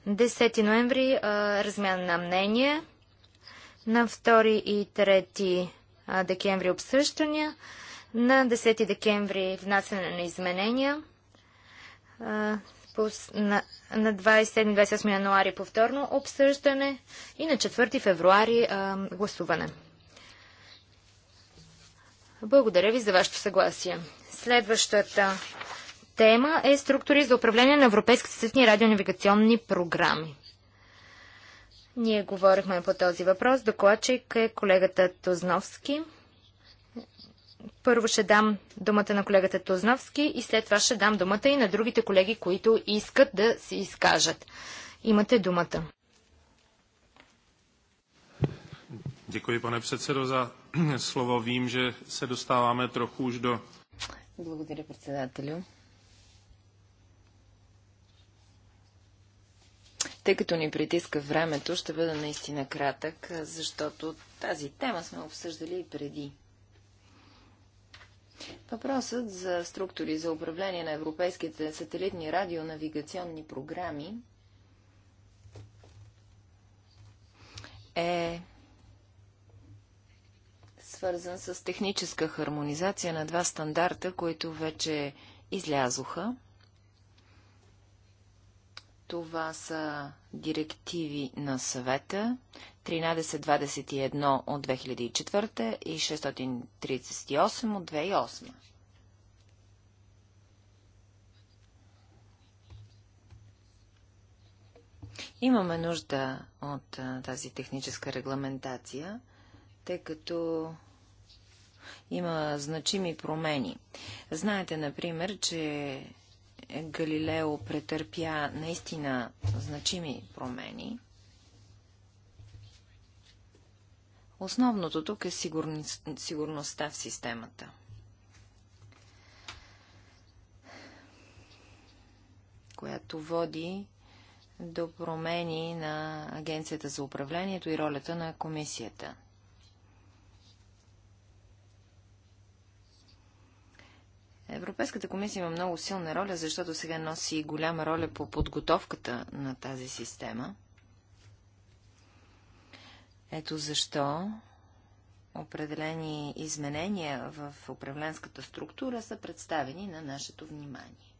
10 ноември размяна на мнение, на 2 и 3 декември обсъждания, на 10 декември внасяне на изменения, на 27-28 януари повторно обсъждане и на 4 февруари гласуване. Благодаря ви за вашето съгласие. Следващата тема е структури за управление на европейските съседни радионавигационни програми. Ние говорихме по този въпрос. Докладчик е колегата Тузновски. Първо ще дам думата на колегата Тузновски и след това ще дам думата и на другите колеги, които искат да се изкажат. Имате думата. Děkuji, pane předsedo, za slovo. Vím, že se dostáváme trochu už do... Благодаря, председателю. Тъй като ни притиска времето, ще бъда наистина кратък, защото тази тема сме обсъждали и преди. Въпросът за структури за управление на европейските сателитни радионавигационни програми е свързан с техническа хармонизация на два стандарта, които вече излязоха това са директиви на съвета 1321 от 2004 и 638 от 2008. Имаме нужда от а, тази техническа регламентация, тъй като има значими промени. Знаете, например, че Галилео претърпя наистина значими промени. Основното тук е сигурни... сигурността в системата. която води до промени на Агенцията за управлението и ролята на комисията – Европейската комисия има много силна роля, защото сега носи голяма роля по подготовката на тази система. Ето защо определени изменения в управленската структура са представени на нашето внимание.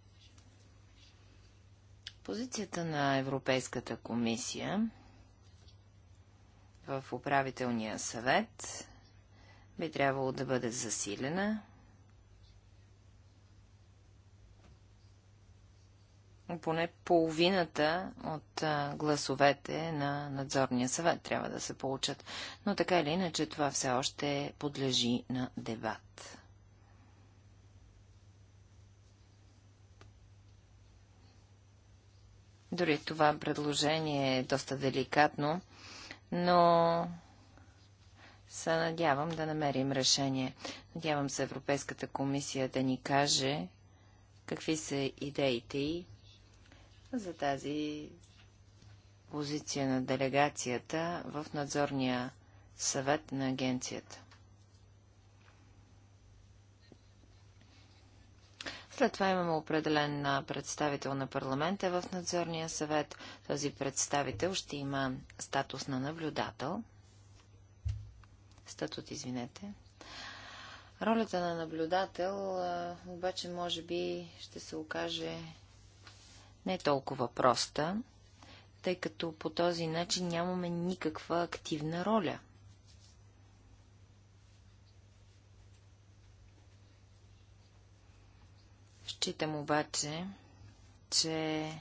Позицията на Европейската комисия в управителния съвет би трябвало да бъде засилена поне половината от гласовете на надзорния съвет трябва да се получат. Но така или иначе това все още подлежи на дебат. Дори това предложение е доста деликатно, но се надявам да намерим решение. Надявам се Европейската комисия да ни каже какви са идеите и за тази позиция на делегацията в надзорния съвет на агенцията. След това имаме определен представител на парламента в надзорния съвет. Този представител ще има статус на наблюдател. Статут, извинете. Ролята на наблюдател обаче може би ще се окаже не е толкова проста, тъй като по този начин нямаме никаква активна роля. Считам обаче, че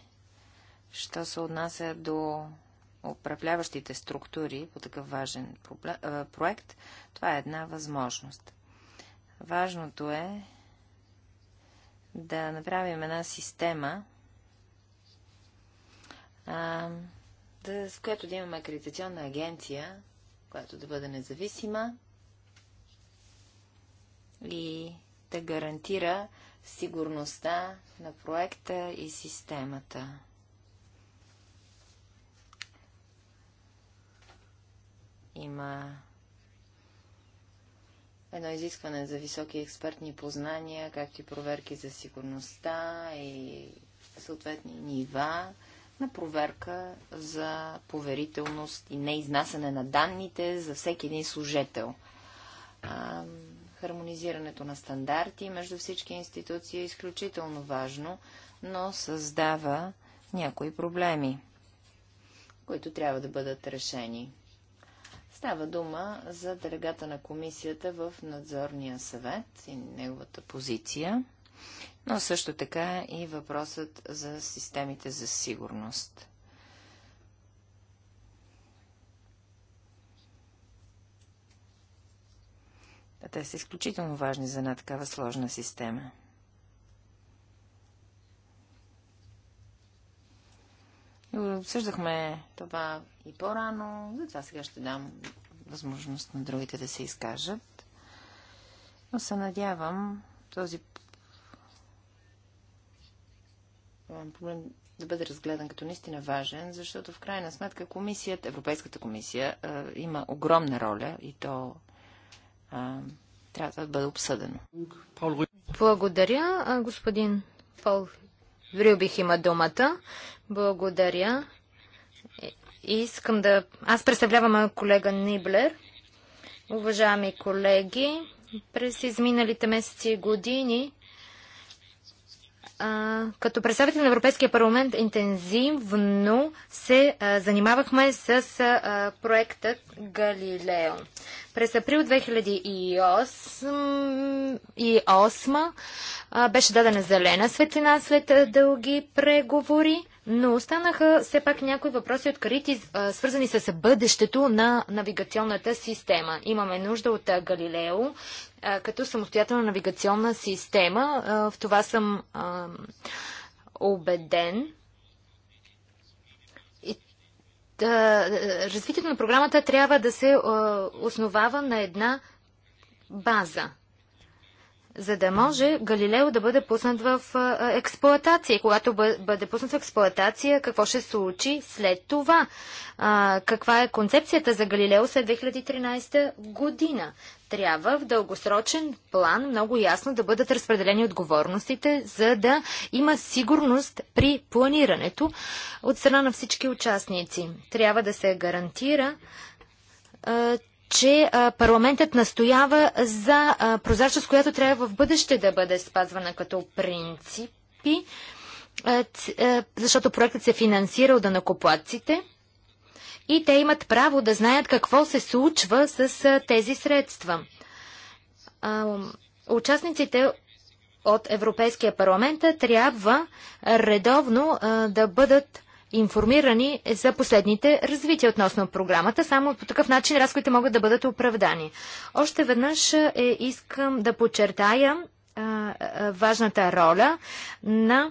що се отнася до управляващите структури по такъв важен проект, това е една възможност. Важното е да направим една система, а, да, с която да имаме акредитационна агенция, която да бъде независима и да гарантира сигурността на проекта и системата. Има едно изискване за високи експертни познания, както и проверки за сигурността и съответни нива на проверка за поверителност и неизнасяне на данните за всеки един служител. хармонизирането на стандарти между всички институции е изключително важно, но създава някои проблеми, които трябва да бъдат решени. Става дума за делегата на комисията в надзорния съвет и неговата позиция но също така и въпросът за системите за сигурност. А те са изключително важни за една такава сложна система. И обсъждахме това и по-рано, затова сега ще дам възможност на другите да се изкажат. Но се надявам този проблем да бъде разгледан като наистина важен, защото в крайна сметка комисията, Европейската комисия а, има огромна роля и то а, трябва да бъде обсъдено. Благодаря, господин Пол Врюбих има думата. Благодаря. Е, искам да... Аз представлявам колега Ниблер. Уважаеми колеги, през изминалите месеци и години като представител на Европейския парламент интензивно се а, занимавахме с а, проекта Галилео. През април 2008, 2008 беше дадена зелена светлина след дълги преговори. Но останаха все пак някои въпроси открити, свързани с бъдещето на навигационната система. Имаме нужда от Галилео като самостоятелна навигационна система. В това съм убеден. Развитието на програмата трябва да се основава на една база за да може Галилео да бъде пуснат в експлоатация. Когато бъде пуснат в експлоатация, какво ще случи след това? А, каква е концепцията за Галилео след 2013 година? Трябва в дългосрочен план много ясно да бъдат разпределени отговорностите, за да има сигурност при планирането от страна на всички участници. Трябва да се гарантира, че парламентът настоява за прозрачност, която трябва в бъдеще да бъде спазвана като принципи, защото проектът се финансира от накоплаците и те имат право да знаят какво се случва с тези средства. Участниците от Европейския парламент трябва редовно да бъдат информирани за последните развития относно програмата. Само по такъв начин разходите могат да бъдат оправдани. Още веднъж е, искам да подчертая а, важната роля на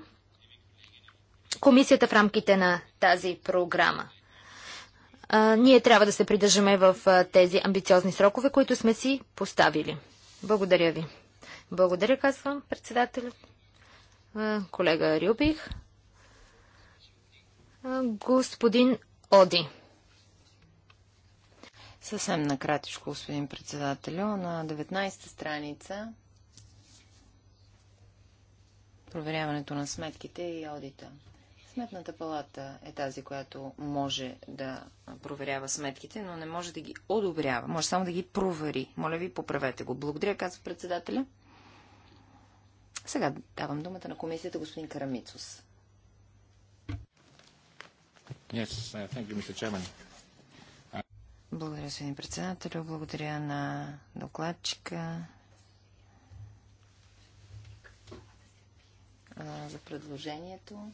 комисията в рамките на тази програма. А, ние трябва да се придържаме в а, тези амбициозни срокове, които сме си поставили. Благодаря ви. Благодаря, казвам председателят. Колега Рюбих. Господин Оди. Съвсем накратичко, господин председателю, на 19-та страница проверяването на сметките и одита. Сметната палата е тази, която може да проверява сметките, но не може да ги одобрява. Може само да ги провери. Моля ви, поправете го. Благодаря, казва председателя. Сега давам думата на комисията господин Карамицус. Uh, Благодаря, господин председател, Благодаря на докладчика за предложението.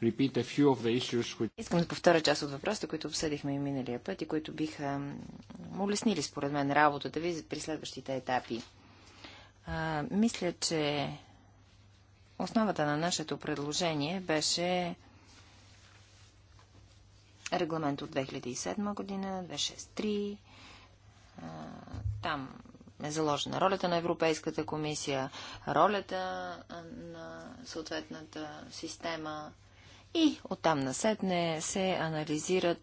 Which... Искам да повторя част от въпросите, които обсъдихме и миналия път и които биха улеснили, според мен, работата ви при следващите етапи. А, мисля, че основата на нашето предложение беше регламент от 2007 година, 263. Там е заложена ролята на Европейската комисия, ролята на съответната система и оттам насетне се анализират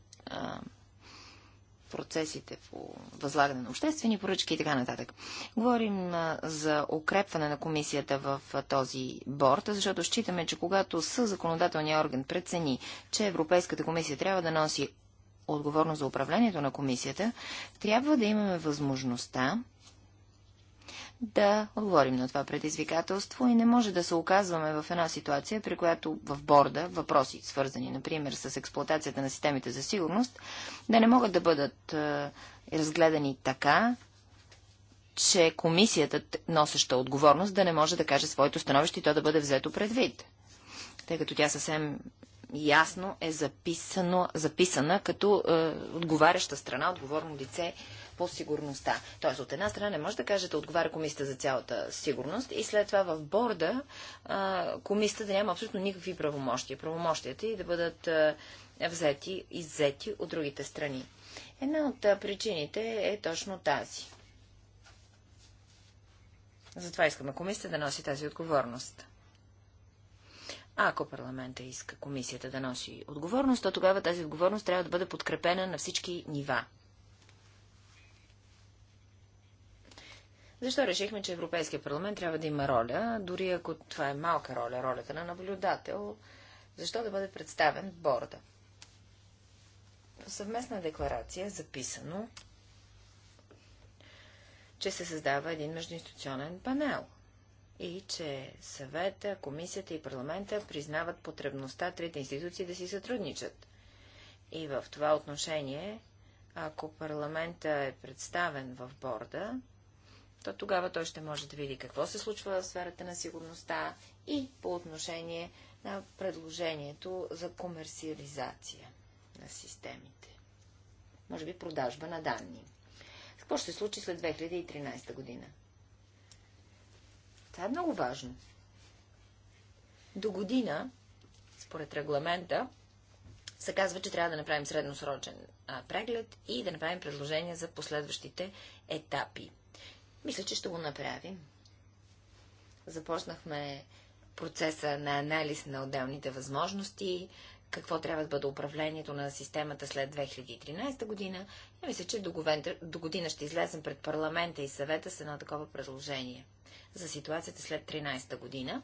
процесите по възлагане на обществени поръчки и така нататък. Говорим а, за укрепване на комисията в а, този борт, защото считаме, че когато със законодателния орган прецени, че Европейската комисия трябва да носи отговорност за управлението на комисията, трябва да имаме възможността да отговорим на това предизвикателство и не може да се оказваме в една ситуация, при която в борда въпроси, свързани, например, с експлуатацията на системите за сигурност, да не могат да бъдат е, разгледани така, че комисията, носеща отговорност, да не може да каже своето становище и то да бъде взето предвид. Тъй като тя съвсем ясно е записано, записана като е, отговаряща страна, отговорно лице по сигурността. Тоест, от една страна не може да кажете, отговаря комисията за цялата сигурност и след това в борда комисията да няма абсолютно никакви правомощия. Правомощията и да бъдат взети, иззети от другите страни. Една от причините е точно тази. Затова искаме комисията да носи тази отговорност. А ако парламента иска комисията да носи отговорност, то тогава тази отговорност трябва да бъде подкрепена на всички нива. Защо решихме, че Европейския парламент трябва да има роля, дори ако това е малка роля, ролята на наблюдател, защо да бъде представен борда? В съвместна декларация е записано, че се създава един междуинституционен панел и че съвета, комисията и парламента признават потребността трите институции да си сътрудничат. И в това отношение, ако парламента е представен в борда, то тогава той ще може да види какво се случва в сферата на сигурността и по отношение на предложението за комерциализация на системите. Може би продажба на данни. Какво ще се случи след 2013 година? Това е много важно. До година, според регламента, се казва, че трябва да направим средносрочен преглед и да направим предложения за последващите етапи. Мисля, че ще го направим. Започнахме процеса на анализ на отделните възможности, какво трябва да бъде управлението на системата след 2013 година. И мисля, че до, година ще излезем пред парламента и съвета с едно такова предложение за ситуацията след 13-та година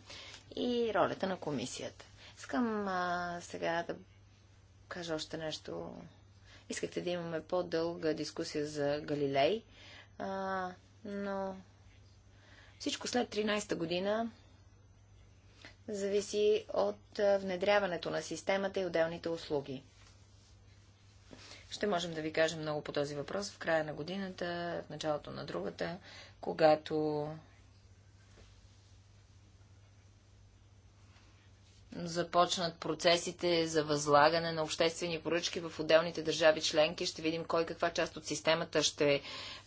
и ролята на комисията. Искам а, сега да кажа още нещо. Искахте да имаме по-дълга дискусия за Галилей. А, но всичко след 13-та година зависи от внедряването на системата и отделните услуги. Ще можем да ви кажем много по този въпрос в края на годината, в началото на другата, когато започнат процесите за възлагане на обществени поръчки в отделните държави членки. Ще видим кой каква част от системата ще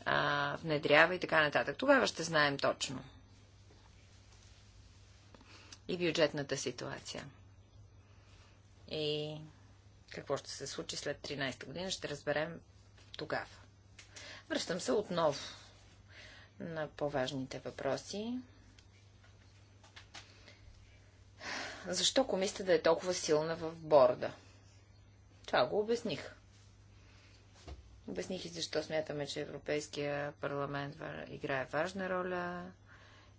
а, внедрява и така нататък. Тогава ще знаем точно. И бюджетната ситуация. И какво ще се случи след 13-та година, ще разберем тогава. Връщам се отново на по-важните въпроси. защо комисията да е толкова силна в борда. Това го обясних. Обясних и защо смятаме, че Европейския парламент играе важна роля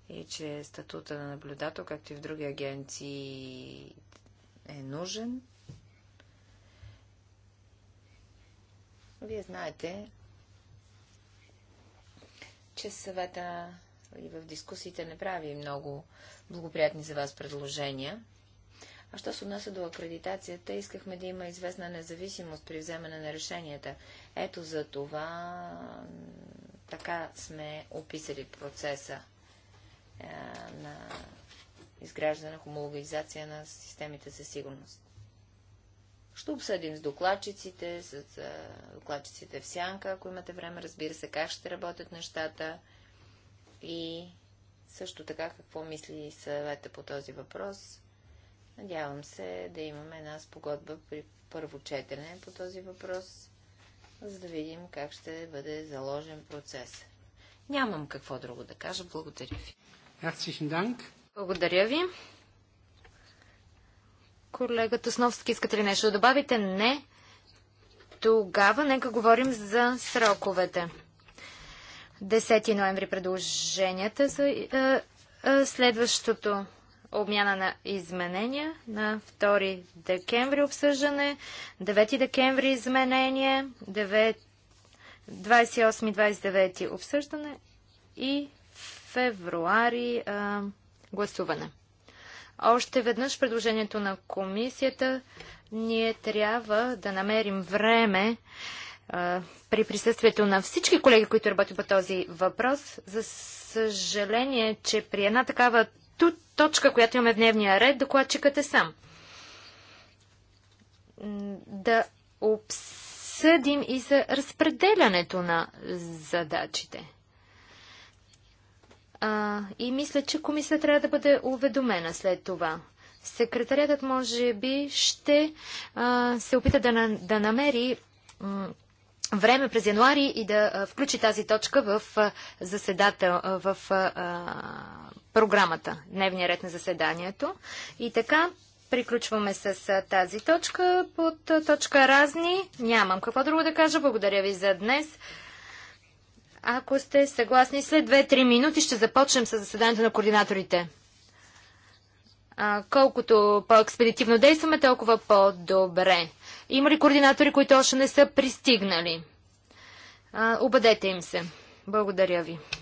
и че статута на наблюдател, както и в други агенции, е нужен. Вие знаете, че съвета и в дискусиите не прави много благоприятни за вас предложения. А що се отнася до акредитацията, искахме да има известна независимост при вземане на решенията. Ето за това така сме описали процеса е, на изграждане, хомологизация на системите за сигурност. Ще обсъдим с докладчиците, с е, докладчиците в сянка, ако имате време, разбира се, как ще работят нещата и също така, какво мисли съвета по този въпрос? Надявам се да имаме една спогодба при първо четене по този въпрос, за да видим как ще бъде заложен процес. Нямам какво друго да кажа. Благодаря ви. Благодаря ви. Колегата Сновски, искате ли нещо да добавите? Не. Тогава нека говорим за сроковете. 10 ноември предложенията за е, е, следващото обмяна на изменения на 2 декември обсъждане, 9 декември изменение, 28-29 обсъждане и февруари а, е, гласуване. Още веднъж предложението на комисията ние трябва да намерим време при присъствието на всички колеги, които работят по този въпрос. За съжаление, че при една такава точка, която имаме в дневния ред, докладчикът е сам. Да обсъдим и за разпределянето на задачите. А, и мисля, че комисия трябва да бъде уведомена след това. Секретарятът може би ще а, се опита да, на, да намери време през януари и да включи тази точка в заседател, в програмата, дневния ред на заседанието. И така, приключваме с тази точка. Под точка разни нямам какво друго да кажа. Благодаря ви за днес. Ако сте съгласни, след 2-3 минути ще започнем с заседанието на координаторите. колкото по-експедитивно действаме, толкова по-добре. Има ли координатори, които още не са пристигнали? Обадете им се. Благодаря ви.